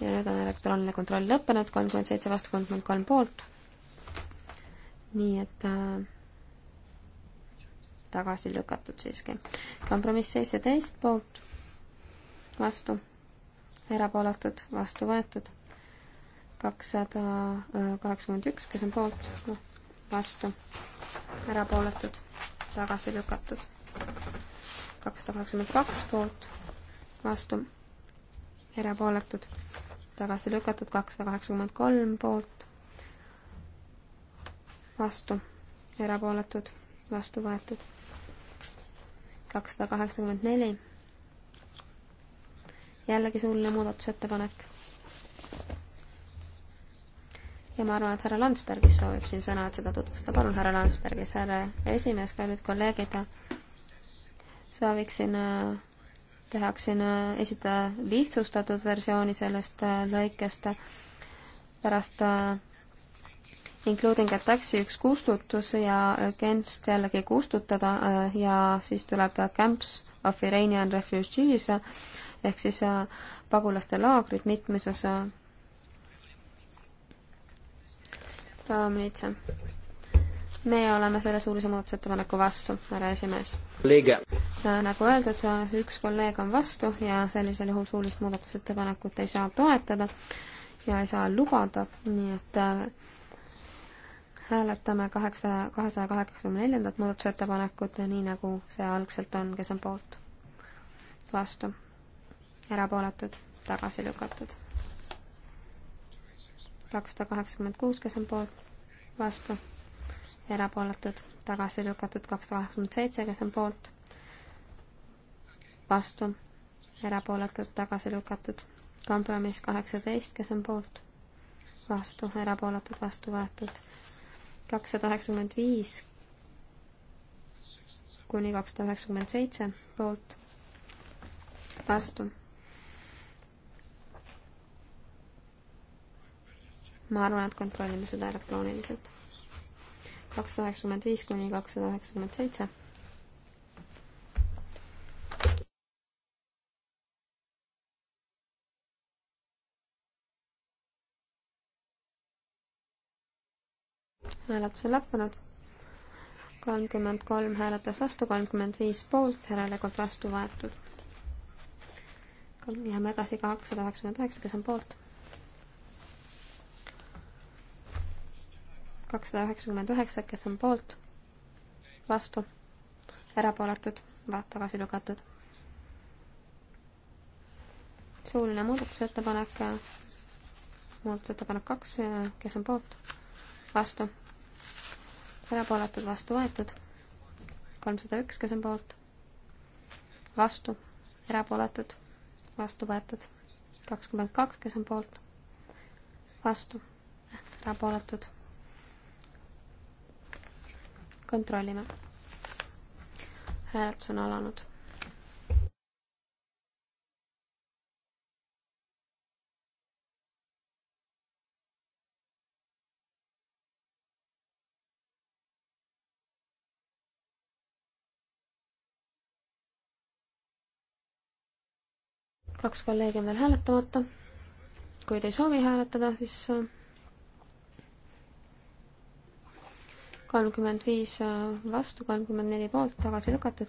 ja nüüd on elektrooniline kontroll lõppenud, kolmkümmend seitse vastu kolmkümmend kolm poolt. nii et äh, tagasi lükatud siiski. kompromiss seitseteist poolt, vastu, erapooletud, vastu võetud, kakssada äh, kaheksakümmend üks, kes on poolt, noh, vastu, erapooletud, tagasi lükatud, kakssada kaheksakümmend kaks poolt, vastu erapooletud, tagasi lükatud kakssada kaheksakümmend kolm poolt, vastu, erapooletud, vastu võetud. kakssada kaheksakümmend neli. jällegi suuline muudatusettepanek. ja ma arvan, et härra Landsbergis soovib siin sõna, et seda tutvustada. palun, härra Landsbergis, härra esimees, kallid kolleegid, sooviksin äh, tehaksin, äh, esitada lihtsustatud versiooni sellest äh, lõikest pärast äh, including attacks'i üks kustutus ja against jällegi kustutada ja siis tuleb camps of Iranian refugees ehk siis pagulaste laagrid mitmes osa. Raamlitsa me oleme selle suuruse muudatusettepaneku vastu, härra esimees. nagu öeldud, üks kolleeg on vastu ja sellisel juhul suulist muudatusettepanekut ei saa toetada ja ei saa lubada, nii et äh, hääletame kaheksa, kahesaja kaheksakümne neljandat muudatusettepanekut, nii nagu see algselt on, kes on poolt, vastu, erapooletud, tagasi lükatud. kakssada kaheksakümmend kuus, kes on poolt, vastu erapooletud, tagasi lükatud kakssada kaheksakümmend seitse, kes on poolt, vastu, erapooletud, tagasi lükatud, kompromiss kaheksateist, kes on poolt, vastu, erapooletud, vastu võetud, kakssada üheksakümmend viis kuni kakssada üheksakümmend seitse poolt, vastu ma arvan, et kontrollime seda elektrooniliselt kakssada üheksakümmend viis kuni kakssada üheksakümmend seitse. hääletus on lõppenud. kolmkümmend kolm hääletas vastu, kolmkümmend viis poolt, järelikult vastu võetud. jääme edasi kakssada üheksakümmend üheksa, kes on poolt kakssada üheksakümmend üheksa, kes on poolt, vastu, erapooletud, tagasi lükatud. suuline muudatusettepanek, muudatusettepanek kaks, kes on poolt, vastu, erapooletud, vastu võetud, kolmsada üks, kes on poolt, vastu, erapooletud, vastu võetud, kakskümmend kaks, kes on poolt, vastu, erapooletud kontrollime. hääletus on alanud. kaks kolleegi on veel hääletamata. kui te ei soovi hääletada, siis äh, kolmkümmend viis äh, vastu, kolmkümmend neli poolt, tagasi lükatud.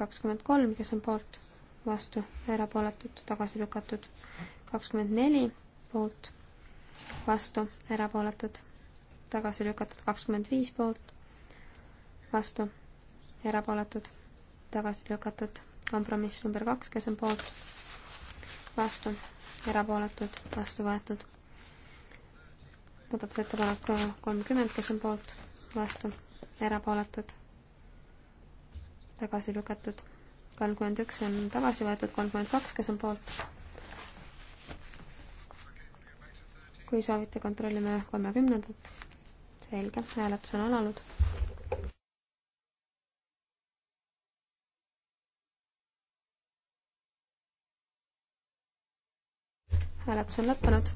kakskümmend kolm, kes on poolt, vastu, erapooletud, tagasi lükatud. kakskümmend neli poolt, vastu, erapooletud, tagasi lükatud. kakskümmend viis poolt, vastu, erapooletud, tagasi lükatud. kompromiss number kaks, kes on poolt, vastu erapooletud, vastu võetud. muudatusettepanek kolmkümmend, kes on poolt, vastu, erapooletud, tagasi lükatud. kolmkümmend üks on tagasi võetud, kolmkümmend kaks, kes on poolt. kui soovite, kontrollime kolmekümnendat. selge, hääletus on alanud hääletus on lõppenud,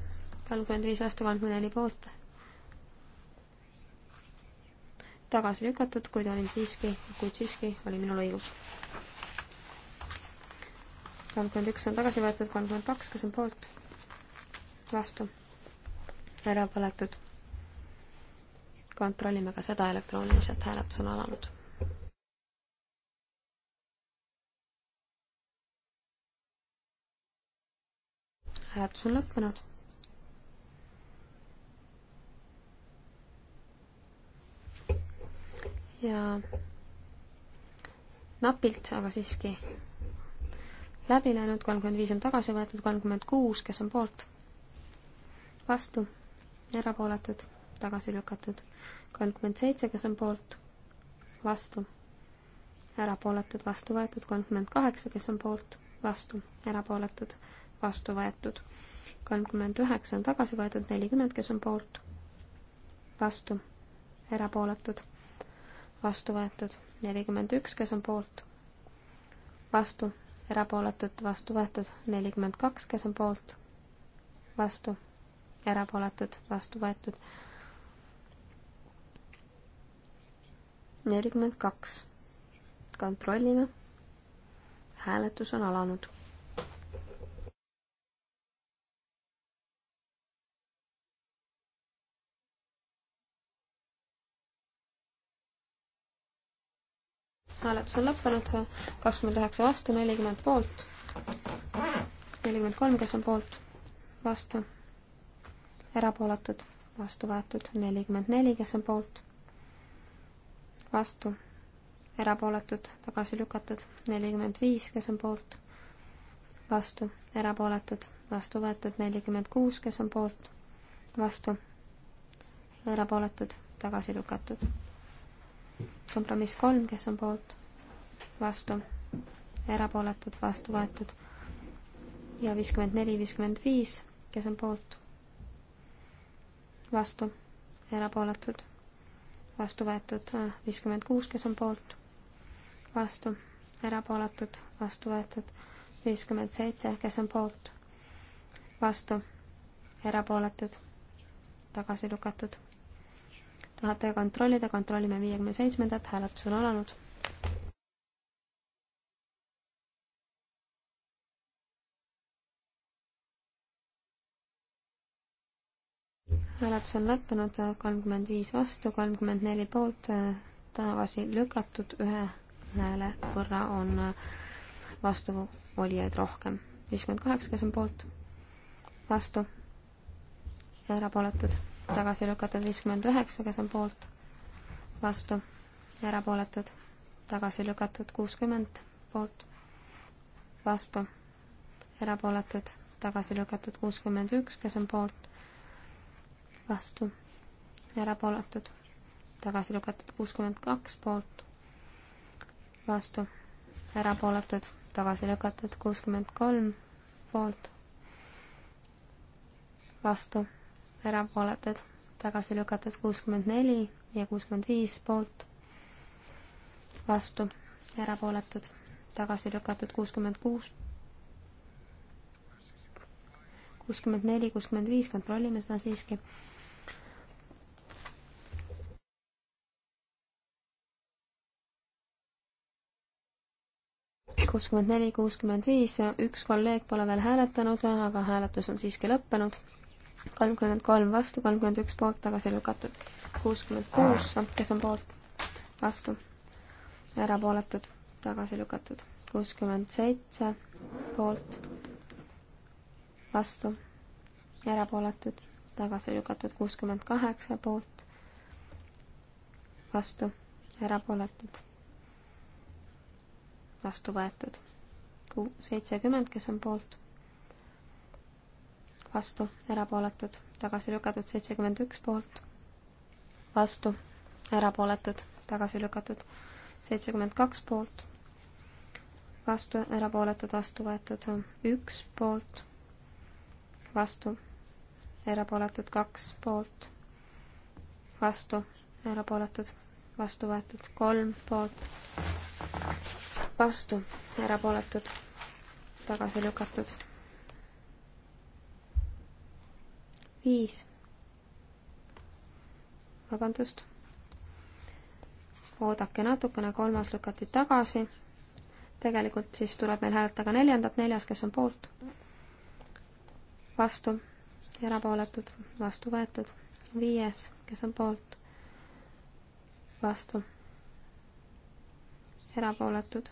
kolmkümmend viis vastu, kolmkümmend neli poolt. tagasi lükatud, kuid olin siiski, kuid siiski oli minul õigus. kolmkümmend üks on tagasi võetud, kolmkümmend kaks, kes on poolt? vastu. ära põletud. kontrollime ka seda elektrooniliselt, hääletus on alanud hääletus on lõppenud. ja napilt, aga siiski läbi läinud, kolmkümmend viis on tagasi võetud, kolmkümmend kuus, kes on poolt? vastu, erapooletud, tagasi lükatud. kolmkümmend seitse, kes on poolt? vastu, erapooletud, vastu võetud. kolmkümmend kaheksa, kes on poolt? vastu, erapooletud, vastu võetud. kolmkümmend üheksa on tagasi võetud, nelikümmend, kes on poolt, vastu, erapooletud, vastu võetud, nelikümmend üks, kes on poolt, vastu, erapooletud, vastu võetud, nelikümmend kaks, kes on poolt, vastu, erapooletud, vastu võetud, nelikümmend kaks kontrollime. hääletus on alanud hääletus on lõppenud, kakskümmend üheksa vastu, nelikümmend poolt, nelikümmend kolm, kes on poolt, vastu, erapooletud, vastu võetud, nelikümmend neli, kes on poolt, vastu, erapooletud, tagasi lükatud, nelikümmend viis, kes on poolt, vastu, erapooletud, vastu võetud, nelikümmend kuus, kes on poolt, vastu, erapooletud, tagasi lükatud kompromiss kolm, kes on poolt, vastu, erapooletud, vastu võetud. ja viiskümmend neli, viiskümmend viis, kes on poolt, vastu, erapooletud, vastu võetud. viiskümmend kuus, kes on poolt, vastu, erapooletud, vastu võetud. viiskümmend seitse, kes on poolt, vastu, erapooletud, tagasi lükatud tahate kontrollida, kontrollime viiekümne seitsmendat, hääletus on alanud. hääletus on lõppenud, kolmkümmend viis vastu, kolmkümmend neli poolt, äh, tagasi lükatud ühe hääle võrra on äh, vastuolijaid rohkem. viiskümmend kaheksa, kes on poolt, vastu ja erapooletud tagasi lükatud viiskümmend üheksa, kes on poolt, vastu, erapooletud, tagasi lükatud kuuskümmend, poolt, vastu, erapooletud, tagasi lükatud kuuskümmend üks, kes on poolt, vastu, erapooletud, tagasi lükatud kuuskümmend kaks, poolt, vastu, erapooletud, tagasi lükatud kuuskümmend kolm, poolt, vastu erapooletud, tagasi lükatud kuuskümmend neli ja kuuskümmend viis poolt, vastu, erapooletud, tagasi lükatud kuuskümmend kuus, kuuskümmend neli, kuuskümmend viis, kontrollime seda siiski. kuuskümmend neli, kuuskümmend viis, üks kolleeg pole veel hääletanud, aga hääletus on siiski lõppenud kolmkümmend kolm vastu, kolmkümmend üks poolt tagasi lükatud. kuuskümmend kuus, kes on poolt, vastu, erapooletud, tagasi lükatud. kuuskümmend seitse poolt, vastu, erapooletud, tagasi lükatud. kuuskümmend kaheksa poolt, vastu, erapooletud, vastu võetud. seitsekümmend, kes on poolt vastu, erapooletud, tagasi lükatud seitsekümmend üks poolt, vastu, erapooletud, tagasi lükatud seitsekümmend kaks poolt, vastu, erapooletud, vastu võetud üks poolt, vastu, erapooletud kaks poolt, vastu, erapooletud, vastu võetud kolm poolt, vastu, erapooletud, tagasi lükatud viis. vabandust. oodake natukene, kolmas lükati tagasi. tegelikult siis tuleb meil hääletada neljandat, neljas, kes on poolt? vastu, erapooletud, vastu võetud. viies, kes on poolt? vastu, erapooletud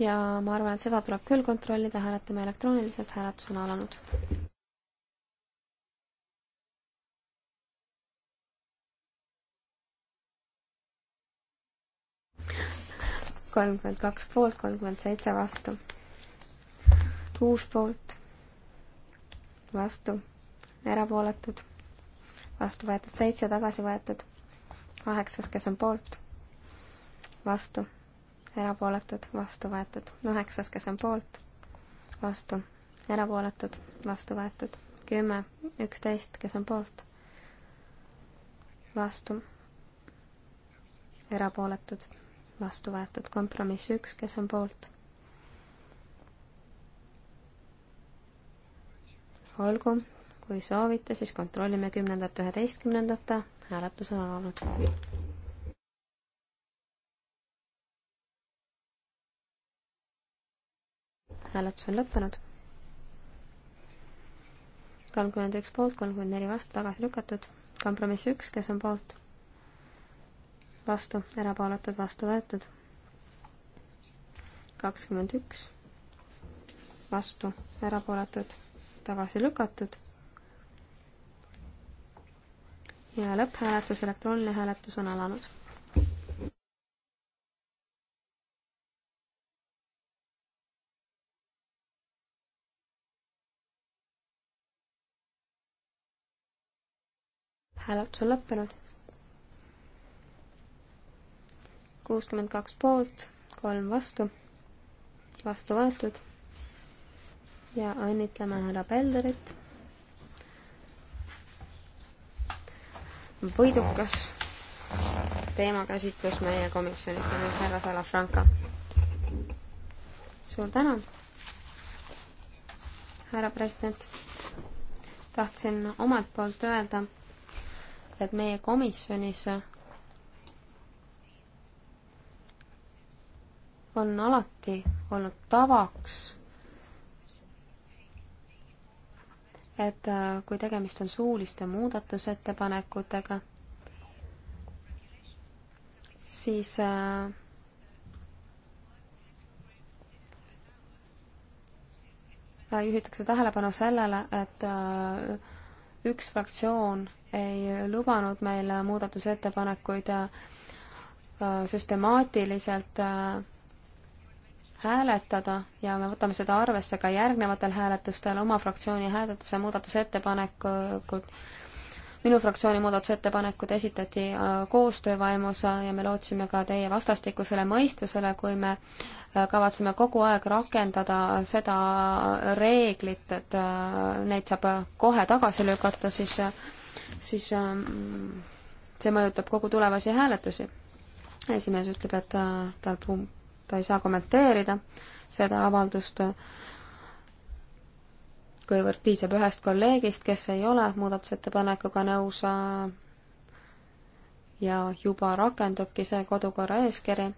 ja ma arvan, et seda tuleb küll kontrollida, hääletame elektrooniliselt, hääletus on alanud. kolmkümmend kaks poolt, kolmkümmend seitse vastu. kuus poolt, vastu, erapooletud, vastu võetud seitse, tagasi võetud, kaheksas, kes on poolt, vastu erapooletud, vastu võetud. üheksas, kes on poolt, vastu, erapooletud, vastu võetud. kümme, üksteist, kes on poolt, vastu, erapooletud, vastu võetud. kompromiss üks, kes on poolt. olgu, kui soovite, siis kontrollime kümnendat, üheteistkümnendat, hääletus on alanud. hääletus on lõppenud. kolmkümmend üks poolt, kolmkümmend neli vastu, tagasi lükatud. kompromiss üks, kes on poolt? vastu, erapooletud, vastu võetud. kakskümmend üks, vastu, erapooletud, tagasi lükatud. ja lõpphääletus, elektrooniline hääletus on alanud hääletus on lõppenud. kuuskümmend kaks poolt, kolm vastu, vastu võetud ja õnnitleme härra Pelderit. võidukas teemakäsitlus meie komisjonis on nüüd härra Salafranca. suur tänu, härra president. tahtsin omalt poolt öelda et meie komisjonis on alati olnud tavaks, et äh, kui tegemist on suuliste muudatusettepanekutega, siis äh, juhitakse tähelepanu sellele, et äh, üks fraktsioon ei lubanud meil muudatusettepanekuid äh, süstemaatiliselt äh, hääletada ja me võtame seda arvesse ka järgnevatel hääletustel, oma fraktsiooni hääletuse muudatusettepanekud, minu fraktsiooni muudatusettepanekud esitati äh, koostöövaimus ja me lootsime ka teie vastastikusele mõistusele, kui me kavatseme kogu aeg rakendada seda reeglit, et neid saab kohe tagasi lükata, siis siis ähm, see mõjutab kogu tulevasi hääletusi. esimees ütleb, et äh, ta, tal pum-, ta ei saa kommenteerida seda avaldust, kuivõrd piisab ühest kolleegist, kes ei ole muudatusettepanekuga nõus äh, ja juba rakendubki see kodukorra eeskiri.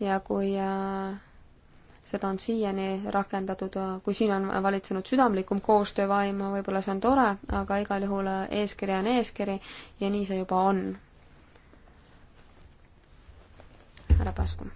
ja kui äh, seda on siiani rakendatud, äh, kui siin on valitsenud südamlikum koostöövaim, võib-olla see on tore, aga igal juhul äh, eeskiri on eeskiri ja nii see juba on. härra Pasku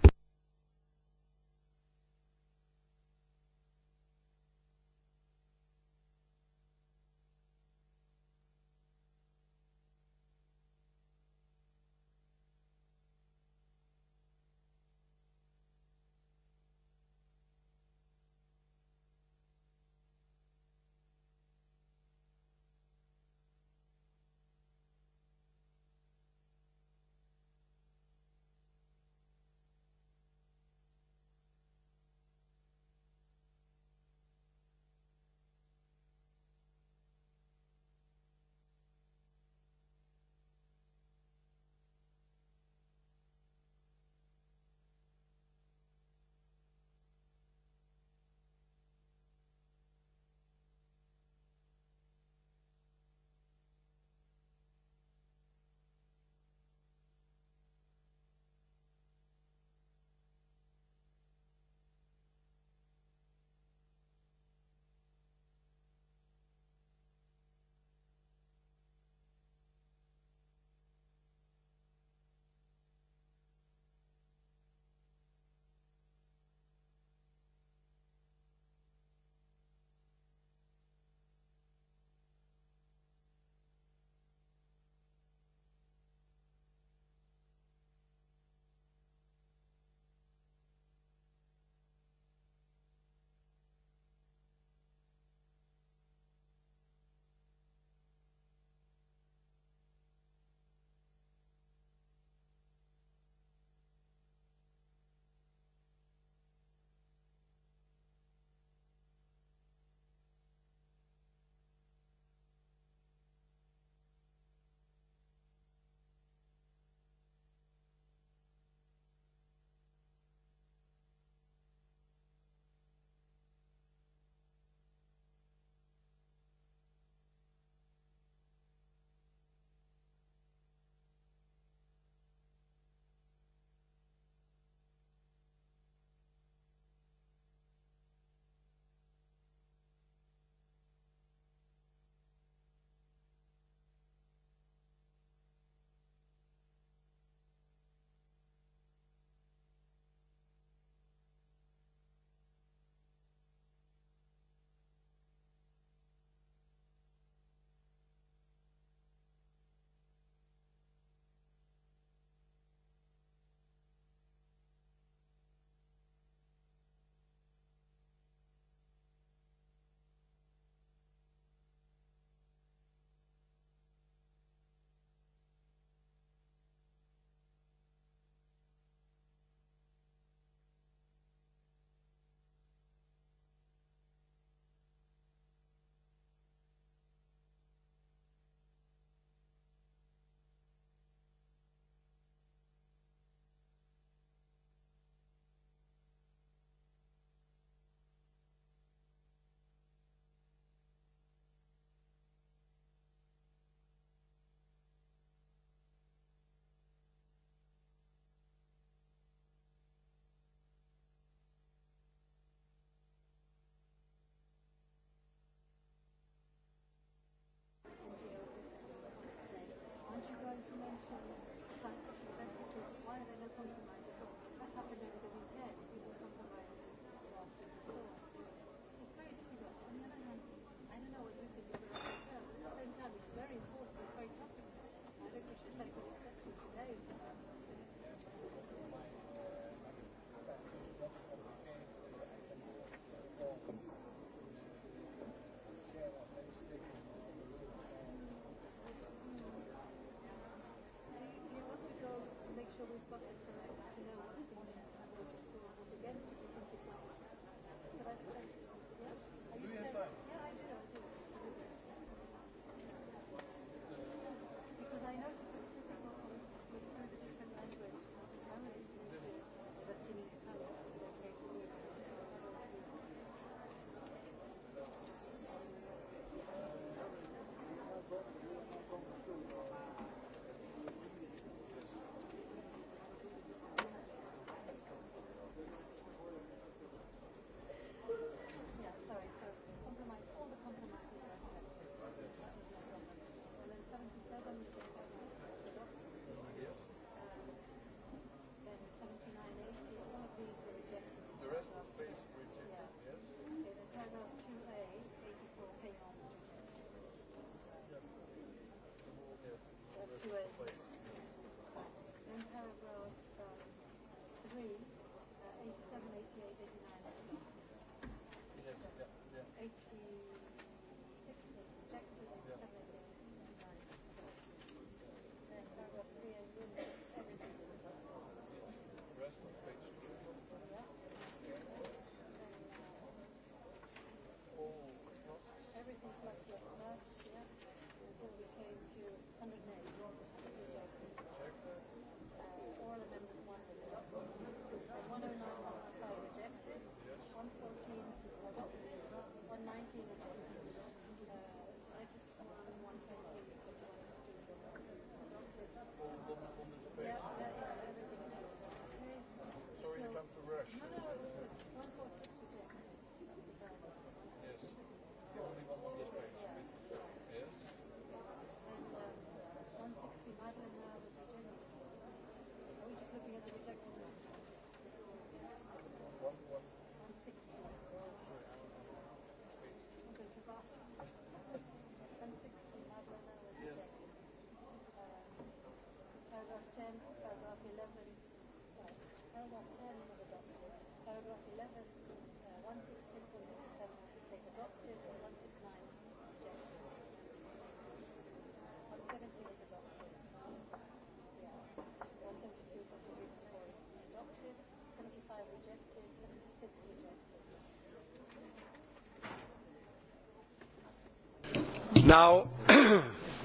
Now,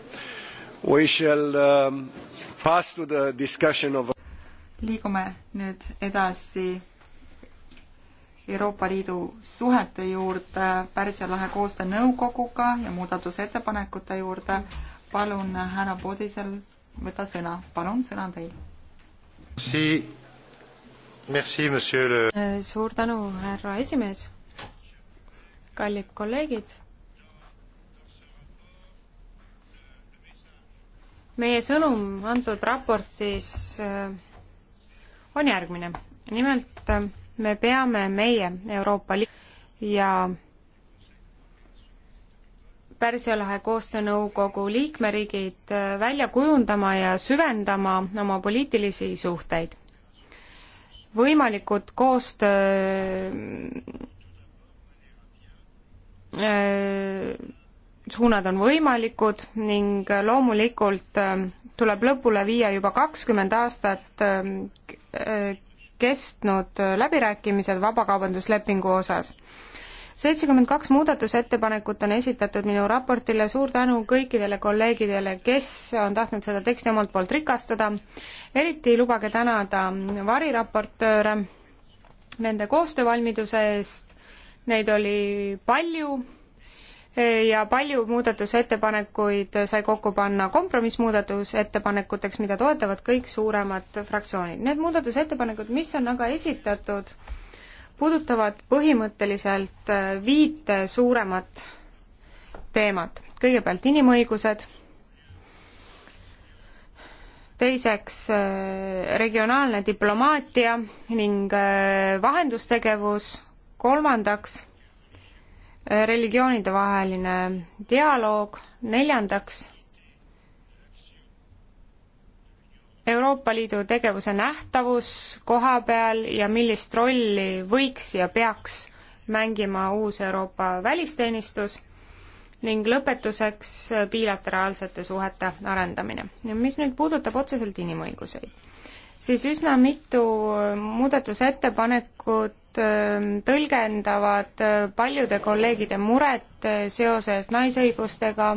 we shall um, pass to the discussion of liigume nüüd edasi Euroopa Liidu suhete juurde Pärsia lahe koostöö nõukoguga ja muudatusettepanekute juurde. palun, härra Podisel, võta sõna, palun, sõna on teil. Merci, merci, monsieur le. suur tänu, härra esimees. kallid kolleegid meie sõnum antud raportis äh, on järgmine. nimelt äh, me peame meie Euroopa Liit ja Pärsia lahe koostöönõukogu liikmeriigid äh, välja kujundama ja süvendama oma poliitilisi suhteid. võimalikud koostöö suunad on võimalikud ning loomulikult ähm, tuleb lõpule viia juba kakskümmend aastat ähm, äh, kestnud äh, läbirääkimised vabakaubanduslepingu osas. seitsekümmend kaks muudatusettepanekut on esitatud minu raportile, suur tänu kõikidele kolleegidele, kes on tahtnud seda teksti omalt poolt rikastada, eriti lubage tänada variraportööre nende koostöövalmiduse eest, neid oli palju ja palju muudatusettepanekuid sai kokku panna kompromissmuudatusettepanekuteks, mida toetavad kõik suuremad fraktsioonid. Need muudatusettepanekud, mis on aga esitatud, puudutavad põhimõtteliselt äh, viite suuremat teemat. kõigepealt inimõigused, teiseks äh, regionaalne diplomaatia ning äh, vahendustegevus, kolmandaks religioonide vaheline dialoog, neljandaks, Euroopa Liidu tegevuse nähtavus koha peal ja millist rolli võiks ja peaks mängima uus Euroopa välisteenistus ning lõpetuseks bilateraalsete suhete arendamine. mis nüüd puudutab otseselt inimõiguseid siis üsna mitu äh, muudatusettepanekut äh, tõlgendavad äh, paljude kolleegide muret seoses naisõigustega,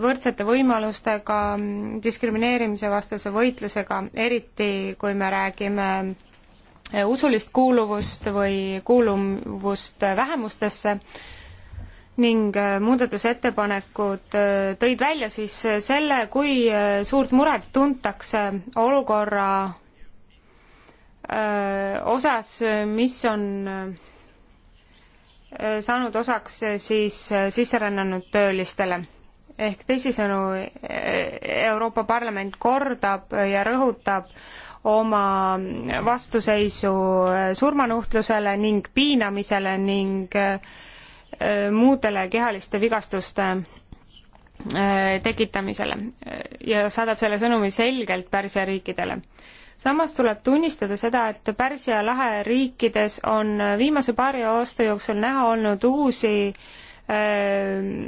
võrdsete võimalustega, diskrimineerimise vastase võitlusega, eriti kui me räägime usulist kuuluvust või kuuluvust vähemustesse ning äh, muudatusettepanekud äh, tõid välja siis äh, selle, kui suurt muret tuntakse olukorra osas, mis on saanud osaks siis sisserännanud töölistele. ehk teisisõnu, Euroopa Parlament kordab ja rõhutab oma vastuseisu surmanuhtlusele ning piinamisele ning äh, muudele kehaliste vigastuste äh, tekitamisele ja saadab selle sõnumi selgelt Pärsia riikidele. samas tuleb tunnistada seda, et Pärsia lahe riikides on viimase paari aasta jooksul näha olnud uusi äh,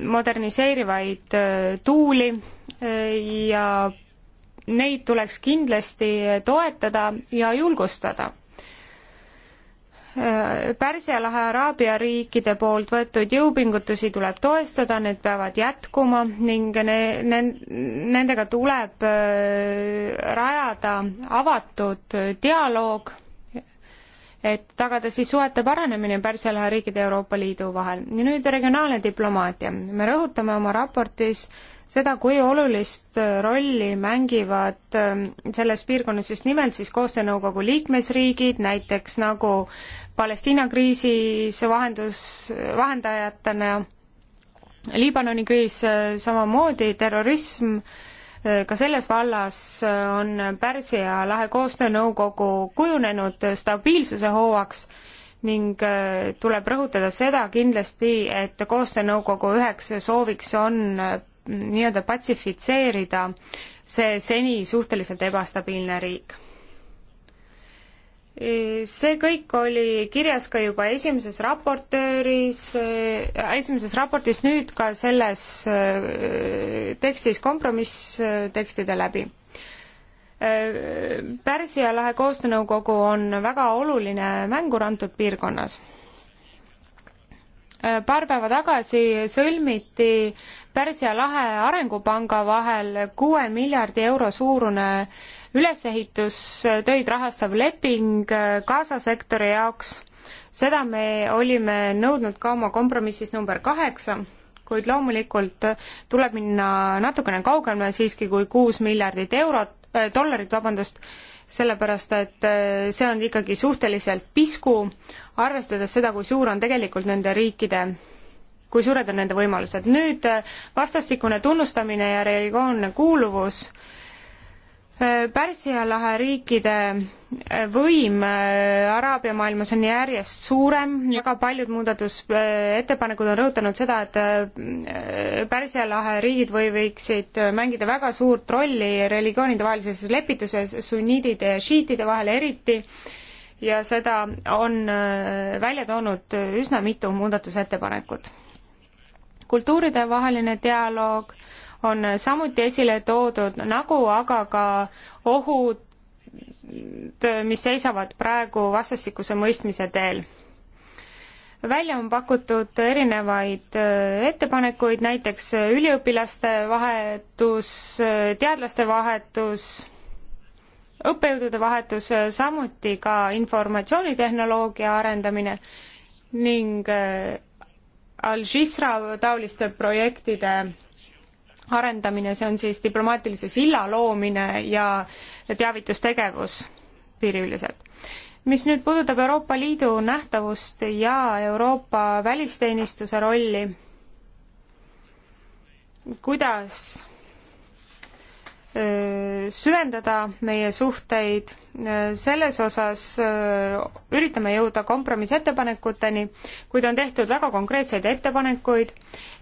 moderniseerivaid äh, tuuli ja neid tuleks kindlasti toetada ja julgustada Äh, Pärsia lahe Araabia riikide poolt võetud jõupingutusi tuleb toestada, need peavad jätkuma ning ne, ne, nendega tuleb äh, rajada avatud dialoog et tagada siis suhete paranemine Pärsia lahe riikide ja Euroopa Liidu vahel. ja nüüd regionaalne diplomaatia. me rõhutame oma raportis seda, kui olulist äh, rolli mängivad ähm, selles piirkonnas just nimelt siis koostöönõukogu liikmesriigid, näiteks nagu Palestiina kriisis vahendus, vahendajatena, Liibanoni kriis äh, samamoodi, terrorism, ka selles vallas äh, on Pärsia lahe koostöönõukogu kujunenud stabiilsuse hooaks ning äh, tuleb rõhutada seda kindlasti, et koostöönõukogu üheks sooviks on äh, nii-öelda patsifitseerida see seni suhteliselt ebastabiilne riik see kõik oli kirjas ka juba esimeses raportööris, äh, esimeses raportis, nüüd ka selles äh, tekstis kompromisstekstide läbi. Äh, Pärsia lahe koostöönõukogu on väga oluline mängur antud piirkonnas. paar päeva tagasi sõlmiti Pärsia lahe arengupanga vahel kuue miljardi euro suurune ülesehitustöid rahastav leping äh, Gaza sektori jaoks, seda me olime nõudnud ka oma kompromissis number kaheksa, kuid loomulikult tuleb minna natukene kaugemale siiski kui kuus miljardit eurot, äh, dollarit, vabandust, sellepärast et äh, see on ikkagi suhteliselt pisku, arvestades seda, kui suur on tegelikult nende riikide kui suured on nende võimalused. nüüd vastastikune tunnustamine ja religioonne kuuluvus äh, Pärsia lahe riikide eh, võim eh, Araabia maailmas on järjest suurem, väga paljud muudatusettepanekud eh, on rõhutanud seda, et Pärsia lahe riigid või võiksid mängida väga suurt rolli religioonide vahelises lepituses, sunniidide ja šiitide vahel eriti, ja seda on välja toonud üsna mitu muudatusettepanekut. kultuuridevaheline dialoog äh, on samuti esile toodud, nagu aga ka ohud, mis seisavad praegu vastastikuse mõistmise teel. välja on pakutud erinevaid äh, ettepanekuid, näiteks üliõpilaste vahetus, äh, teadlaste vahetus, õppejõudude vahetus, äh, samuti ka informatsioonitehnoloogia arendamine ning Al-Jisra taoliste projektide arendamine, see on siis diplomaatilise silla loomine ja teavitustegevus piiriüleselt. mis nüüd puudutab Euroopa Liidu nähtavust ja Euroopa välisteenistuse rolli, kuidas süvendada meie suhteid, selles osas üritame jõuda kompromissettepanekuteni, kuid on tehtud väga konkreetseid ettepanekuid.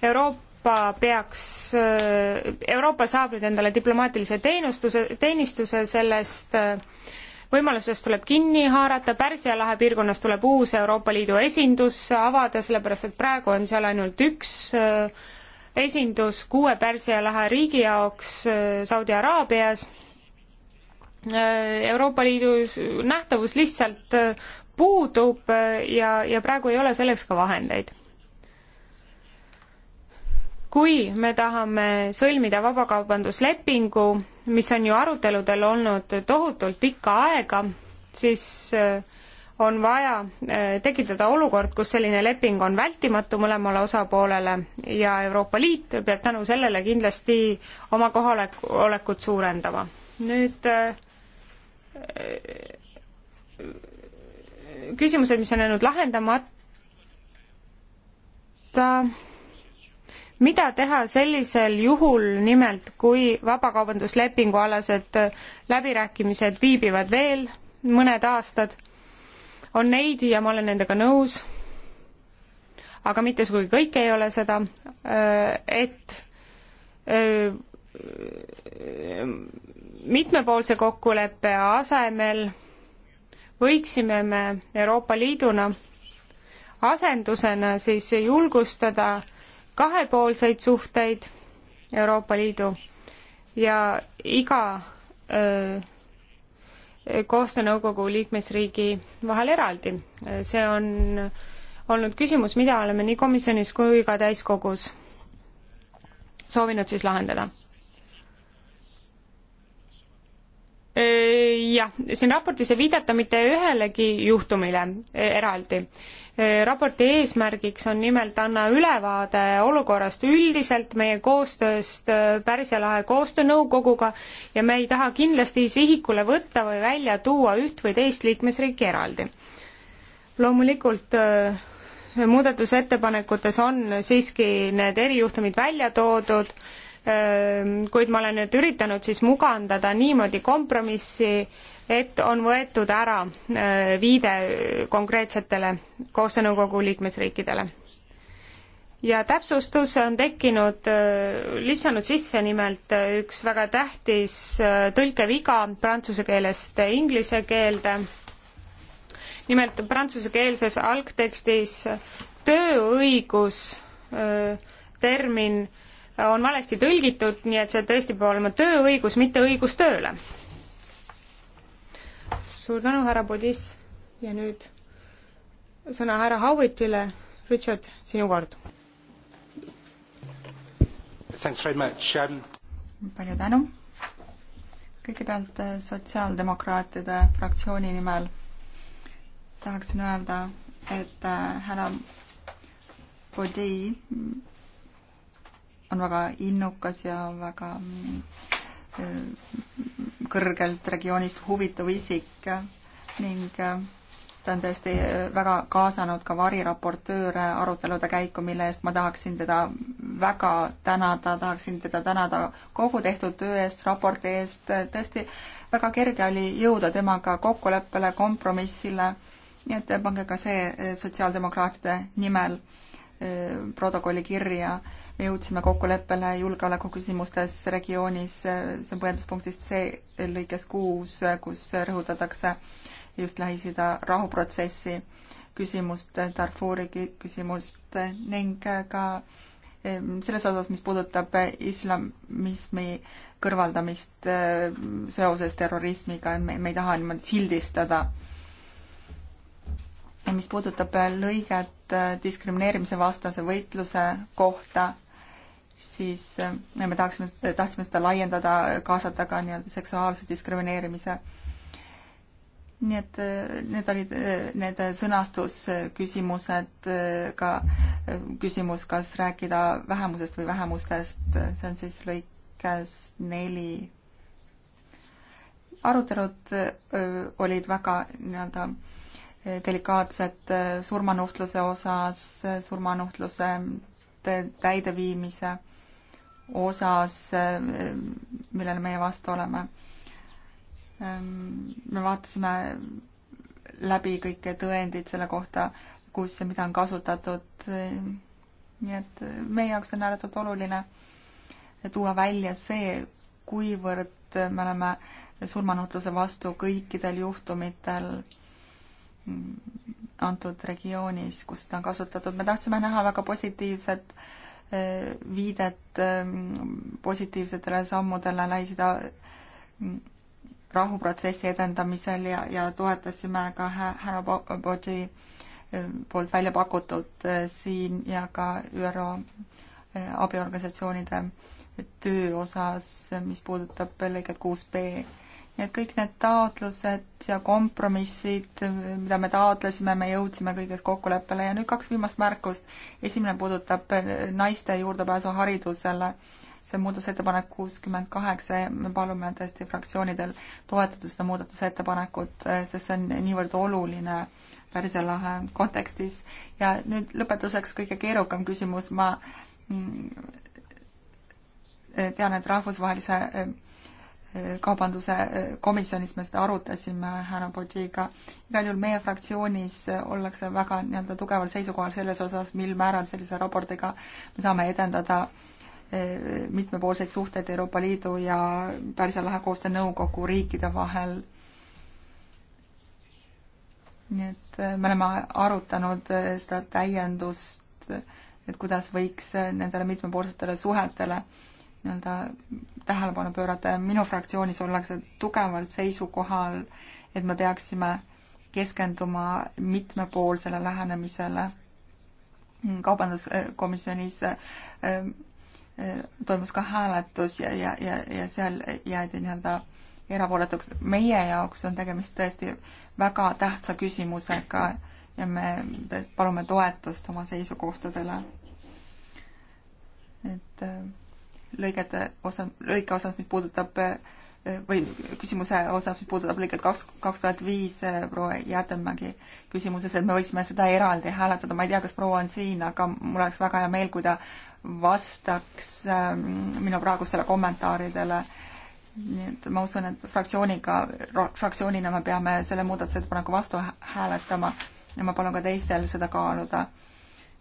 Euroopa Euroopa peaks, äh, Euroopa saab nüüd endale diplomaatilise teenustuse, teenistuse sellest äh, võimalusest tuleb kinni haarata, Pärsia lahe piirkonnas tuleb uus Euroopa Liidu esindus avada, sellepärast et praegu on seal ainult üks äh, esindus kuue Pärsia lahe riigi jaoks Saudi Araabias. Euroopa Liidus nähtavus lihtsalt puudub ja, ja praegu ei ole selleks ka vahendeid kui me tahame sõlmida vabakaubanduslepingu, mis on ju aruteludel olnud tohutult pikka aega, siis äh, on vaja äh, tekitada olukord, kus selline leping on vältimatu mõlemale osapoolele ja Euroopa Liit peab tänu sellele kindlasti oma kohalolekut suurendama. nüüd äh, küsimused, mis on jäänud lahendamata mida teha sellisel juhul nimelt, kui vabakaubanduslepingu alased äh, läbirääkimised viibivad veel mõned aastad? on neid ja ma olen nendega nõus, aga mitte sugugi kõik ei ole seda, äh, et äh, mitmepoolse kokkuleppe asemel võiksime me Euroopa Liiduna asendusena siis julgustada kahepoolseid suhteid Euroopa Liidu ja iga öö, koostöönõukogu liikmesriigi vahel eraldi. see on olnud küsimus, mida oleme nii komisjonis kui ka täiskogus soovinud siis lahendada. Äh, jah, siin raportis ei viidata mitte ühelegi juhtumile äh, eraldi. Äh, raporti eesmärgiks on nimelt anna ülevaade olukorrast üldiselt meie koostööst Pärsia lahe koostöönõukoguga ja me ei taha kindlasti sihikule võtta või välja tuua üht või teist liikmesriiki eraldi. loomulikult muudatusettepanekutes on siiski need erijuhtumid välja toodud Ehm, kuid ma olen nüüd üritanud siis mugandada niimoodi kompromissi, et on võetud ära eh, viide konkreetsetele koostöönõukogu liikmesriikidele. ja täpsustus on tekkinud, eh, lipsanud sisse nimelt eh, üks väga tähtis tõlkeviga prantsuse keelest inglise keelde. nimelt prantsusekeelses algtekstis tööõigus termin äh, on valesti tõlgitud, nii et see tõesti peab olema tööõigus, mitte õigus tööle. suur tänu, härra Budis ja nüüd sõna härra Howitile. Richard, sinu kord. Um, palju tänu. kõigepealt äh, sotsiaaldemokraatide fraktsiooni nimel tahaksin öelda, et äh, härra Bodi on väga innukas ja väga äh, kõrgelt regioonist huvitav isik ning äh, ta on tõesti äh, väga kaasanud ka variraportööre arutelude käiku, mille eest ma tahaksin teda väga tänada, tahaksin teda tänada kogu tehtud töö eest, raporti eest, tõesti väga kerge oli jõuda temaga kokkuleppele, kompromissile, nii et pange ka see sotsiaaldemokraatide nimel protokolli kirja jõudsime kokkuleppele julgeolekuküsimustes regioonis, see on põhjenduspunktist see lõikes kuus, kus rõhutatakse just Lähis-Ida rahuprotsessi küsimust, Darfuri küsimust ning ka selles osas, mis puudutab islamismi kõrvaldamist eh, seoses terrorismiga, et me, me ei taha niimoodi sildistada mis puudutab äh, lõiget äh, diskrimineerimise vastase võitluse kohta, siis äh, me tahaksime, tahtsime seda laiendada, kaasata ka nii-öelda seksuaalse diskrimineerimise. nii et need olid need sõnastusküsimused, ka küsimus, kas rääkida vähemusest või vähemustest, see on siis lõikes neli. arutelud olid väga nii-öelda delikaatset äh, surmanuhtluse osas, äh, surmanuhtluse täideviimise osas, äh, millele meie vastu oleme. Ähm, me vaatasime läbi kõik tõendid selle kohta, kus ja mida on kasutatud. nii et meie jaoks on ääretult oluline tuua välja see, kuivõrd me oleme surmanutluse vastu kõikidel juhtumitel Mm, antud regioonis, kus seda on kasutatud. me tahtsime näha väga positiivset eh, viidet eh, positiivsetele sammudele Lähis-Ida mm, rahuprotsessi edendamisel ja, ja toetasime ka härra Bodži eh, poolt välja pakutud siin ja ka ÜRO abiorganisatsioonide töö osas, mis puudutab lõiget kuus B nii et kõik need taotlused ja kompromissid, mida me taotlesime, me jõudsime kõiges kokkuleppele ja nüüd kaks viimast märkust. esimene puudutab naiste juurdepääsu haridusele. see on muudatusettepanek kuuskümmend kaheksa ja me palume tõesti fraktsioonidel toetada seda muudatusettepanekut, sest see on niivõrd oluline Pärsia lahe kontekstis. ja nüüd lõpetuseks kõige keerukam küsimus, ma mm, tean, et rahvusvahelise kaubanduse e, komisjonis me seda arutasime härra Bodžiga. igal juhul meie fraktsioonis ollakse väga nii-öelda tugeval seisukohal selles osas, mil määral sellise raportiga me saame edendada e, mitmepoolseid suhteid Euroopa Liidu ja Pärsia lahe koostöönõukogu riikide vahel. nii et e, me oleme arutanud seda täiendust, et kuidas võiks nendele mitmepoolsetele suhetele äh, nii-öelda tähelepanu pöörata ja minu fraktsioonis ollakse tugevalt seisukohal, et me peaksime keskenduma mitmepoolsele lähenemisele. kaubanduskomisjonis äh, äh, toimus ka hääletus ja, ja, ja, ja seal jäädi nii-öelda erapooletuks. meie jaoks on tegemist tõesti väga tähtsa küsimusega ja me palume toetust oma seisukohtadele. et äh, lõigete osa, lõike osas, mis puudutab eh, või küsimuse osas, mis puudutab lõiget kaks, kaks tuhat viis eh, proua Jäätemägi küsimuses, et me võiksime seda eraldi hääletada, ma ei tea, kas proua on siin, aga mul oleks väga hea meel, kui ta vastaks ähm, minu praegustele kommentaaridele. nii et ma usun, et fraktsiooniga, fraktsioonina me peame selle muudatusettepaneku vastu hääletama ja ma palun ka teistel seda kaaluda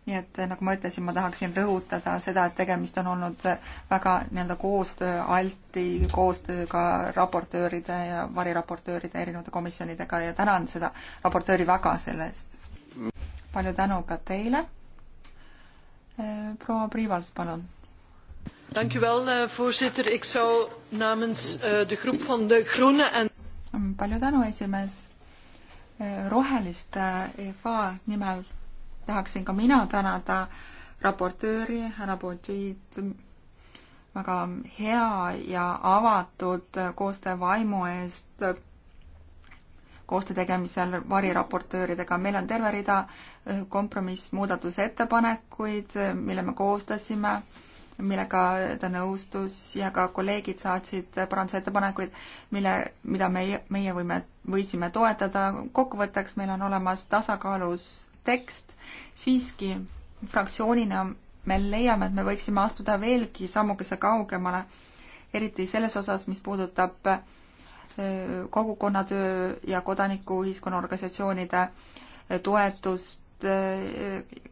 nii et eh, nagu ma ütlesin, ma tahaksin rõhutada seda, et tegemist on olnud eh, väga nii-öelda koostööalti koostööga raportööride ja variraportööride erinevate komisjonidega ja tänan seda raportööri väga selle eest. palju tänu ka teile. Eh, proua Priivals, palun. Dank u wel, voorzitter. Ik zou namens de groep van de Groene en. Mm, palju tänu, esimees. roheliste EFA nimel tahaksin ka mina tänada raportööri härra Bodžid väga hea ja avatud koostöövaimu eest koostöö tegemisel variraportööridega. meil on terve rida kompromissmuudatusettepanekuid, mille me koostasime, millega ta nõustus ja ka kolleegid saatsid parandusettepanekuid, mille, mida meie, meie võime, võisime toetada. kokkuvõtteks meil on olemas tasakaalus tekst, siiski fraktsioonina me leiame, et me võiksime astuda veelgi sammukese kaugemale, eriti selles osas, mis puudutab kogukonnatöö ja kodanikuühiskonna organisatsioonide toetust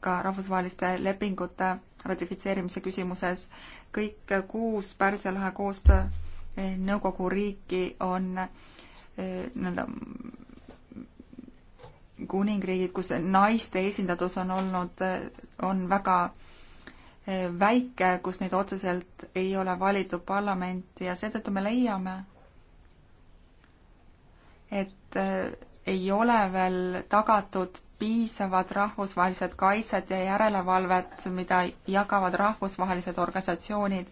ka rahvusvaheliste lepingute ratifitseerimise küsimuses. kõik kuus Pärsia lahe koostöö nõukogu riiki on nii-öelda kuningriigid, kus naiste esindatus on olnud, on väga eh, väike, kus neid otseselt ei ole valitud parlamenti ja seetõttu me leiame, et eh, ei ole veel tagatud piisavad rahvusvahelised kaitset ja järelevalvet, mida jagavad rahvusvahelised organisatsioonid,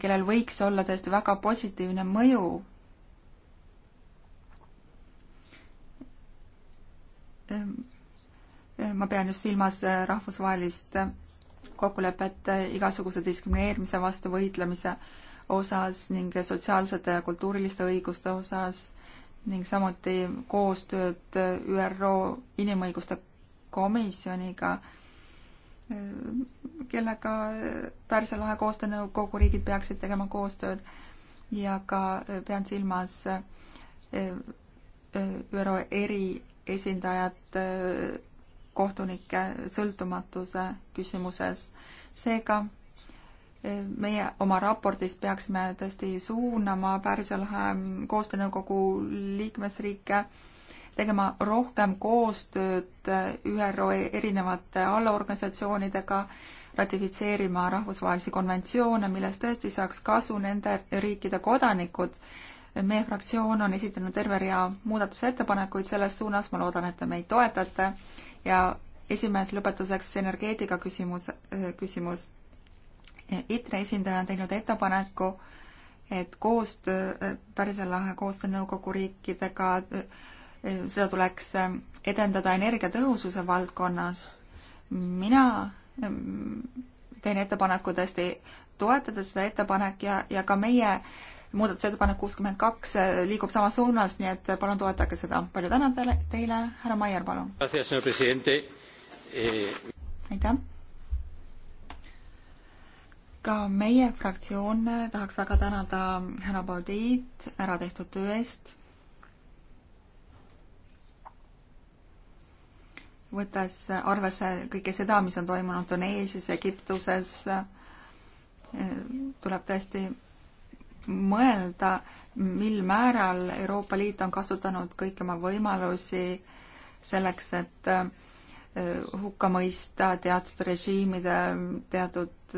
kellel võiks olla tõesti väga positiivne mõju Ehm, ma pean just silmas äh, rahvusvahelist äh, kokkulepet äh, igasuguse diskrimineerimise vastu võitlemise osas ning sotsiaalsete ja kultuuriliste õiguste osas ning samuti koostööd ÜRO inimõiguste komisjoniga, kellega Pärsia lahe koostöönõukogu riigid peaksid tegema koostööd ja ka pean silmas ÜRO eri esindajat äh, kohtunike sõltumatuse küsimuses. seega äh, meie oma raportis peaksime tõesti suunama Pärsialahe koostöönõukogu liikmesriike tegema rohkem koostööd äh, ÜRO erinevate allorganisatsioonidega, ratifitseerima rahvusvahelisi konventsioone, millest tõesti saaks kasu nende riikide kodanikud, meie fraktsioon on esitanud terve rea muudatusettepanekuid selles suunas, ma loodan, et te meid toetate ja esimees lõpetuseks energeetika küsimus, äh, küsimus. ITRE esindaja on teinud ettepaneku, et koostöö, äh, Pärisel lahe koostöönõukogu riikidega, äh, seda tuleks edendada energiatõhususe valdkonnas. mina ähm, teen ettepaneku tõesti toetada seda ettepanek ja, ja ka meie muudatusettepanek kuuskümmend kaks äh, liigub samas suunas, nii et äh, palun toetage seda. palju tänu teile, teile, härra Maier, palun. Eh, aitäh. ka meie fraktsioon äh, tahaks väga tänada härra Baldiit ära tehtud töö eest. võttes arvesse kõike seda, mis on toimunud Tuneesias, Egiptuses, tuleb tõesti mõelda, mil määral Euroopa Liit on kasutanud kõiki oma võimalusi selleks, et äh, hukka mõista teatud režiimide, teatud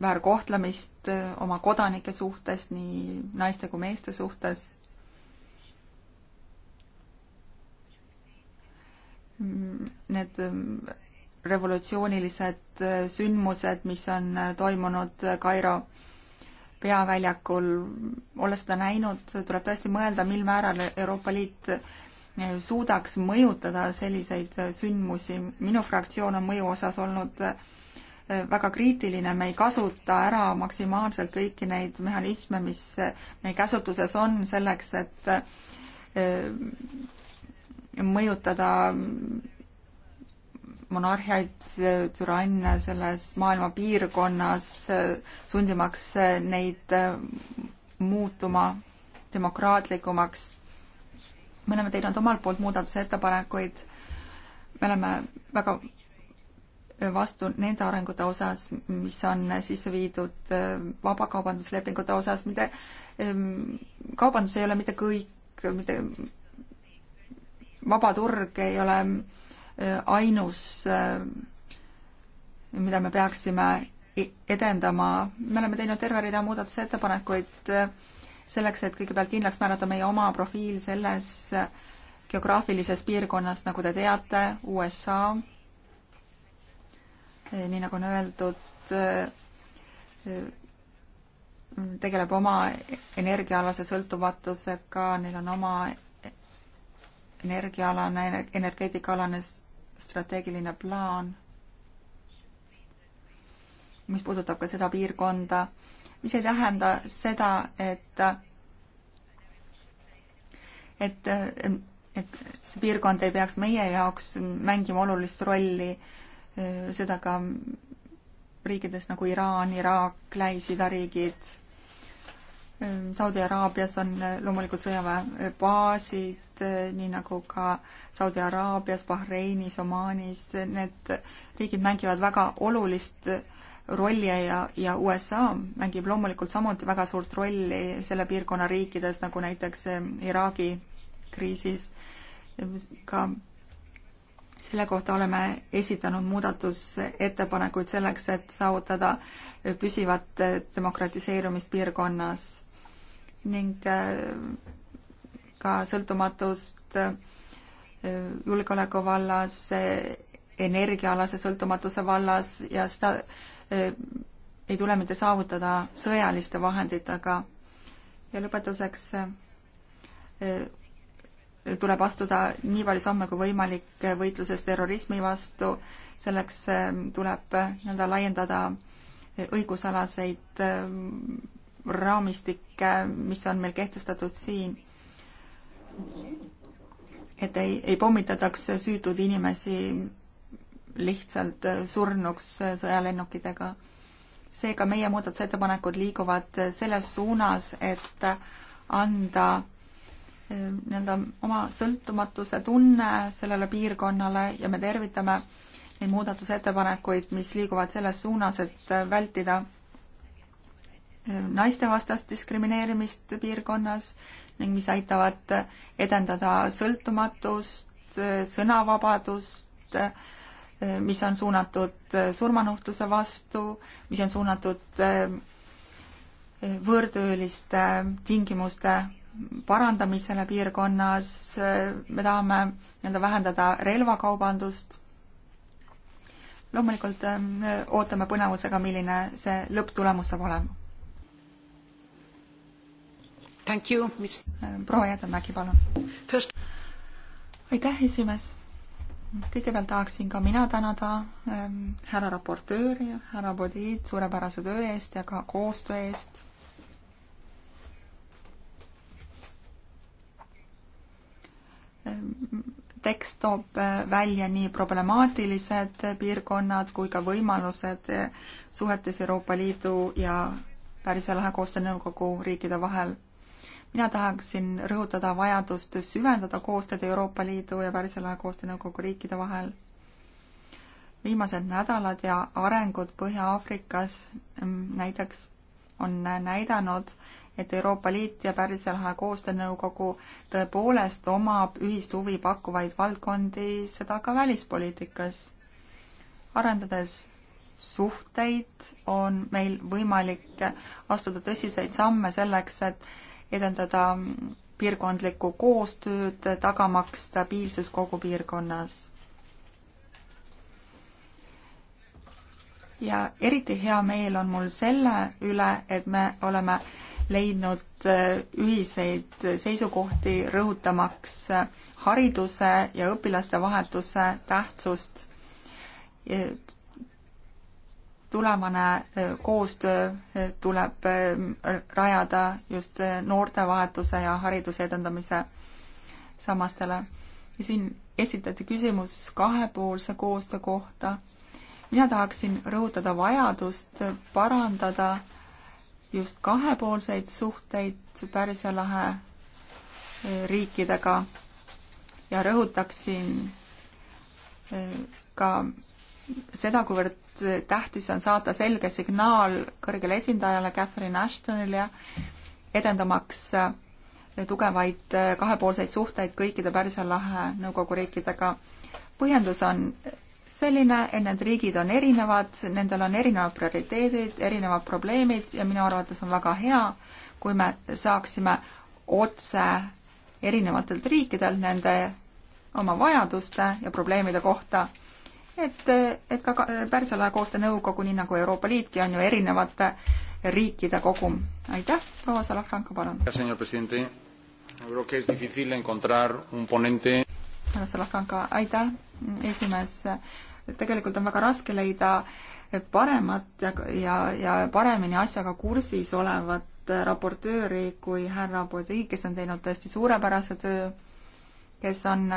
väärkohtlemist äh, oma kodanike suhtes, nii naiste kui meeste suhtes. Need äh, revolutsioonilised sündmused, mis on toimunud Kairo peaväljakul, olles seda näinud, tuleb tõesti mõelda, mil määral Euroopa Liit eh, suudaks mõjutada selliseid eh, sündmusi. minu fraktsioon on mõju osas olnud eh, väga kriitiline, me ei kasuta ära maksimaalselt kõiki neid mehhanisme, mis meie käsutuses on selleks, et mõjutada monarhiaid, türanne selles maailma piirkonnas, sundimaks neid äh, muutuma demokraatlikumaks. me oleme teinud omalt poolt muudatusettepanekuid, me oleme väga vastu nende arengute osas, mis on sisse viidud äh, vabakaubanduslepingute osas, mitte ähm, kaubandus ei ole mitte kõik, mitte vaba turg ei ole Äh, ainus, äh, mida me peaksime e-, edendama. me oleme teinud terve rida muudatusettepanekuid äh, selleks, et kõigepealt kindlaks määrata meie oma profiil selles geograafilises piirkonnas, nagu te teate, USA, nii nagu on öeldud, tegeleb oma energiaalase sõltumatusega, neil on oma e-, energiaalane, energeetikaalane strateegiline plaan, mis puudutab ka seda piirkonda, mis ei tähenda seda, et, et, et see piirkond ei peaks meie jaoks mängima olulist rolli, seda ka riikides nagu Iraan, Iraak, Lähis-Ida riigid Ehm, Saudi Araabias on eh, loomulikult sõjaväebaasid, eh, nii nagu ka Saudi Araabias, Bahreinis, Omaanis, need riigid mängivad väga olulist rolli ja, ja USA mängib loomulikult samuti väga suurt rolli selle piirkonna riikides, nagu näiteks ehm, Iraagi kriisis. ka selle kohta oleme esitanud muudatusettepanekuid selleks, et saavutada püsivat eh, demokratiseerumist piirkonnas ning äh, ka sõltumatust äh, julgeoleku vallas, energiaalase sõltumatuse vallas ja seda äh, ei tule mitte saavutada sõjaliste vahenditega. ja lõpetuseks tuleb astuda nii palju samme kui võimalik võitluses terrorismi vastu, selleks tuleb nii-öelda laiendada õigusalaseid raamistikke, mis on meil kehtestatud siin. et ei, ei pommitataks süütuid inimesi lihtsalt surnuks sõjalennukitega. seega meie muudatusettepanekud liiguvad selles suunas, et anda eh, nii-öelda oma sõltumatuse tunne sellele piirkonnale ja me tervitame neid muudatusettepanekuid, mis liiguvad selles suunas, et vältida naistevastast diskrimineerimist piirkonnas ning mis aitavad edendada sõltumatust, sõnavabadust, mis on suunatud surmanuhtluse vastu, mis on suunatud võõrtööliste tingimuste parandamisele piirkonnas, me tahame nii-öelda vähendada relvakaubandust. loomulikult öö, eh, ootame põnevusega, milline see lõpptulemus saab olema proua Jäädemägi, palun. aitäh, esimees. kõigepealt tahaksin ka mina tänada ähm, härra raportööri, härra Bodid suurepärase töö eest ja ka koostöö eest. Ähm, tekst toob äh, välja nii problemaatilised piirkonnad kui ka võimalused äh, suhetes Euroopa Liidu ja Pärsia lahe koostöönõukogu riikide vahel mina tahaksin rõhutada vajadust süvendada koostööd Euroopa Liidu ja Pärsialaja koostöönõukogu riikide vahel. viimased nädalad ja arengud Põhja-Aafrikas mm, näiteks on näidanud, et Euroopa Liit ja Pärsialaja koostöönõukogu tõepoolest omab ühist huvi pakkuvaid valdkondi, seda ka välispoliitikas. arendades suhteid, on meil võimalik astuda tõsiseid samme selleks, et edendada piirkondlikku koostööd, tagamaks stabiilsus kogu piirkonnas. ja eriti hea meel on mul selle üle, et me oleme leidnud äh, ühiseid seisukohti, rõhutamaks äh, hariduse ja õpilaste vahetuse tähtsust tulevane e, koostöö e, tuleb e, rajada just noortevahetuse ja hariduse edendamise sammastele. ja siin esitati küsimus kahepoolse koostöö kohta. mina tahaksin rõhutada vajadust parandada just kahepoolseid suhteid Pärsia lahe riikidega ja rõhutaksin ka seda, kuivõrd tähtis on saada selge signaal kõrgele esindajale Catherine Ashtonile, edendamaks tugevaid kahepoolseid suhteid kõikide Pärsia lahe nõukogu riikidega. põhjendus on selline, et need riigid on erinevad, nendel on erinevad prioriteedid, erinevad probleemid ja minu arvates on väga hea, kui me saaksime otse erinevatelt riikidelt nende oma vajaduste ja probleemide kohta et, et ka Pärsia lae koostöönõukogu, nii nagu Euroopa Liitki, on ju erinevate riikide kogum. aitäh, proua Salafranco, palun. härra Salafranco, aitäh, esimees. tegelikult on väga raske leida paremat ja, ja, ja paremini asjaga kursis olevat raportööri kui härra Bodri, kes on teinud tõesti suurepärase töö, kes on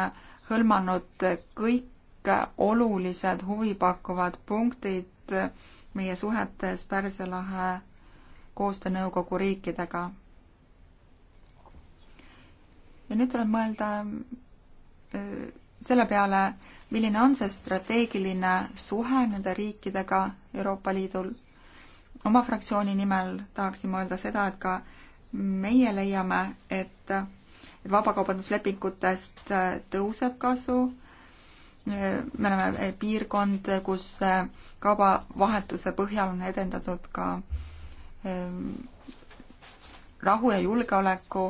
hõlmanud kõik kõik olulised huvipakkuvad punktid meie suhetes Pärsia lahe koostöönõukogu riikidega. ja nüüd tuleb mõelda äh, selle peale, milline on see strateegiline suhe nende riikidega Euroopa Liidul. oma fraktsiooni nimel tahaksin ma öelda seda, et ka meie leiame, et vabakaubanduslepingutest tõuseb kasu me oleme eh, piirkond, kus eh, kaubavahetuse põhjal on edendatud ka eh, rahu ja julgeoleku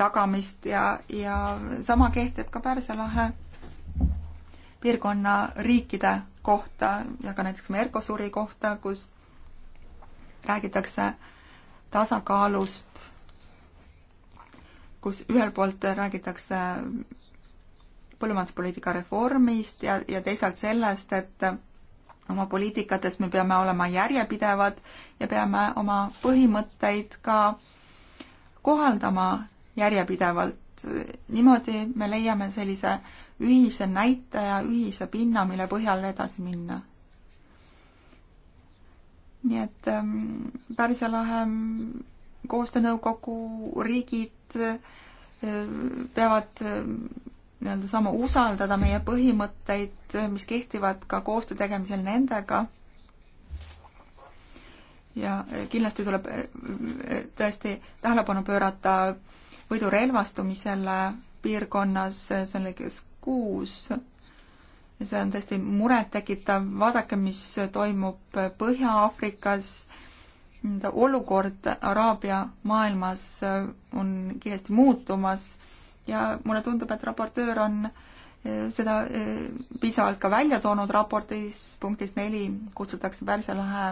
tagamist ja, ja sama kehtib ka Pärsia lahe piirkonna riikide kohta ja ka näiteks Mercosuri kohta, kus räägitakse tasakaalust, kus ühelt poolt räägitakse põllumajanduspoliitika reformist ja, ja teisalt sellest, et oma poliitikates me peame olema järjepidevad ja peame oma põhimõtteid ka kohaldama järjepidevalt. niimoodi me leiame sellise ühise näitaja, ühise pinna, mille põhjal edasi minna. nii et ähm, Pärsia lahe ähm, koostöönõukogu riigid äh, peavad äh, nii-öelda saama usaldada meie põhimõtteid, mis kehtivad ka koostöö tegemisel nendega. ja kindlasti tuleb eh, eh, tõesti tähelepanu pöörata võidurelvastumisele piirkonnas, see on lõikes kuus. see on tõesti murettekitav, vaadake, mis toimub Põhja-Aafrikas olukord Araabia maailmas eh, on kiiresti muutumas ja mulle tundub, et raportöör on eh, seda eh, piisavalt ka välja toonud raportis, punktis neli kutsutakse Pärsia lahe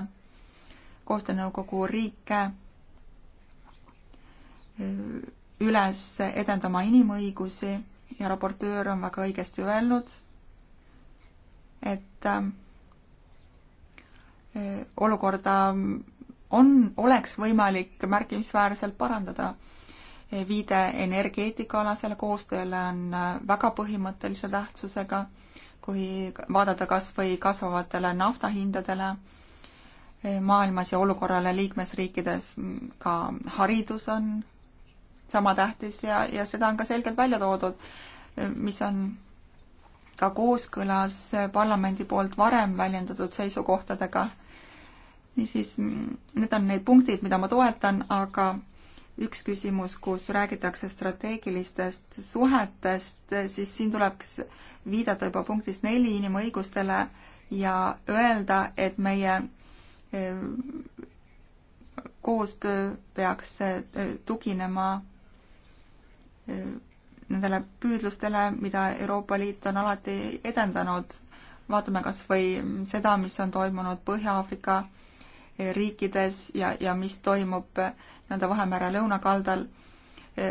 koostöönõukogu riike eh, üles edendama inimõigusi ja raportöör on väga õigesti öelnud, et olukorda on, oleks võimalik märkimisväärselt parandada viide energeetikaalasele koostööle on äh, väga põhimõttelise tähtsusega, kui vaadata kas või kasvavatele naftahindadele äh, maailmas ja olukorrale liikmesriikides, ka haridus on sama tähtis ja, ja seda on ka selgelt välja toodud, äh, mis on ka kooskõlas parlamendi poolt varem väljendatud seisukohtadega. niisiis, need on need punktid, mida ma toetan, aga üks küsimus, kus räägitakse strateegilistest suhetest, siis siin tuleks viidata juba punktis neli inimõigustele ja öelda, et meie e, koostöö peaks e, tuginema e, nendele püüdlustele, mida Euroopa Liit on alati edendanud. vaatame kas või seda, mis on toimunud Põhja-Aafrika riikides ja, ja mis toimub äh, nii-öelda Vahemere lõunakaldal.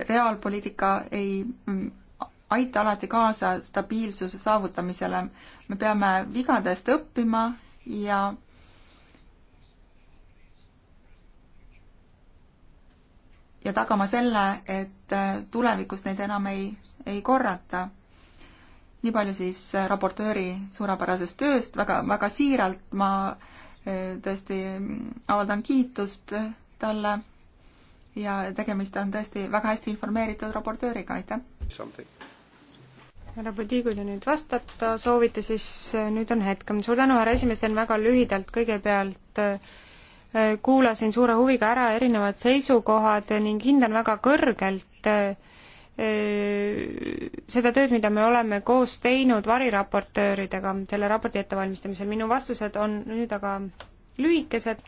reaalpoliitika ei mm, aita alati kaasa stabiilsuse saavutamisele. me peame vigadest õppima ja ja tagama selle, et tulevikus neid enam ei, ei korrata. nii palju siis raportööri suurepärasest tööst, väga, väga siiralt ma eh, tõesti avaldan kiitust talle ja tegemist on tõesti väga hästi informeeritud raportööriga, aitäh! härra Pudi, kui te nüüd vastata soovite, siis äh, nüüd on hetk. suur tänu, härra esimees, teen väga lühidalt kõigepealt äh, äh, kuulasin suure huviga ära erinevad seisukohad ning hindan väga kõrgelt seda tööd, mida me oleme koos teinud variraportööridega selle raporti ettevalmistamisel. minu vastused on nüüd aga lühikesed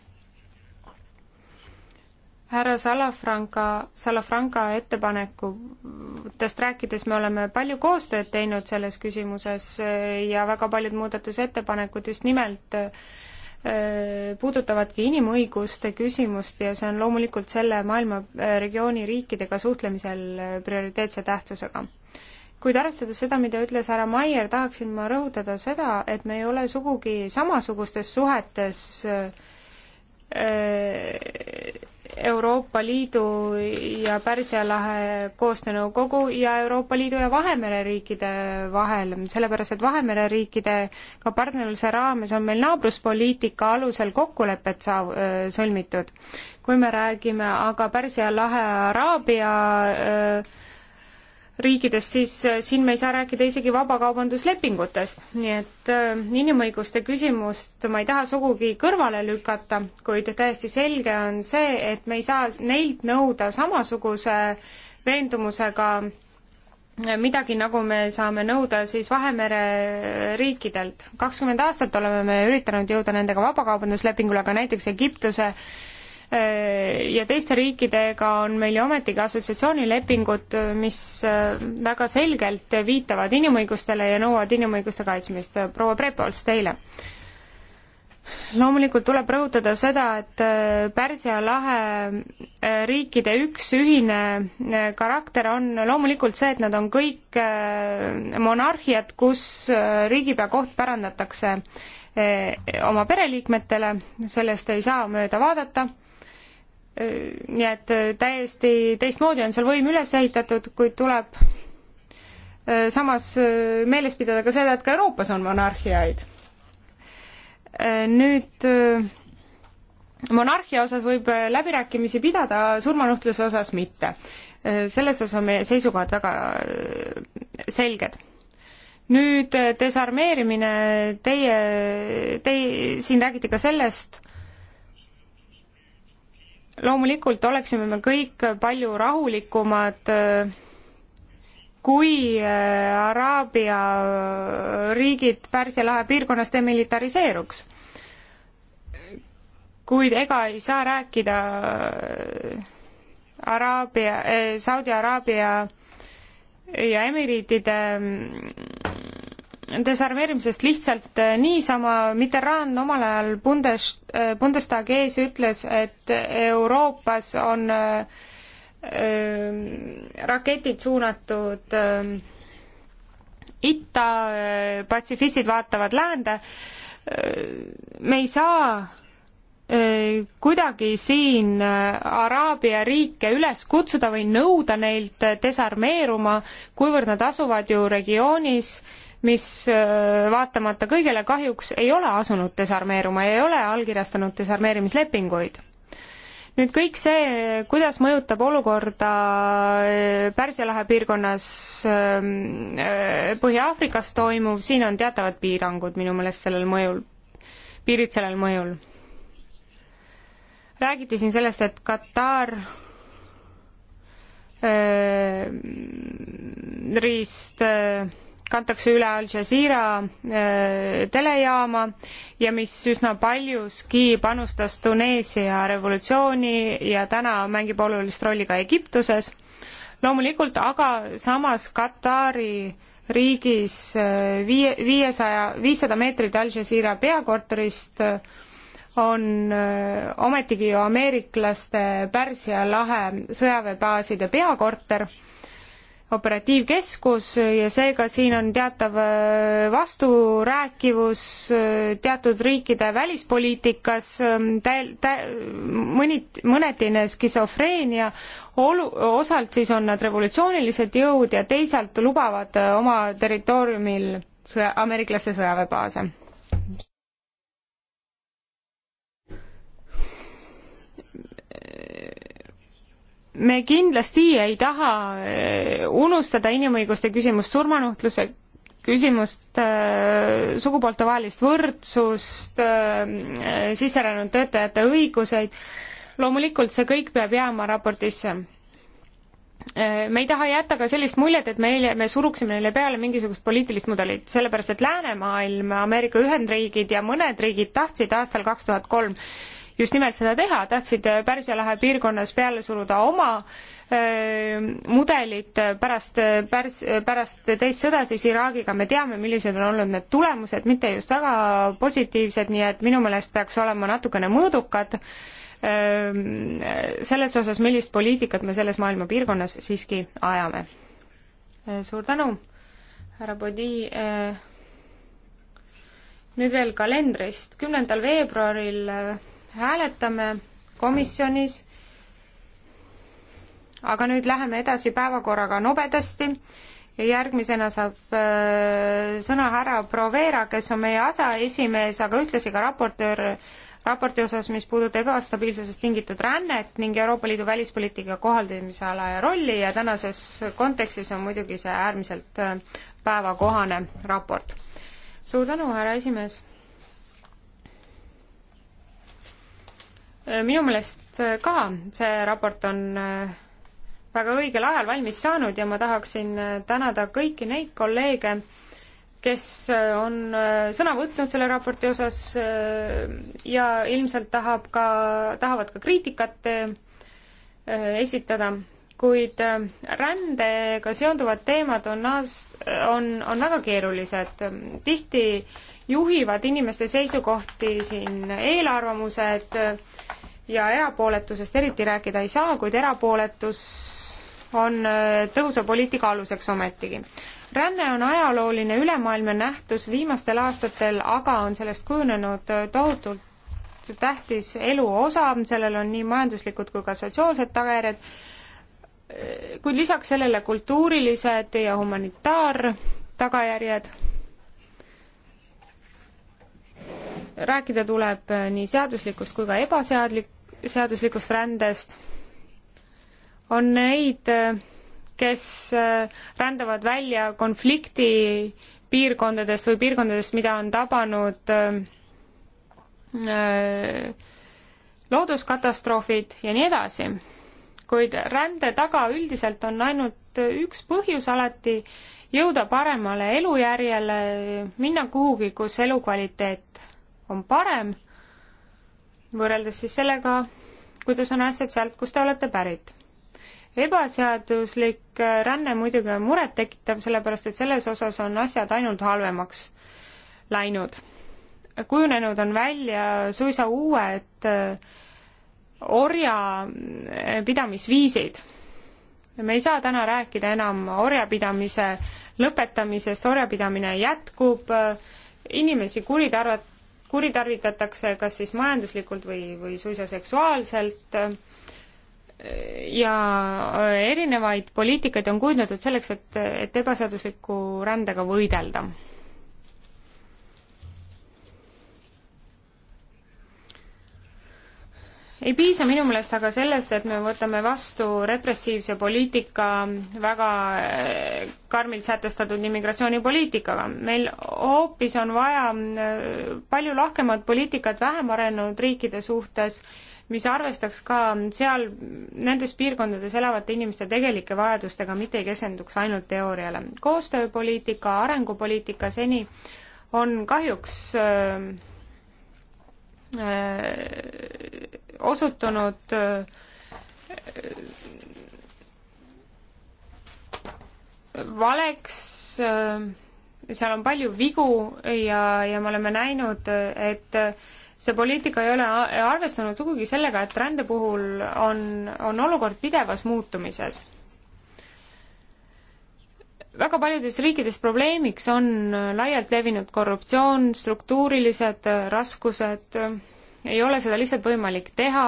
härra Salafranca, Salafranca ettepanekutest rääkides me oleme palju koostööd teinud selles küsimuses eh, ja väga paljud muudatusettepanekud just nimelt eh, puudutavadki inimõiguste küsimust ja see on loomulikult selle maailma eh, regiooni riikidega suhtlemisel prioriteetse tähtsusega. kuid arvestades seda, mida ütles härra Maier, tahaksin ma rõhutada seda, et me ei ole sugugi samasugustes suhetes öö, Euroopa Liidu ja Pärsia lahe koostöönõukogu ja Euroopa Liidu ja Vahemere riikide vahel, sellepärast et Vahemere riikidega partnerluse raames on meil naabruspoliitika alusel kokkulepped saav-, sõlmitud. kui me räägime aga Pärsia lahe Araabia öö, riikidest, siis äh, siin me ei saa rääkida isegi vabakaubanduslepingutest, nii et äh, inimõiguste küsimust ma ei taha sugugi kõrvale lükata, kuid täiesti selge on see, et me ei saa neilt nõuda samasuguse veendumusega midagi, nagu me saame nõuda siis Vahemere riikidelt. kakskümmend aastat oleme me üritanud jõuda nendega vabakaubanduslepingule, aga näiteks Egiptuse äh, Äh, ja teiste riikidega on meil ju ometigi assotsiatsioonilepingud, äh, mis äh, väga selgelt viitavad inimõigustele ja nõuavad inimõiguste kaitsmist. proua Prepols, teile. loomulikult tuleb rõhutada seda, et Pärsia lahe riikide üks ühine karakter on loomulikult see, et nad on kõik monarhiad, kus riigipea koht pärandatakse oma pereliikmetele, sellest ei saa mööda vaadata nii et äh, täiesti teistmoodi on seal võim üles ehitatud, kuid tuleb äh, samas äh, meeles pidada ka seda, et ka Euroopas on monarhiaid. nüüd monarhia osas võib läbirääkimisi pidada, surmanuhtluse osas mitte. selles osas on meie seisukohad väga selged nüüd desarmeerimine, teie, teie, siin räägiti ka sellest, loomulikult oleksime me kõik palju rahulikumad, kui äh, Araabia riigid Pärsia lahe piirkonnas demilitariseeruks. kuid ega ei saa rääkida äh, Araabia, äh, Saudi Araabia ja emiriitide mm, desarmeerimisest lihtsalt äh, niisama, Mitterrand omal ajal Bundes, äh, Bundestagi ees ütles, et Euroopas on äh, äh, raketid suunatud äh, itta äh,, patsifistid vaatavad läände, me ei saa kuidagi siin Araabia riike üles kutsuda või nõuda neilt desarmeeruma, kuivõrd nad asuvad ju regioonis, mis äh, vaatamata kõigele kahjuks ei ole asunud desarmeeruma ja ei ole allkirjastanud desarmeerimislepinguid. nüüd kõik see, kuidas mõjutab olukorda äh, Pärsia lahe piirkonnas ähm, äh, Põhja-Aafrikas toimuv, siin on teatavad piirangud minu meelest sellel mõjul, piirid sellel mõjul. räägiti siin sellest, et Katar öö, rist öö, kantakse üle Al Jazeera äh, telejaama ja mis üsna paljuski panustas Tuneesia revolutsiooni ja täna mängib olulist rolli ka Egiptuses. loomulikult aga samas Katari riigis äh, viie, viiesaja, viissada meetrit Al Jazeera peakorterist äh, on ometigi ju ameeriklaste Pärsia lahe sõjaväebaaside peakorter operatiivkeskus ja seega siin on teatav äh, vasturääkivus äh, teatud riikide välispoliitikas, tä-, ähm, tä-, mõnit-, mõnetine skisofreenia, olu-, osalt siis on nad revolutsioonilised jõud ja teisalt lubavad äh, oma territooriumil sõja, ameeriklaste sõjaväebaase. me kindlasti ei taha eh, unustada inimõiguste küsimust, surmanuhtluse küsimust, eh, sugupooltevahelist võrdsust, eh, sisserännanud töötajate õiguseid, loomulikult see kõik peab jääma raportisse. me ei taha jätta ka sellist muljet, et meile, me suruksime neile peale mingisugust poliitilist mudelit, sellepärast et läänemaailm, Ameerika Ühendriigid ja mõned riigid tahtsid aastal kaks tuhat kolm just nimelt seda teha, tahtsid äh, Pärsia lahe piirkonnas peale suruda oma öö, äh, mudelid äh, pärast, pärs-, pärast teist sõda siis Iraagiga, me teame, millised on olnud need tulemused, mitte just väga positiivsed, nii et minu meelest peaks olema natukene mõõdukad öö, ähm, selles osas, millist poliitikat me selles maailma piirkonnas siiski ajame. suur tänu, härra Bodi nüüd veel kalendrist. kümnendal veebruaril hääletame komisjonis. aga nüüd läheme edasi päevakorraga nobedasti ja järgmisena saab äh, sõna härra Provera, kes on meie aseesimees, aga ühtlasi ka raportöör raporti osas, mis puudutab ebastabiilsusest tingitud rännet ning Euroopa Liidu välispoliitika kohaldamise ala ja rolli ja tänases kontekstis on muidugi see äärmiselt äh, päevakohane raport. suur tänu, härra esimees! minu meelest ka see raport on äh, väga õigel ajal valmis saanud ja ma tahaksin äh, tänada kõiki neid kolleege, kes äh, on sõna võtnud selle raporti osas ja ilmselt tahab ka, tahavad ka kriitikat esitada, kuid rändega seonduvad teemad on aast-, on, on väga keerulised. tihti juhivad inimeste seisukohti siin eelarvamused, ja erapooletusest eriti rääkida ei saa, kuid erapooletus on äh, tõhusa poliitika aluseks ometigi. ränne on ajalooline ülemaailmne nähtus viimastel aastatel, aga on sellest kujunenud äh, tohutult tähtis elu osa, sellel on nii majanduslikud kui ka sotsiaalsed tagajärjed, äh, kuid lisaks sellele kultuurilised ja humanitaartagajärjed rääkida tuleb nii seaduslikust kui ka ebaseadlik-, seaduslikust rändest. on neid, kes äh, rändavad välja konflikti piirkondadest või piirkondadest, mida on tabanud äh, äh, looduskatastroofid ja nii edasi. kuid rände taga üldiselt on ainult üks põhjus alati jõuda paremale elujärjele, minna kuhugi, kus elukvaliteet on parem võrreldes siis sellega, kuidas on asjad sealt, kust te olete pärit. ebaseaduslik äh, ränne muidugi on murettekitav, sellepärast et selles osas on asjad ainult halvemaks läinud. kujunenud on välja suisa uued äh, orjapidamisviisid. Äh, me ei saa täna rääkida enam orjapidamise lõpetamisest, orjapidamine jätkub, inimesi kuritarvat-, kuritarvitatakse kas siis majanduslikult või, või suisa seksuaalselt ja erinevaid poliitikaid on kujundatud selleks, et, et ebaseadusliku rändega võidelda ei piisa minu meelest aga sellest, et me võtame vastu repressiivse poliitika väga äh, karmilt sätestatud immigratsioonipoliitikaga. meil hoopis on vaja äh, palju lahkemat poliitikat vähem arenenud riikide suhtes, mis arvestaks ka seal, nendes piirkondades elavate inimeste tegelike vajadustega, mitte ei keskenduks ainult teooriale. koostööpoliitika, arengupoliitika seni on kahjuks äh, Äh, osutunud äh, valeks, äh, seal on palju vigu ja, ja me oleme näinud, et see poliitika ei ole arvestanud sugugi sellega, et rände puhul on, on olukord pidevas muutumises väga paljudes riikides probleemiks on äh, laialt levinud korruptsioon, struktuurilised äh, raskused, äh, ei ole seda lihtsalt võimalik teha,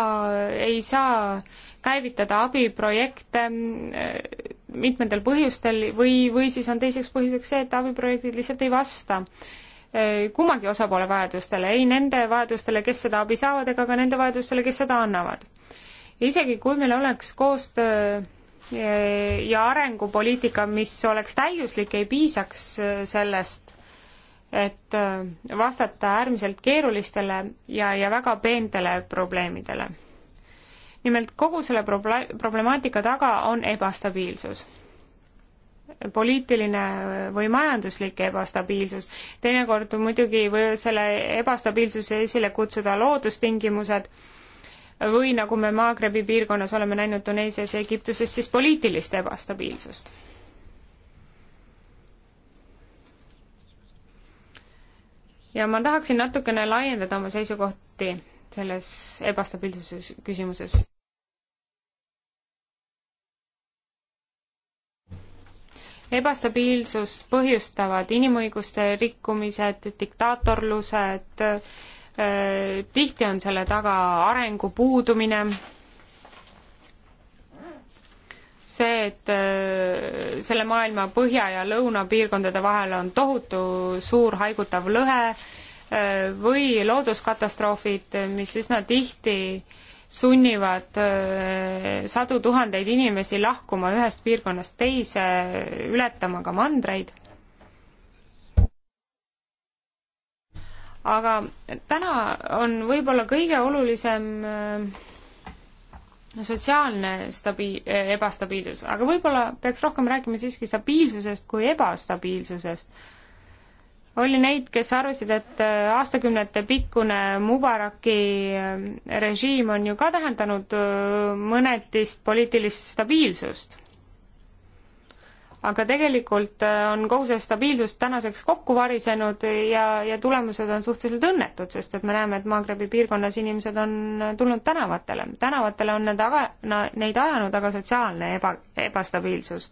ei saa käivitada abiprojekte mitmendal põhjustel või, või siis on teiseks põhjuseks see, et abiprojektid lihtsalt ei vasta kummagi osapoole vajadustele, ei nende vajadustele, kes seda abi saavad, ega ka nende vajadustele, kes seda annavad. isegi kui meil oleks koostöö ja arengupoliitika, mis oleks täiuslik, ei piisaks äh, sellest, et äh, vastata äärmiselt keerulistele ja, ja väga peentele probleemidele. nimelt kogu selle proble-, problemaatika taga on ebastabiilsus. poliitiline või majanduslik ebastabiilsus, teinekord muidugi võib selle ebastabiilsuse esile kutsuda loodustingimused, või nagu me Maagrebi piirkonnas oleme näinud Tuneesias ja Egiptuses, siis poliitilist ebastabiilsust. ja ma tahaksin natukene laiendada oma seisukohti selles ebastabiilsuse küsimuses. ebastabiilsust põhjustavad inimõiguste rikkumised, diktaatorlused, Äh, tihti on selle taga arengu puudumine, see, et äh, selle maailma põhja- ja lõunapiirkondade vahel on tohutu suur haigutav lõhe äh, või looduskatastroofid, mis üsna tihti sunnivad sadu tuhandeid inimesi lahkuma ühest piirkonnast teise, ületama ka mandreid aga täna on võib-olla kõige olulisem äh, sotsiaalne stabi-, äh, ebastabiilsus, aga võib-olla peaks rohkem rääkima siiski stabiilsusest kui ebastabiilsusest. oli neid, kes arvasid, et äh, aastakümnete pikkune Mubaraki režiim on ju ka tähendanud mõnetist poliitilist stabiilsust aga tegelikult äh, on kogu see stabiilsus tänaseks kokku varisenud ja, ja tulemused on suhteliselt õnnetud, sest et me näeme, et Maagrebi piirkonnas inimesed on tulnud tänavatele. tänavatele on need aga, neid ajanud aga sotsiaalne eba, ebastabiilsus.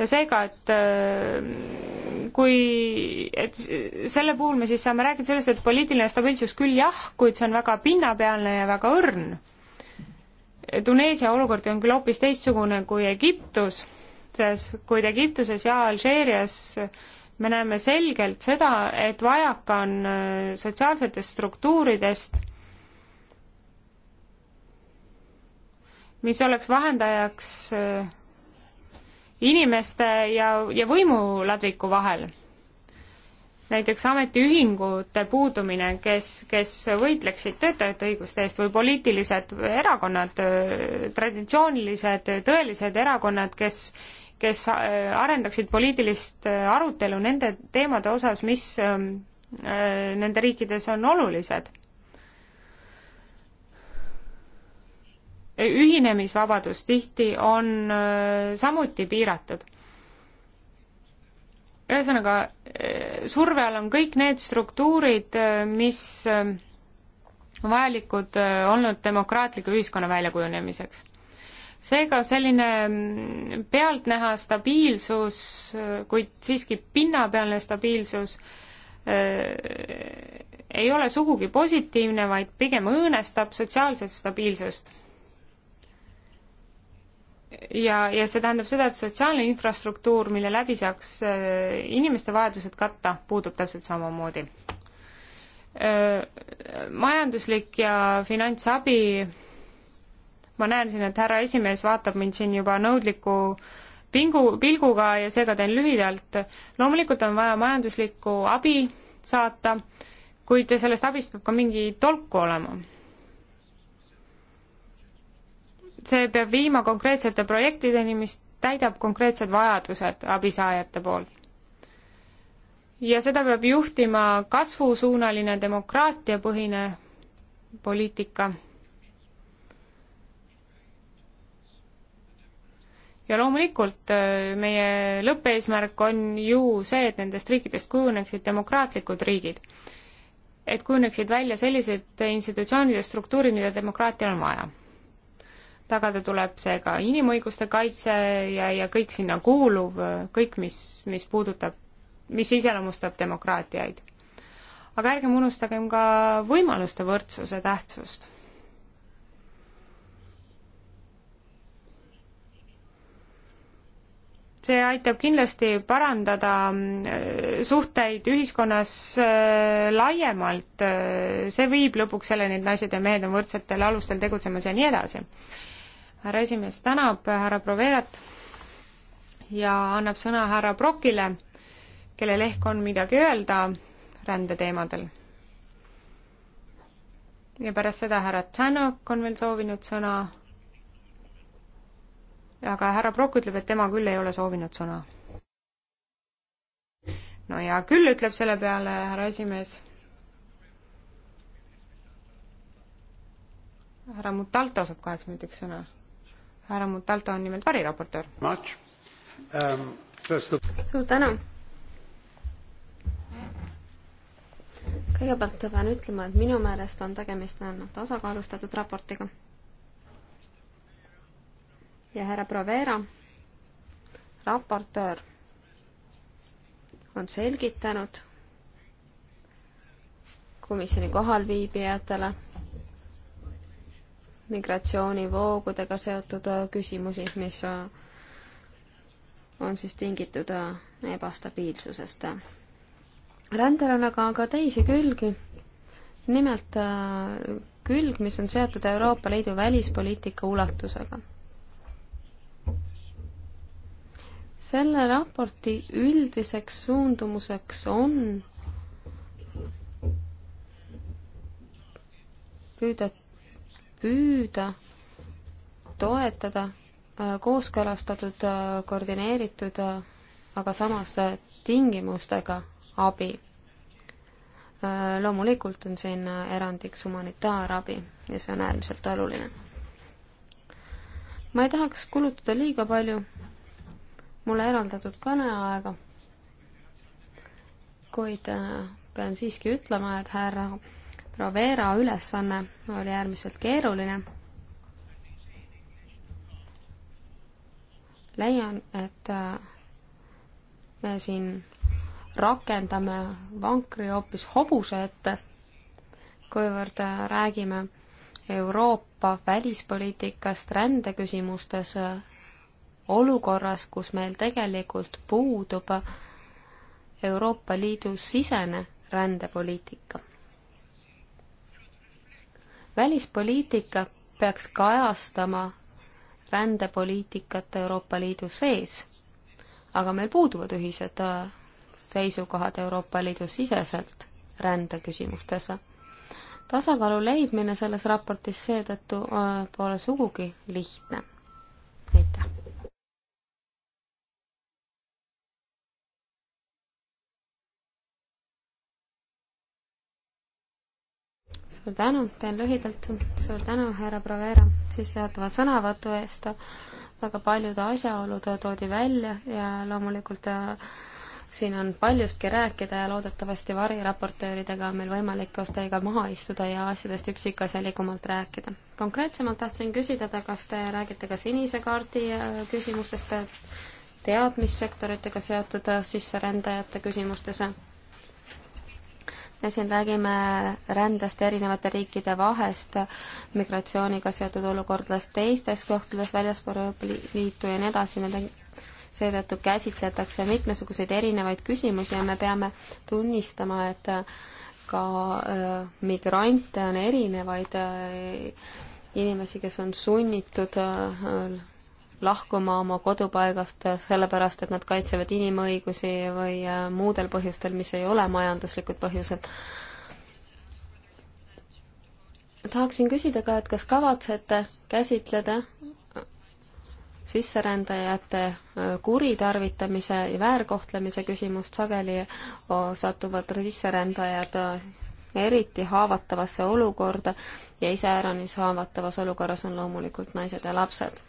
ja seega, et äh, kui, et selle puhul me siis saame rääkida sellest, et poliitiline stabiilsus küll jah, kuid see on väga pinnapealne ja väga õrn. Tuneesia olukord on küll hoopis teistsugune kui Egiptus Egiptuses, kuid Egiptuses ja Alžeerias me näeme selgelt seda, et vajaka on äh, sotsiaalsetest struktuuridest, mis oleks vahendajaks äh, inimeste ja, ja võimuladviku vahel. näiteks ametiühingute puudumine, kes, kes võitleksid töötajate õiguste eest või poliitilised erakonnad, traditsioonilised tõelised erakonnad, kes kes äh, arendaksid poliitilist äh, arutelu nende teemade osas, mis ähm, äh, nende riikides on olulised. ühinemisvabadus tihti on samuti piiratud. ühesõnaga, surve all on kõik need struktuurid, mis vajalikud olnud demokraatliku ühiskonna väljakujunemiseks seega selline mm, pealtnäha stabiilsus, kuid siiski pinnapealne stabiilsus äh, ei ole sugugi positiivne, vaid pigem õõnestab sotsiaalset stabiilsust. ja, ja see tähendab seda, et sotsiaalne infrastruktuur, mille läbi saaks äh, inimeste vajadused katta, puudub täpselt samamoodi äh,. majanduslik ja finantsabi ma näen siin, et härra esimees vaatab mind siin juba nõudliku pingu, pilguga ja seega teen lühidalt. loomulikult on vaja majanduslikku abi saata, kuid sellest abist peab ka mingi tolku olema. see peab viima konkreetsete projektideni, mis täidab konkreetsed vajadused abisaajate poolt. ja seda peab juhtima kasvusuunaline demokraatiapõhine poliitika ja loomulikult äh, meie lõppeesmärk on ju see, et nendest riikidest kujuneksid demokraatlikud riigid. et kujuneksid välja sellised institutsioonid ja struktuurid, mida demokraatial on vaja. tagada tuleb seega inimõiguste kaitse ja, ja kõik sinna kuuluv, kõik, mis, mis puudutab, mis iseloomustab demokraatiaid. aga ärgem unustagem ka võimaluste võrdsuse tähtsust see aitab kindlasti parandada mm, suhteid ühiskonnas äh, laiemalt, äh, see viib lõpuks selleni, et naised ja mehed on võrdsetel alustel tegutsemas ja nii edasi. härra esimees tänab härra Proverat ja annab sõna härra Brokile, kellel ehk on midagi öelda rändeteemadel. ja pärast seda härra Tšanok on veel soovinud sõna aga härra Prokk ütleb, et tema küll ei ole soovinud sõna. no hea küll, ütleb selle peale härra esimees. härra Mutalto saab kaheks minutiks sõna. härra Mutalto on nimelt variraportöör. Um, of... suur tänu kõigepealt pean ütlema, et minu meelest on tegemist ainult tasakaalustatud raportiga ja härra Provera, raportöör, on selgitanud komisjoni kohalviibijatele migratsioonivoogudega seotud äh, küsimusi, mis äh, on siis tingitud äh, ebastabiilsusest. rändel on aga ka teisi külgi, nimelt külg, mis on seotud Euroopa Liidu välispoliitika ulatusega. selle raporti üldiseks suundumuseks on püüda, püüda toetada äh, kooskõlastatud, äh, koordineeritud, äh, aga samas tingimustega abi. loomulikult on siin erandiks humanitaarabi ja see on äärmiselt oluline. ma ei tahaks kulutada liiga palju mulle eraldatud kõneaega, kuid äh, pean siiski ütlema, et härra Provera ülesanne oli äärmiselt keeruline. leian, et äh, me siin rakendame vankri hoopis hobuse ette, kuivõrd äh, räägime Euroopa välispoliitikast, rändeküsimustes olukorras, kus meil tegelikult puudub Euroopa Liidu sisene rändepoliitika. välispoliitika peaks kajastama rändepoliitikat Euroopa Liidu sees, aga meil puuduvad ühised äh, seisukohad Euroopa Liidu siseselt rändeküsimustes. tasakaalu leidmine selles raportis seetõttu äh, pole sugugi lihtne suur tänu, teen lühidalt, suur tänu, härra Provera, sissejuhatava sõnavõtu eest, väga paljud asjaolud toodi välja ja loomulikult äh, siin on paljustki rääkida ja loodetavasti variraportööridega on meil võimalik koos teiega maha istuda ja asjadest üksikasjalikumalt rääkida. konkreetsemalt tahtsin küsida, kas te räägite ka sinise kaardi äh, küsimustest, teadmissektoritega seotud äh, sisserändajate küsimustes me siin räägime rändest erinevate riikide vahest, migratsiooniga seotud olukordadest teistes kohtades väljaspool Euroopa Liitu ja nii edasi, need on seetõttu käsitletakse mitmesuguseid erinevaid küsimusi ja me peame tunnistama, et ka äh, migrante on erinevaid äh, inimesi, kes on sunnitud äh, lahkuma oma kodupaigast sellepärast, et nad kaitsevad inimõigusi või äh, muudel põhjustel, mis ei ole majanduslikud põhjused. tahaksin küsida ka, et kas kavatsete käsitleda sisserändajate äh, kuritarvitamise ja väärkohtlemise küsimust sageli satuvad sisserändajad äh, eriti haavatavasse olukorda ja iseäranis haavatavas olukorras on loomulikult naised ja lapsed.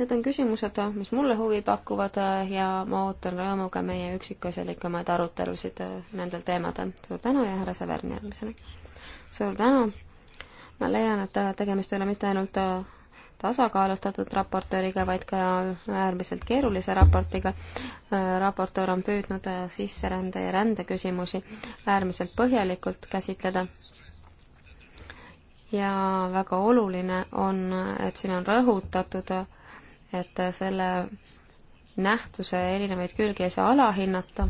Need on küsimused, mis mulle huvi pakuvad äh, ja ma ootan rõõmuga meie üksikasjalikumaid arutelusid äh, nendel teemadel. suur tänu ja härra Sõvern järgmisena. suur tänu. ma leian, et äh, tegemist ei ole mitte ainult tasakaalustatud raportööriga, vaid ka äärmiselt keerulise raportiga. raportöör on püüdnud sisserände ja rände küsimusi äärmiselt põhjalikult käsitleda. ja väga oluline on, et siin on rõhutatud et selle nähtuse erinevaid külgi ei saa alahinnata.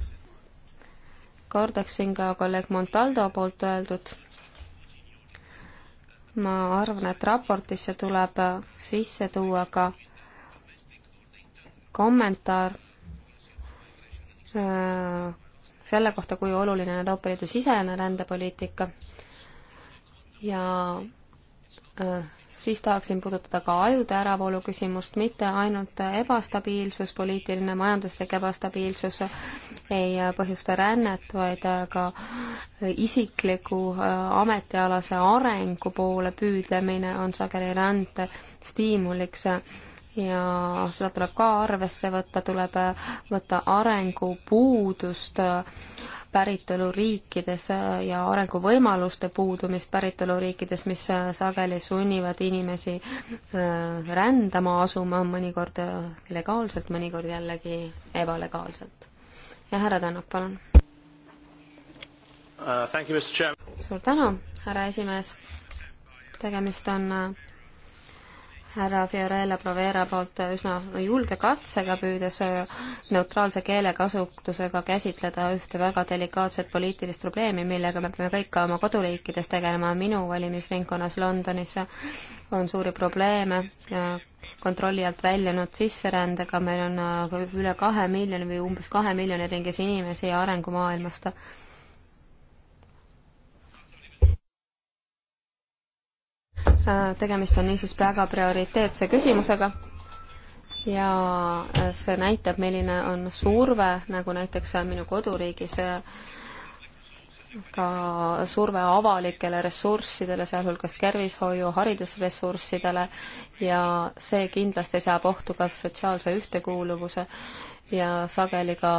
kordaksin ka kolleeg Montaldo poolt öeldud. ma arvan, et raportisse tuleb sisse tuua ka kommentaar öö, selle kohta, kui oluline on Euroopa Liidu sisene rändepoliitika ja öö, siis tahaksin puudutada ka ajude äravoolu küsimust, mitte ainult ebastabiilsus, poliitiline, majanduslik ebastabiilsus ei põhjusta rännet, vaid ka isikliku äh, ametialase arengu poole püüdlemine on sageli rände stiimuliks ja seda tuleb ka arvesse võtta, tuleb võtta arengupuudust äh, päritoluriikides ja arenguvõimaluste puudumist päritoluriikides, mis sageli sunnivad inimesi äh, rändama asuma, mõnikord äh, legaalselt, mõnikord jällegi ebalegaalselt. ja härra Tänak, palun uh,. suur tänu, härra esimees. tegemist on äh, härra Fiorella Provera poolt üsna julge katsega, püüdes neutraalse keelekasutusega käsitleda ühte väga delikaatset poliitilist probleemi, millega me peame kõik ka oma koduriikides tegelema. minu valimisringkonnas Londonis on suuri probleeme kontrolli alt väljunud sisserändega, meil on üle kahe miljoni või umbes kahe miljoni ringis inimesi arengumaailmast Äh, tegemist on niisiis väga prioriteetse küsimusega ja äh, see näitab, milline on surve, nagu näiteks äh, minu koduriigis ka surve avalikele ressurssidele, sealhulgas tervishoiu, haridusressurssidele ja see kindlasti seab ohtu ka sotsiaalse ühtekuuluvuse ja sageli ka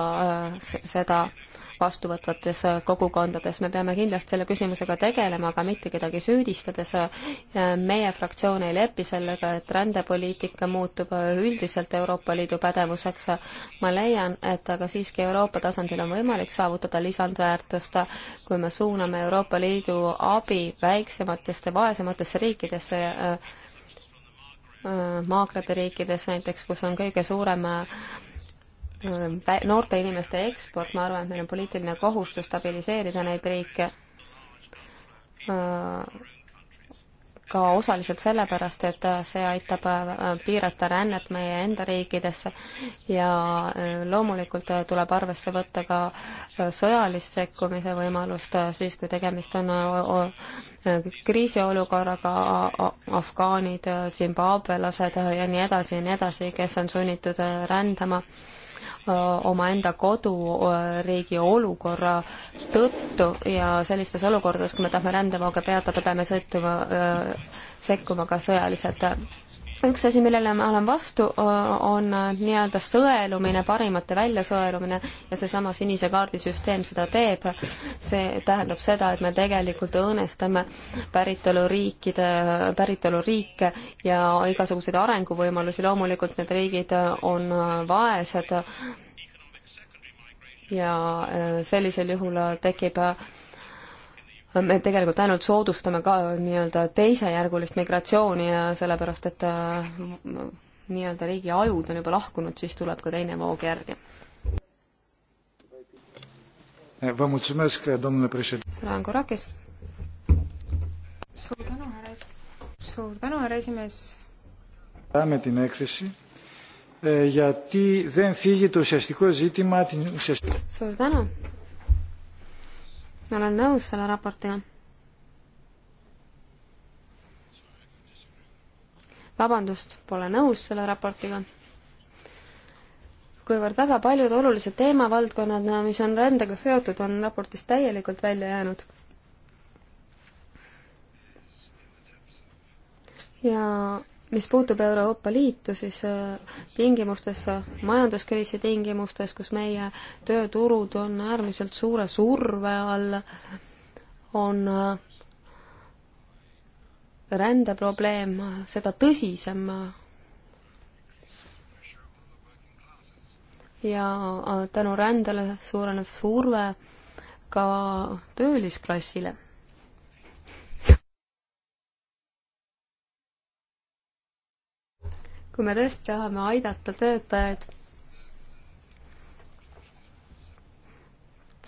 seda äh, vastuvõtvates äh, kogukondades. me peame kindlasti selle küsimusega tegelema, aga mitte kedagi süüdistades. Äh, meie fraktsioon ei lepi sellega, et rändepoliitika muutub äh, üldiselt Euroopa Liidu pädevuseks. ma leian, et aga siiski Euroopa tasandil on võimalik saavutada lisandväärtust, kui me suuname Euroopa Liidu abi väiksematest ja vaesematesse riikidesse maakrate riikides näiteks, kus on kõige suurem noorte inimeste eksport, ma arvan, et meil on poliitiline kohustus stabiliseerida neid riike äh, ka osaliselt sellepärast, et see aitab äh, piirata rännet meie enda riikidesse ja äh, loomulikult tuleb arvesse võtta ka sõjalist sekkumise võimalust siis, kui tegemist on kriisiolukorraga, afgaanid, zimbabwelased ja nii edasi ja nii edasi, kes on sunnitud rändama Äh, omaenda koduriigi olukorra tõttu ja sellistes olukordades, kui me tahame rändevooge peatada, peame sõitma, äh, sekkuma ka sõjaliselt üks asi, millele ma olen vastu, on äh, nii-öelda sõelumine, parimate väljasõelumine ja seesama sinise kaardi süsteem seda teeb. see tähendab seda, et me tegelikult õõnestame päritoluriikide, päritoluriike ja igasuguseid arenguvõimalusi, loomulikult need riigid äh, on äh, vaesed ja sellisel juhul tekib me tegelikult ainult soodustame ka nii-öelda teisejärgulist migratsiooni ja sellepärast, et äh, nii-öelda riigi ajud on juba lahkunud, siis tuleb ka teine voog järgi. Rango Rakis. suur tänu, härra esimees. E, suur tänu, härra esimees. Läheme teine eksessi γιατί δεν θίγει το ουσιαστικό ζήτημα την ουσιαστική. Suur tänu, ma olen nõus selle raportiga. vabandust, pole nõus selle raportiga. kuivõrd väga paljud olulised teemavaldkonnad, mis on rändega seotud, on raportist täielikult välja jäänud. ja mis puutub Euroopa Liitu, siis äh, tingimustes, äh, majanduskriisi tingimustes, kus meie tööturud on äärmiselt suure surve all, on äh, rändeprobleem seda tõsisem ja tänu rändele suureneb surve ka töölisklassile kui me tõesti tahame aidata töötajaid,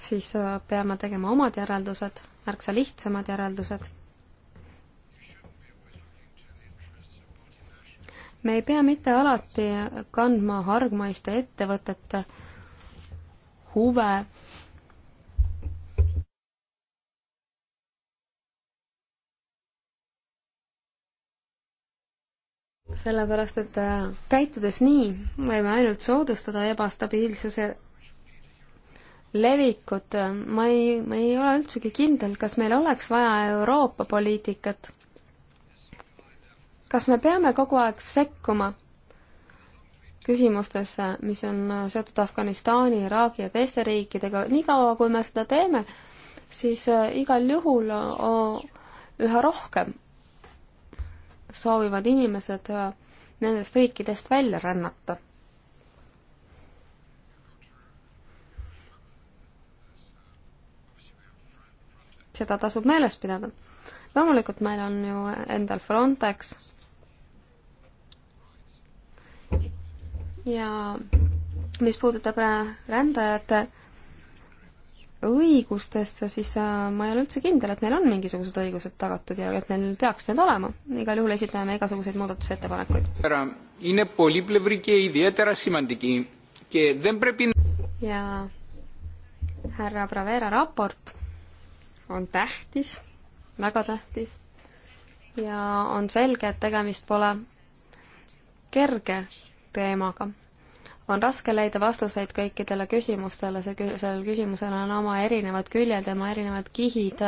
siis äh, peame tegema omad järeldused, märksa lihtsamad järeldused. me ei pea mitte alati kandma hargmaiste ettevõtete huve sellepärast et äh, käitudes nii, võime ainult soodustada ebastabiilsuse levikut. ma ei, ma ei ole üldsegi kindel, kas meil oleks vaja Euroopa poliitikat. kas me peame kogu aeg sekkuma küsimustesse, mis on äh, seotud Afganistani, Iraagi ja teiste riikidega, niikaua kui me seda teeme, siis äh, igal juhul üha rohkem soovivad inimesed äh, nendest riikidest välja rännata. seda tasub meeles pidada. loomulikult meil on ju endal Frontex ja mis puudutab rändajate õigustesse, siis äh, ma ei ole üldse kindel, et neil on mingisugused õigused tagatud ja et neil peaks need olema. igal juhul esitame igasuguseid muudatusettepanekuid. ja härra Bravera raport on tähtis, väga tähtis ja on selge, et tegemist pole kerge teemaga on raske leida vastuseid kõikidele küsimustele, see, sellel küsimusel on oma erinevad küljed, oma erinevad kihid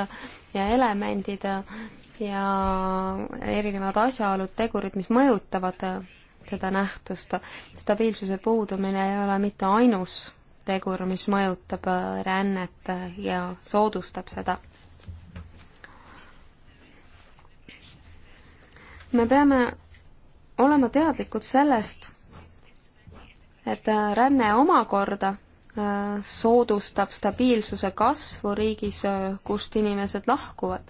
ja elemendid ja erinevad asjaolud, tegurid, mis mõjutavad seda nähtust. stabiilsuse puudumine ei ole mitte ainus tegur, mis mõjutab rännet ja soodustab seda. me peame olema teadlikud sellest, et äh, ränne omakorda äh, soodustab stabiilsuse kasvu riigis, äh, kust inimesed lahkuvad.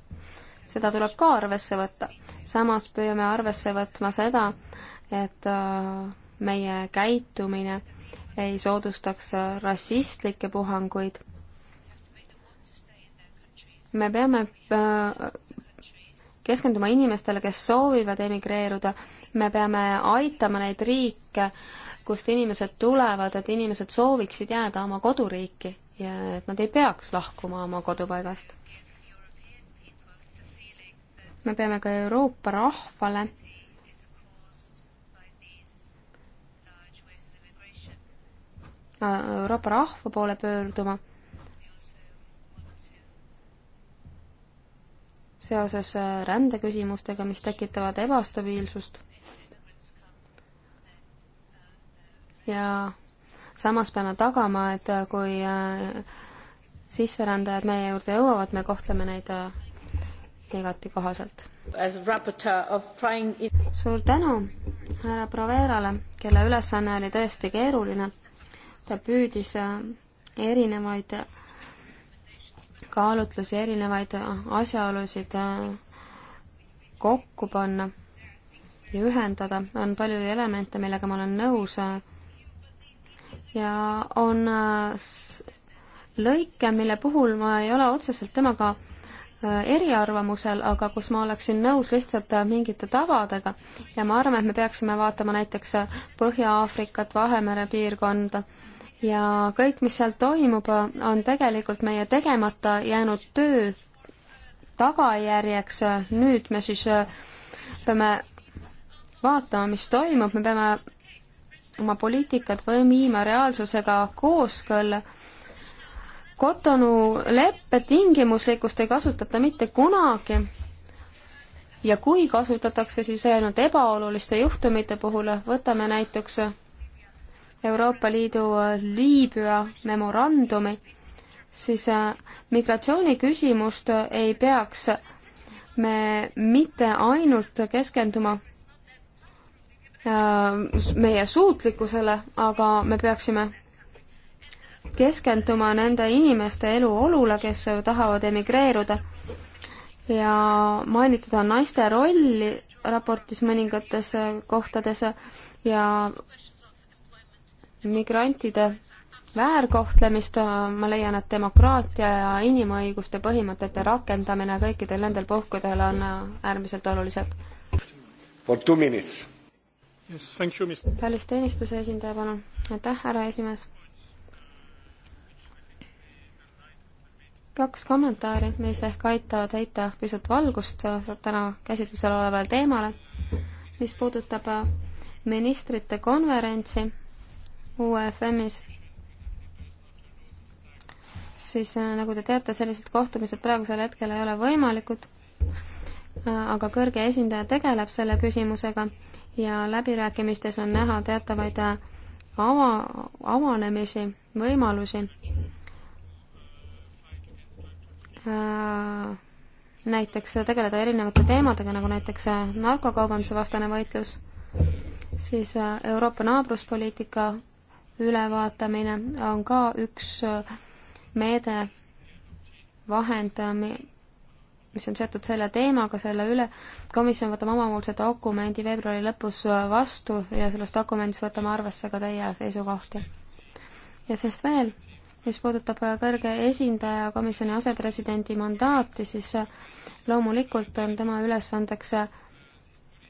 seda tuleb ka arvesse võtta. samas peame arvesse võtma seda, et meie käitumine ei soodustaks rassistlikke puhanguid. me peame keskenduma inimestele, kes soovivad emigreeruda, me peame aitama neid riike äh, kust inimesed tulevad, et inimesed sooviksid jääda oma koduriiki ja et nad ei peaks lahkuma oma kodupaigast. me peame ka Euroopa rahvale Euroopa rahva poole pöörduma seoses rändeküsimustega, mis tekitavad ebastabiilsust. ja samas peame tagama, et kui äh, sisserändajad meie juurde jõuavad, me kohtleme neid äh, igati kohaselt. suur tänu härra Proverale, kelle ülesanne oli tõesti keeruline. ta püüdis äh, erinevaid kaalutlusi, erinevaid asjaolusid kokku panna ja ühendada. on palju elemente, millega ma olen nõus ja on äh, lõike, mille puhul ma ei ole otseselt temaga äh, eriarvamusel, aga kus ma oleksin nõus lihtsalt äh, mingite tavadega ja ma arvan, et me peaksime vaatama näiteks Põhja-Aafrikat, Vahemere piirkonda ja kõik, mis seal toimub, on tegelikult meie tegemata jäänud töö tagajärjeks. nüüd me siis peame vaatama, mis toimub, me peame oma poliitikat või viima reaalsusega kooskõlla. Kotonu leppe tingimuslikkust ei kasutata mitte kunagi ja kui kasutatakse, siis ainult ebaoluliste juhtumite puhul, võtame näiteks Euroopa Liidu Liibüa memorandumi, siis äh, migratsiooniküsimust ei peaks me mitte ainult keskenduma Äh, meie suutlikkusele, aga me peaksime keskenduma nende inimeste eluolule, kes tahavad emigreeruda. ja mainitud on naiste rolli raportis mõningates kohtades ja migrantide väärkohtlemist, ma leian, et demokraatia ja inimõiguste põhimõtete rakendamine kõikidel nendel puhkudel on äärmiselt olulised. For two minutes yes,. välisteenistuse esindaja, palun. aitäh, härra esimees. kaks kommentaari, mis ehk aitavad heita pisut valgust täna käsitlusel olevale teemale, mis puudutab ministrite konverentsi UEFM-is siis nagu te teate, sellised kohtumised praegusel hetkel ei ole võimalikud, aga kõrge esindaja tegeleb selle küsimusega ja läbirääkimistes on näha teatavaid äh, ava, avanemisi, võimalusi. Äh, näiteks tegeleda erinevate teemadega, nagu näiteks äh, narkokaubanduse vastane võitlus, siis Euroopa naabruspoliitika ülevaatamine on ka üks meede, vahend, mis on seotud selle teemaga, selle üle. komisjon võtab omapoolse dokumendi veebruari lõpus vastu ja selles dokumendis võtame arvesse ka teie seisukohti. ja siis veel, mis puudutab kõrge esindaja komisjoni asepresidendi mandaati, siis loomulikult on tema ülesandeks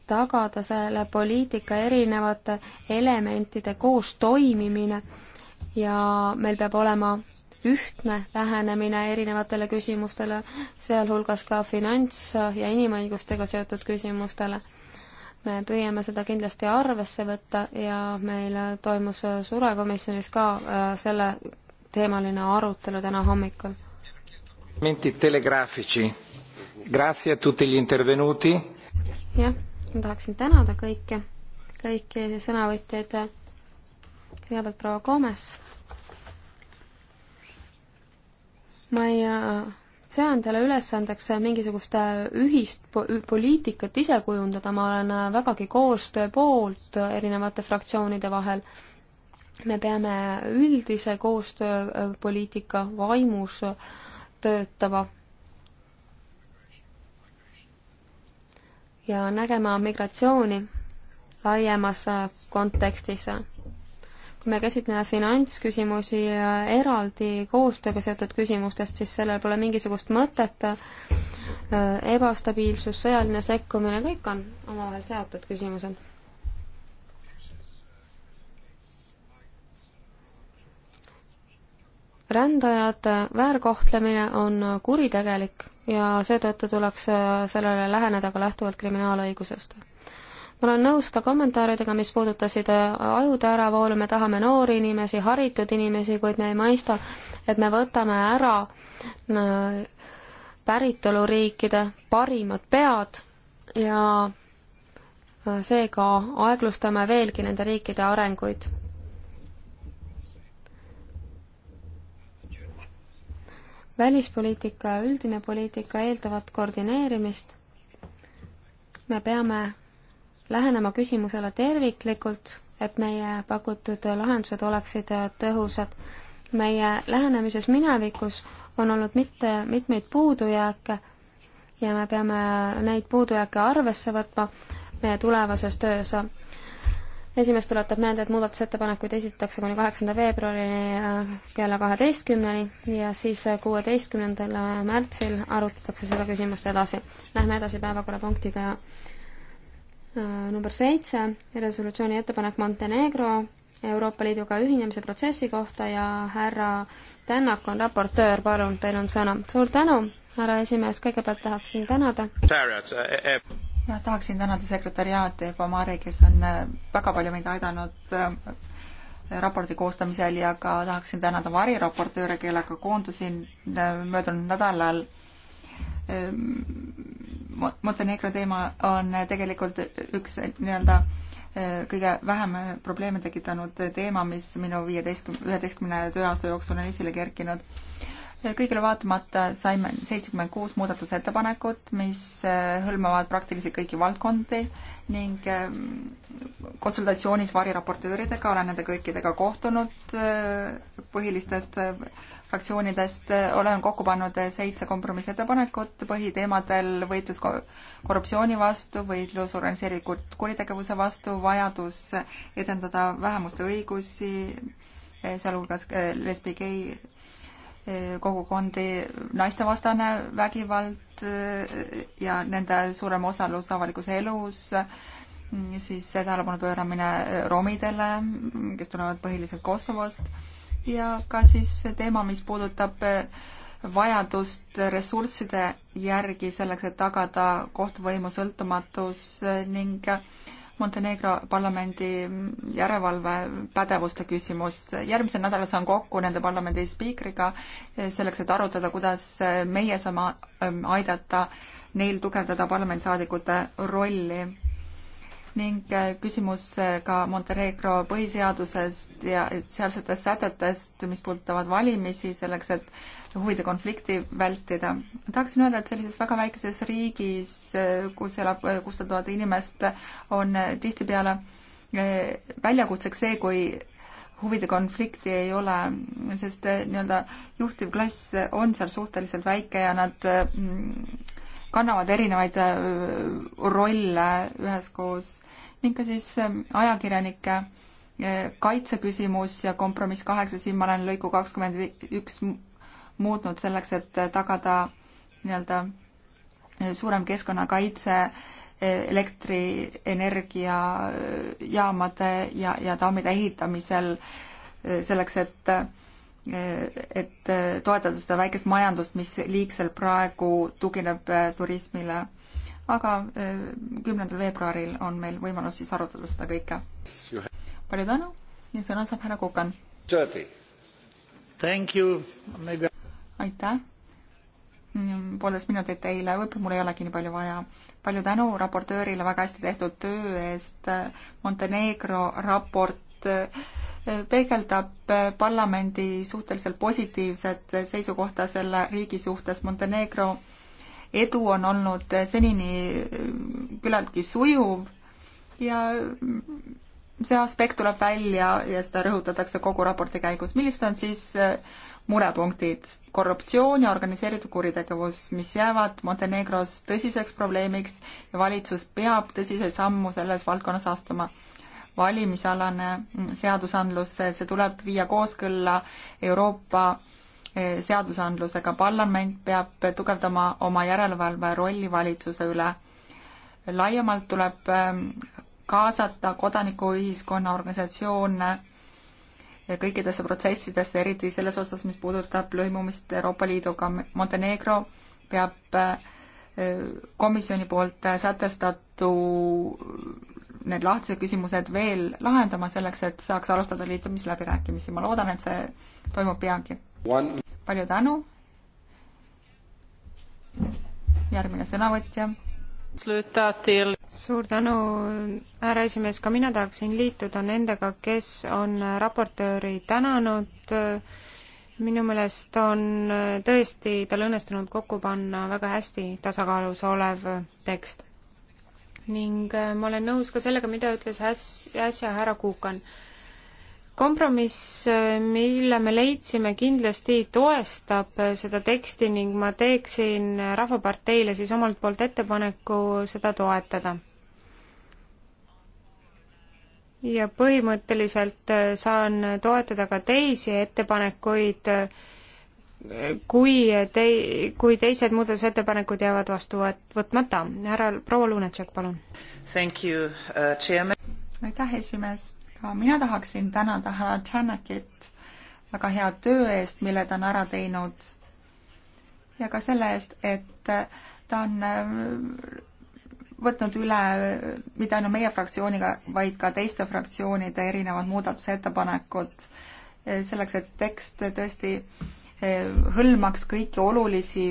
tagada selle poliitika erinevate elementide koostoimimine ja meil peab olema ühtne lähenemine erinevatele küsimustele, sealhulgas ka finants- ja inimõigustega seotud küsimustele. me püüame seda kindlasti arvesse võtta ja meil toimus surekomisjonis ka äh, selle teemaline arutelu täna hommikul. jah, ma tahaksin tänada kõiki, kõiki sõnavõtjaid. kõigepealt proua Gomes ma ei äh, see on talle ülesandeks äh, mingisugust äh, ühist poliitikat ise kujundada, ma olen vägagi koostöö poolt erinevate fraktsioonide vahel. me peame üldise koostööpoliitika vaimus töötama. ja nägema migratsiooni laiemas kontekstis me käsitleme finantsküsimusi eraldi koostööga seotud küsimustest, siis sellel pole mingisugust mõtet. ebastabiilsus, sõjaline sekkumine, kõik on omavahel seotud küsimused. rändajate väärkohtlemine on kuritegelik ja seetõttu tuleks sellele läheneda ka lähtuvalt kriminaalõigusest olen nõus ka kommentaaridega, mis puudutasid äh, ajude äravoolu, me tahame noori inimesi, haritud inimesi, kuid me ei mõista, et me võtame ära äh, päritoluriikide parimad pead ja äh, seega aeglustame veelgi nende riikide arenguid. välispoliitika ja üldine poliitika eeldavad koordineerimist. me peame lähenema küsimusele terviklikult, et meie pakutud lahendused oleksid tõhusad. meie lähenemises minevikus on olnud mitte, mitmeid puudujääke ja me peame neid puudujääke arvesse võtma meie tulevases töös. esimest tuletab meelde, et muudatusettepanekuid esitatakse kuni kaheksanda veebruarini äh, kella kaheteistkümneni ja siis kuueteistkümnendal äh, märtsil arutatakse seda küsimust edasi. Lähme edasi päevakorrapunktiga number seitse, resolutsiooni ettepanek Montenegro Euroopa Liiduga ühinemise protsessi kohta ja härra Tännak on raportöör, palun, teil on sõna. suur tänu, härra esimees, kõigepealt tahaksin tänada. Eh, eh, eh. jah, tahaksin tänada sekretäriaati ja Pomari, kes on väga palju meid aidanud raporti koostamisel ja ka tahaksin tänada variraportööre, kellega koondusin möödunud nädalal Ehm, Montenegro teema on tegelikult üks nii-öelda e, kõige vähem probleeme tekitanud teema, mis minu viieteistkümne, üheteistkümne tööaasta jooksul on esile kerkinud. E, kõigile vaatamata saime seitsekümmend kuus muudatusettepanekut, mis e, hõlmavad praktiliselt kõiki valdkondi ning konsultatsioonis variraportööridega olen nende kõikidega kohtunud, põhilistest fraktsioonidest äh, olen kokku pannud äh, seitse kompromissettepanekut põhiteemadel võitlus korruptsiooni vastu, võitlus organiseeritud kuritegevuse vastu, vajadus edendada vähemuste õigusi, äh, sealhulgas lesbi, gei kogukondi, naistevastane vägivald ja nende suurem osalus avalikus elus, mm, siis tähelepanu pööramine romidele, mm, kes tulevad põhiliselt Kosovost ja ka siis see teema, mis puudutab äh, vajadust ressursside järgi selleks, et tagada kohtuvõimu sõltumatus äh, ning äh, Montenegro parlamendi järelevalvepädevuste küsimust. järgmisel nädalal saan kokku nende parlamendi spiikriga selleks, et arutada, kuidas meie saame ähm, aidata neil tugevdada parlamendisaadikute rolli ning äh, küsimus äh, ka Montenegro põhiseadusest ja sealsetest sätetest, mis puudutavad valimisi, selleks et huvide konflikti vältida. tahaksin öelda, et sellises väga väikeses riigis, äh, kus elab kuussada tuhat inimest, on tihtipeale väljakutseks see, kui huvide konflikti ei ole, sest nii-öelda juhtiv klass on seal suhteliselt väike ja nad kannavad erinevaid rolle üheskoos ning ka siis ähm, ajakirjanike äh, kaitseküsimus ja kompromiss kaheksa, siin ma olen lõigu kakskümmend üks muutnud selleks, et äh, tagada nii-öelda äh, suurem keskkonnakaitse elektrienergiajaamade ja, ja tammide ehitamisel selleks, et et toetada seda väikest majandust, mis liigselt praegu tugineb turismile aga äh, kümnendal veebruaril on meil võimalus siis arutada seda kõike. palju tänu ja sõna saab härra Kukan. aitäh mm, poolteist minutit teile, võib-olla mul ei olegi nii palju vaja. palju tänu raportöörile väga hästi tehtud töö eest. Montenegro raport äh, peegeldab äh, parlamendi suhteliselt positiivset seisukohta selle riigi suhtes. Montenegro edu on olnud senini eh, küllaltki sujuv ja see aspekt tuleb välja ja seda rõhutatakse kogu raporti käigus. millised on siis eh, murepunktid? korruptsioon ja organiseeritud kuritegevus, mis jäävad Montenegros tõsiseks probleemiks ja valitsus peab tõsiseid sammu selles valdkonnas astuma valimisalane mm, seadusandlus, see tuleb viia kooskõlla Euroopa seadusandlusega. parlament peab tugevdama oma järelevalve rolli valitsuse üle. laiemalt tuleb ähm, kaasata kodanikuühiskonna organisatsioone kõikidesse protsessidesse, eriti selles osas, mis puudutab lõimumist Euroopa Liiduga. Montenegro peab äh, komisjoni poolt sätestatu need lahtised küsimused veel lahendama selleks, et saaks alustada liitumisläbirääkimisi. ma loodan, et see toimub peagi palju tänu. järgmine sõnavõtja. suur tänu, härra esimees, ka mina tahaksin liituda nendega, kes on raportööri tänanud minu meelest on tõesti tal õnnestunud kokku panna väga hästi tasakaalus olev tekst. ning ma olen nõus ka sellega, mida ütles äs-, äsja härra Kuukan kompromiss, äh, mille me leidsime, kindlasti toestab äh, seda teksti ning ma teeksin äh, Rahvaparteile siis omalt poolt ettepaneku seda toetada. ja põhimõtteliselt saan toetada ka teisi ettepanekuid, kui tei-, kui teised muudatusettepanekud jäävad vastu võt-, võtmata. härra proua Lunatšek, palun. Uh, aitäh, esimees ka mina tahaksin tänada härra Tšannakit väga hea töö eest, mille ta on ära teinud ja ka selle eest, et ta on äh, võtnud üle mitte ainult meie fraktsiooniga, vaid ka teiste fraktsioonide erinevad muudatusettepanekud äh, selleks, et tekst tõesti äh, hõlmaks kõiki olulisi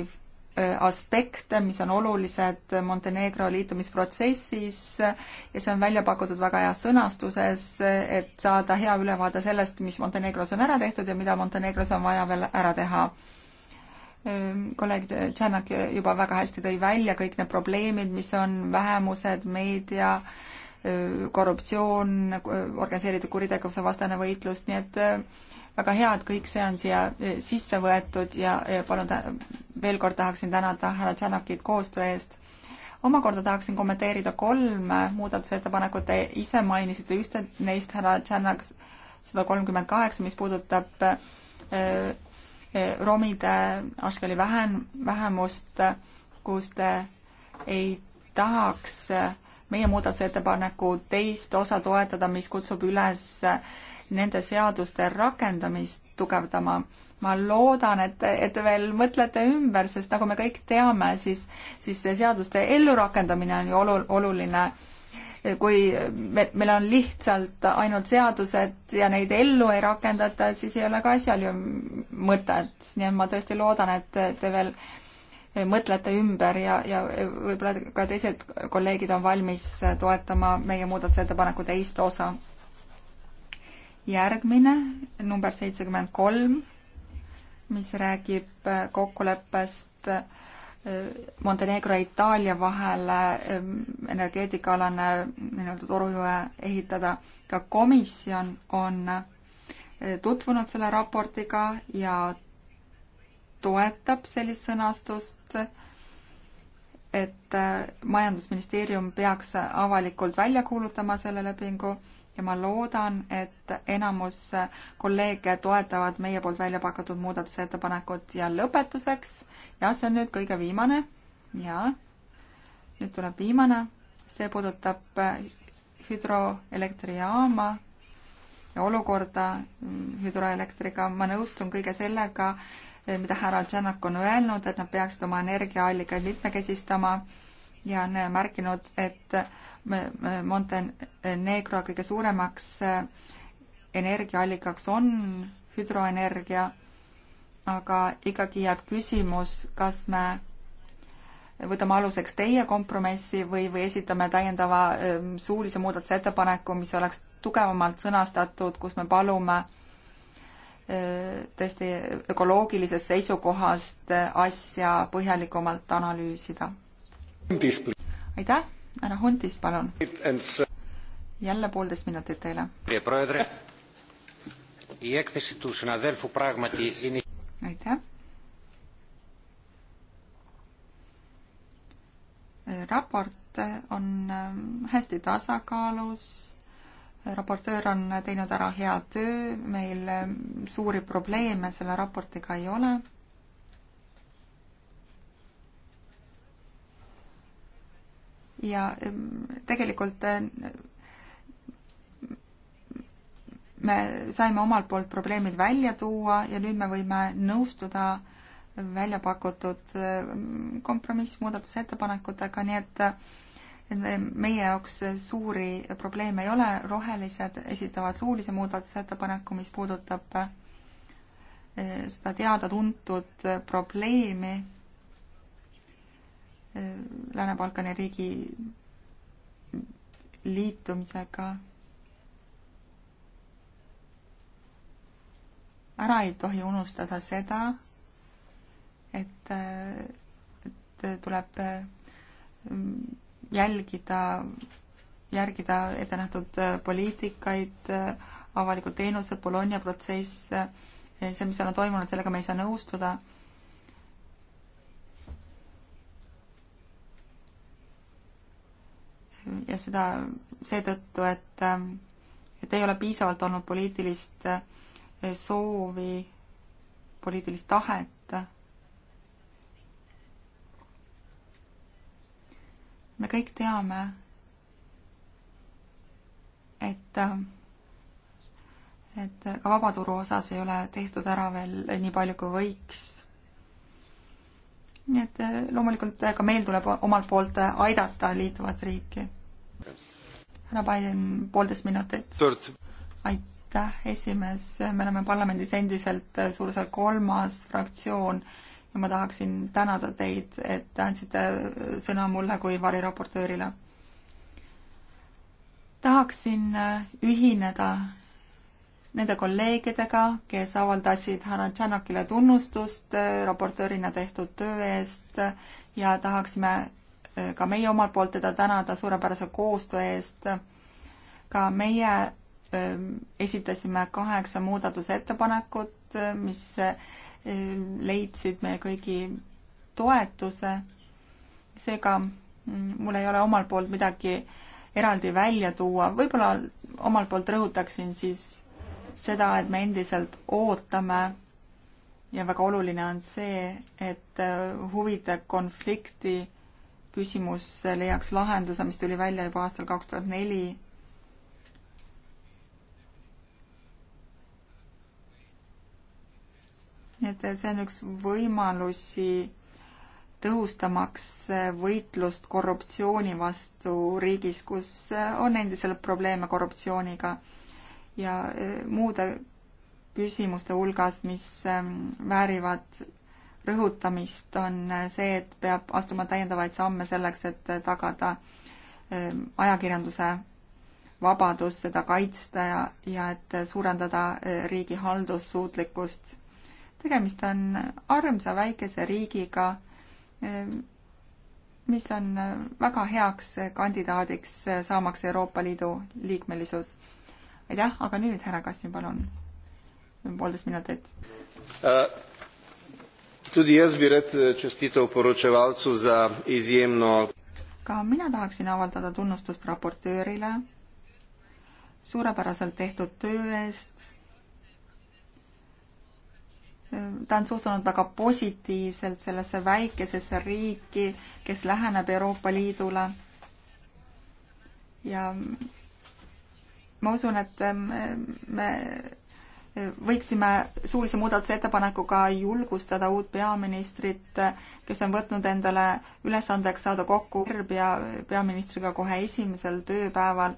aspekte, mis on olulised Montenegro liitumisprotsessis ja see on välja pakutud väga heas sõnastuses, et saada hea ülevaade sellest, mis Montenegros on ära tehtud ja mida Montenegros on vaja veel ära teha. kolleeg Tšanak juba väga hästi tõi välja kõik need probleemid, mis on vähemused, meedia, korruptsioon, organiseeritud kuritegevuse vastane võitlus, nii et väga hea, et kõik see on siia eh, sisse võetud ja, ja palun ta, veel kord tahaksin tänada härra Tšanakit koostöö eest. omakorda tahaksin kommenteerida kolme muudatusettepanekut, te ise mainisite ühte neist, härra Tšanak, sada kolmkümmend kaheksa, mis puudutab äh, äh, romide Ashkeli vähen-, vähemust, kus te ei tahaks meie muudatusettepaneku teist osa toetada, mis kutsub üles äh, nende seaduste rakendamist tugevdama. ma loodan, et, et te veel mõtlete ümber, sest nagu me kõik teame, siis, siis see seaduste ellurakendamine on ju olu-, oluline. kui me, meil on lihtsalt ainult seadused ja neid ellu ei rakendata, siis ei ole ka asjal ju mõtet, nii et ma tõesti loodan, et te veel mõtlete ümber ja, ja võib-olla ka teised kolleegid on valmis toetama meie muudatusettepaneku teist osa järgmine, number seitsekümmend kolm, mis räägib kokkuleppest eh, Montenegro ja Itaalia vahele eh, energeetikaalane nii-öelda torujuhe ehitada. ka komisjon on eh, tutvunud selle raportiga ja toetab sellist sõnastust, et majandusministeerium peaks avalikult välja kuulutama selle lepingu ja ma loodan, et enamus kolleege toetavad meie poolt välja pakatud muudatusettepanekut ja lõpetuseks, jah, see on nüüd kõige viimane ja nüüd tuleb viimane, see puudutab hüdroelektrijaama ja olukorda hüdroelektriga, ma nõustun kõige sellega, mida härra Tšanak on öelnud, et nad peaksid oma energiaallikaid mitmekesistama ja on äh, märkinud, et äh, Montenegro kõige suuremaks äh, energiaallikaks on hüdroenergia, aga ikkagi jääb küsimus, kas me võtame aluseks teie kompromissi või, või esitame täiendava ähm, suulise muudatusettepaneku, mis oleks tugevamalt sõnastatud, kus me palume tõesti ökoloogilisest seisukohast asja põhjalikumalt analüüsida aitäh, härra Huntis, palun. jälle poolteist minutit teile. aitäh. raport on ähm, hästi tasakaalus, raportöör on teinud ära hea töö, meil ähm, suuri probleeme selle raportiga ei ole ja ähm, tegelikult äh, me saime omalt poolt probleemid välja tuua ja nüüd me võime nõustuda välja pakutud ähm, kompromissmuudatusettepanekutega, nii et äh, meie jaoks suuri probleeme ei ole, rohelised esitavad suulise muudatusettepaneku, mis puudutab äh, seda teada-tuntud probleemi Lääne-Balkani riigi liitumisega ära ei tohi unustada seda, et, et tuleb mm, jälgida, järgida ettenähtud poliitikaid, avaliku teenuse Bologna protsess, see, mis seal on toimunud, sellega me ei saa nõustuda ja seda seetõttu, et, et ei ole piisavalt olnud poliitilist eh, soovi, poliitilist tahet me kõik teame, et, et ka vabaturu osas ei ole tehtud ära veel nii palju, kui võiks nii et eh, loomulikult eh, ka meil tuleb omalt poolt eh, aidata liituvat riiki. härra Biden, poolteist minutit. aitäh, esimees, me oleme parlamendis endiselt suurusjärk kolmas fraktsioon ja ma tahaksin tänada teid, et te andsite sõna mulle kui variraportöörile. tahaksin ühineda nende kolleegidega, kes avaldasid härra Tšernokile tunnustust äh, raportöörina tehtud töö eest äh, ja tahaksime äh, ka meie omalt poolt teda tänada suurepärase koostöö eest. ka meie esitasime kaheksa muudatusettepanekut, mis leidsid meie kõigi toetuse. seega mm, mul ei ole omalt poolt midagi eraldi välja tuua, võib-olla omalt poolt rõhutaksin siis seda, et me endiselt ootame ja väga oluline on see, et äh, huvide konflikti küsimus leiaks lahenduse, mis tuli välja juba aastal kaks tuhat neli. nii et äh, see on üks võimalusi tõhustamaks äh, võitlust korruptsiooni vastu riigis, kus on endiselt probleeme korruptsiooniga ja eh, muude küsimuste hulgas, mis ehm, väärivad rõhutamist, on eh, see, et peab astuma täiendavaid samme selleks, et eh, tagada ehm, ajakirjanduse vabadus, seda kaitsta ja, ja et suurendada riigi haldussuutlikkust. tegemist on armsa väikese riigiga, ehm, mis on väga heaks kandidaadiks saamaks Euroopa Liidu liikmelisus aitäh, aga nüüd härra Kassin, palun, poolteist minutit uh,. tudi jaz bi rad äh, čestitev poročevalcu za izjemno ka mina tahaksin avaldada tunnustust raportöörile suurepäraselt tehtud töö eest. ta on suhtunud väga positiivselt sellesse väikesesse riiki, kes läheneb Euroopa Liidule. ja ma usun, et ähm, me äh, võiksime suulise muudatusettepanekuga julgustada uut peaministrit, kes on võtnud endale ülesandeks saada kokku pea, peaministriga kohe esimesel tööpäeval.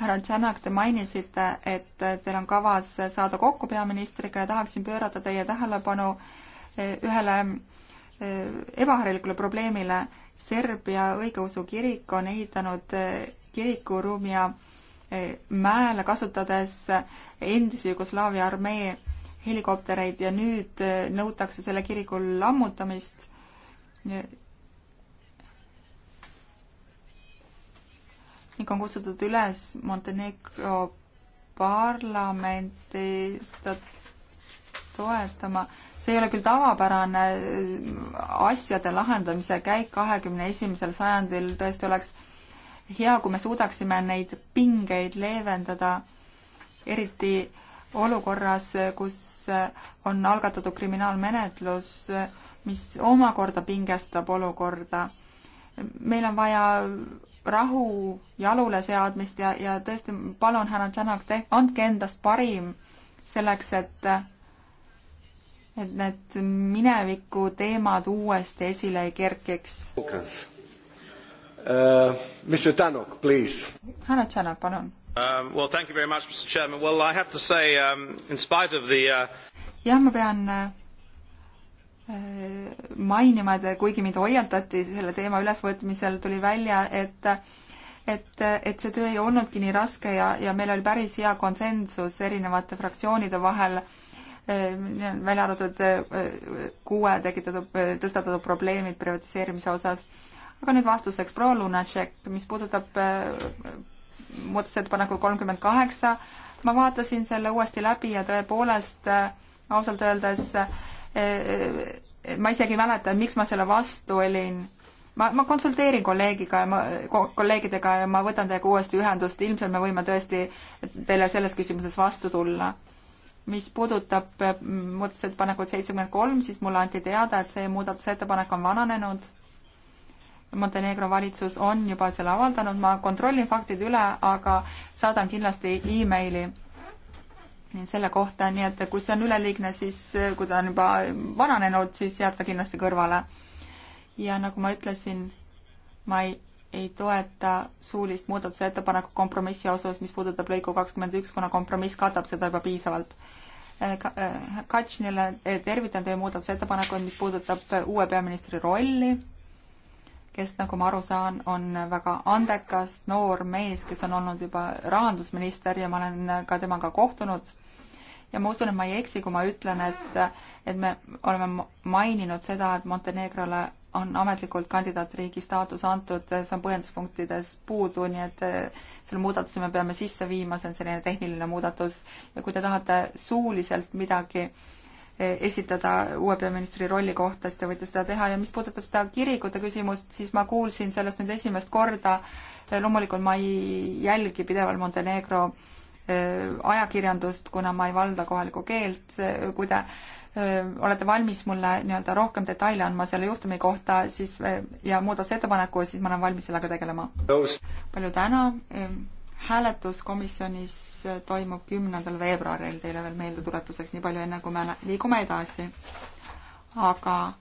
härra Tšanak, te mainisite, et teil on kavas saada kokku peaministriga ja tahaksin pöörata teie tähelepanu äh, ühele äh, ebaharilikule probleemile. Serbia õigeusu kirik on ehitanud kirikuruumi ja mäele kasutades endise Jugoslaavia armee helikoptereid ja nüüd äh, nõutakse selle kiriku lammutamist. ning on kutsutud üles Montenegro parlamenti seda toetama. see ei ole küll tavapärane äh, asjade lahendamise käik kahekümne esimesel sajandil, tõesti oleks hea, kui me suudaksime neid pingeid leevendada, eriti olukorras, kus on algatatud kriminaalmenetlus, mis omakorda pingestab olukorda. meil on vaja rahu jalule seadmist ja, ja tõesti, palun, härra Tšanak, andke endast parim selleks, et et need mineviku teemad uuesti esile ei kerkiks. Uh, Mr Tanok, please. härra Tšanov, palun. Um, well, thank you very much, Mr Chairman. Well, I have to say, um, in spite of the uh... jah, ma pean äh, mainima, et kuigi mind hoiatati selle teema ülesvõtmisel, tuli välja, et et, et see töö ei olnudki nii raske ja, ja meil oli päris hea konsensus erinevate fraktsioonide vahel äh, välja arvatud äh, kuue tekitatud, tõstatatud probleemid privatiseerimise osas aga nüüd vastuseks proua Lunatšek, mis puudutab äh, muudatusettepaneku kolmkümmend kaheksa, ma vaatasin selle uuesti läbi ja tõepoolest äh, ausalt öeldes äh, ma isegi ei mäleta, miks ma selle vastu olin. ma, ma konsulteerin kolleegiga ja ma, kolleegidega ja ma võtan teiega uuesti ühendust, ilmselt me võime tõesti teile selles küsimuses vastu tulla. mis puudutab muudatusettepanekut seitsekümmend kolm, siis mulle anti teada, et see muudatusettepanek on vananenud Montenegro valitsus on juba selle avaldanud, ma kontrollin faktid üle, aga saadan kindlasti emaili selle kohta, nii et kui see on üleliigne, siis kui ta on juba vananenud, siis jääb ta kindlasti kõrvale. ja nagu ma ütlesin, ma ei, ei toeta suulist muudatusettepaneku kompromissi osas, mis puudutab lõiku kakskümmend üks, kuna kompromiss katab seda juba piisavalt äh, äh, Katšnile äh, tervitan teie muudatusettepanekuid, mis puudutab uue peaministri rolli kes, nagu ma aru saan, on väga andekas noor mees, kes on olnud juba rahandusminister ja ma olen ka temaga kohtunud. ja ma usun, et ma ei eksi, kui ma ütlen, et, et me oleme maininud seda, et Montenegrole on ametlikult kandidaatriigi staatus antud, see on põhjenduspunktides puudu, nii et eh, selle muudatuse me peame sisse viima, see on selline tehniline muudatus ja kui te tahate suuliselt midagi äh, esitada uue peaministri rolli kohta, siis te võite seda teha ja mis puudutab seda kirikute küsimust, siis ma kuulsin sellest nüüd esimest korda, loomulikult ma ei jälgi pidevalt Montenegro äh, ajakirjandust, kuna ma ei valda kohalikku keelt, kui te äh, olete valmis mulle nii-öelda rohkem detaile andma selle juhtumi kohta, siis äh, ja muudatusettepaneku, siis ma olen valmis sellega tegelema. palju tänu hääletus komisjonis toimub kümnendal veebruaril, teile veel meeldetuletuseks, nii palju enne, kui me liigume edasi. aga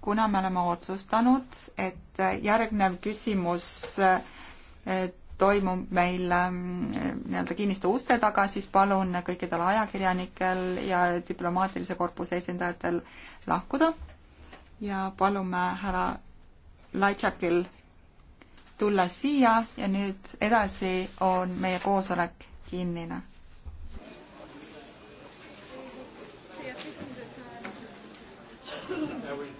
kuna me oleme otsustanud, et järgnev küsimus eh, toimub meil mm, nii-öelda kinniste uste taga, siis palun kõikidel ajakirjanikel ja diplomaatilise korpuse esindajatel lahkuda ja palume härra Laitšakil tulla siia ja nüüd edasi on meie koosolek kinnine. Yeah, we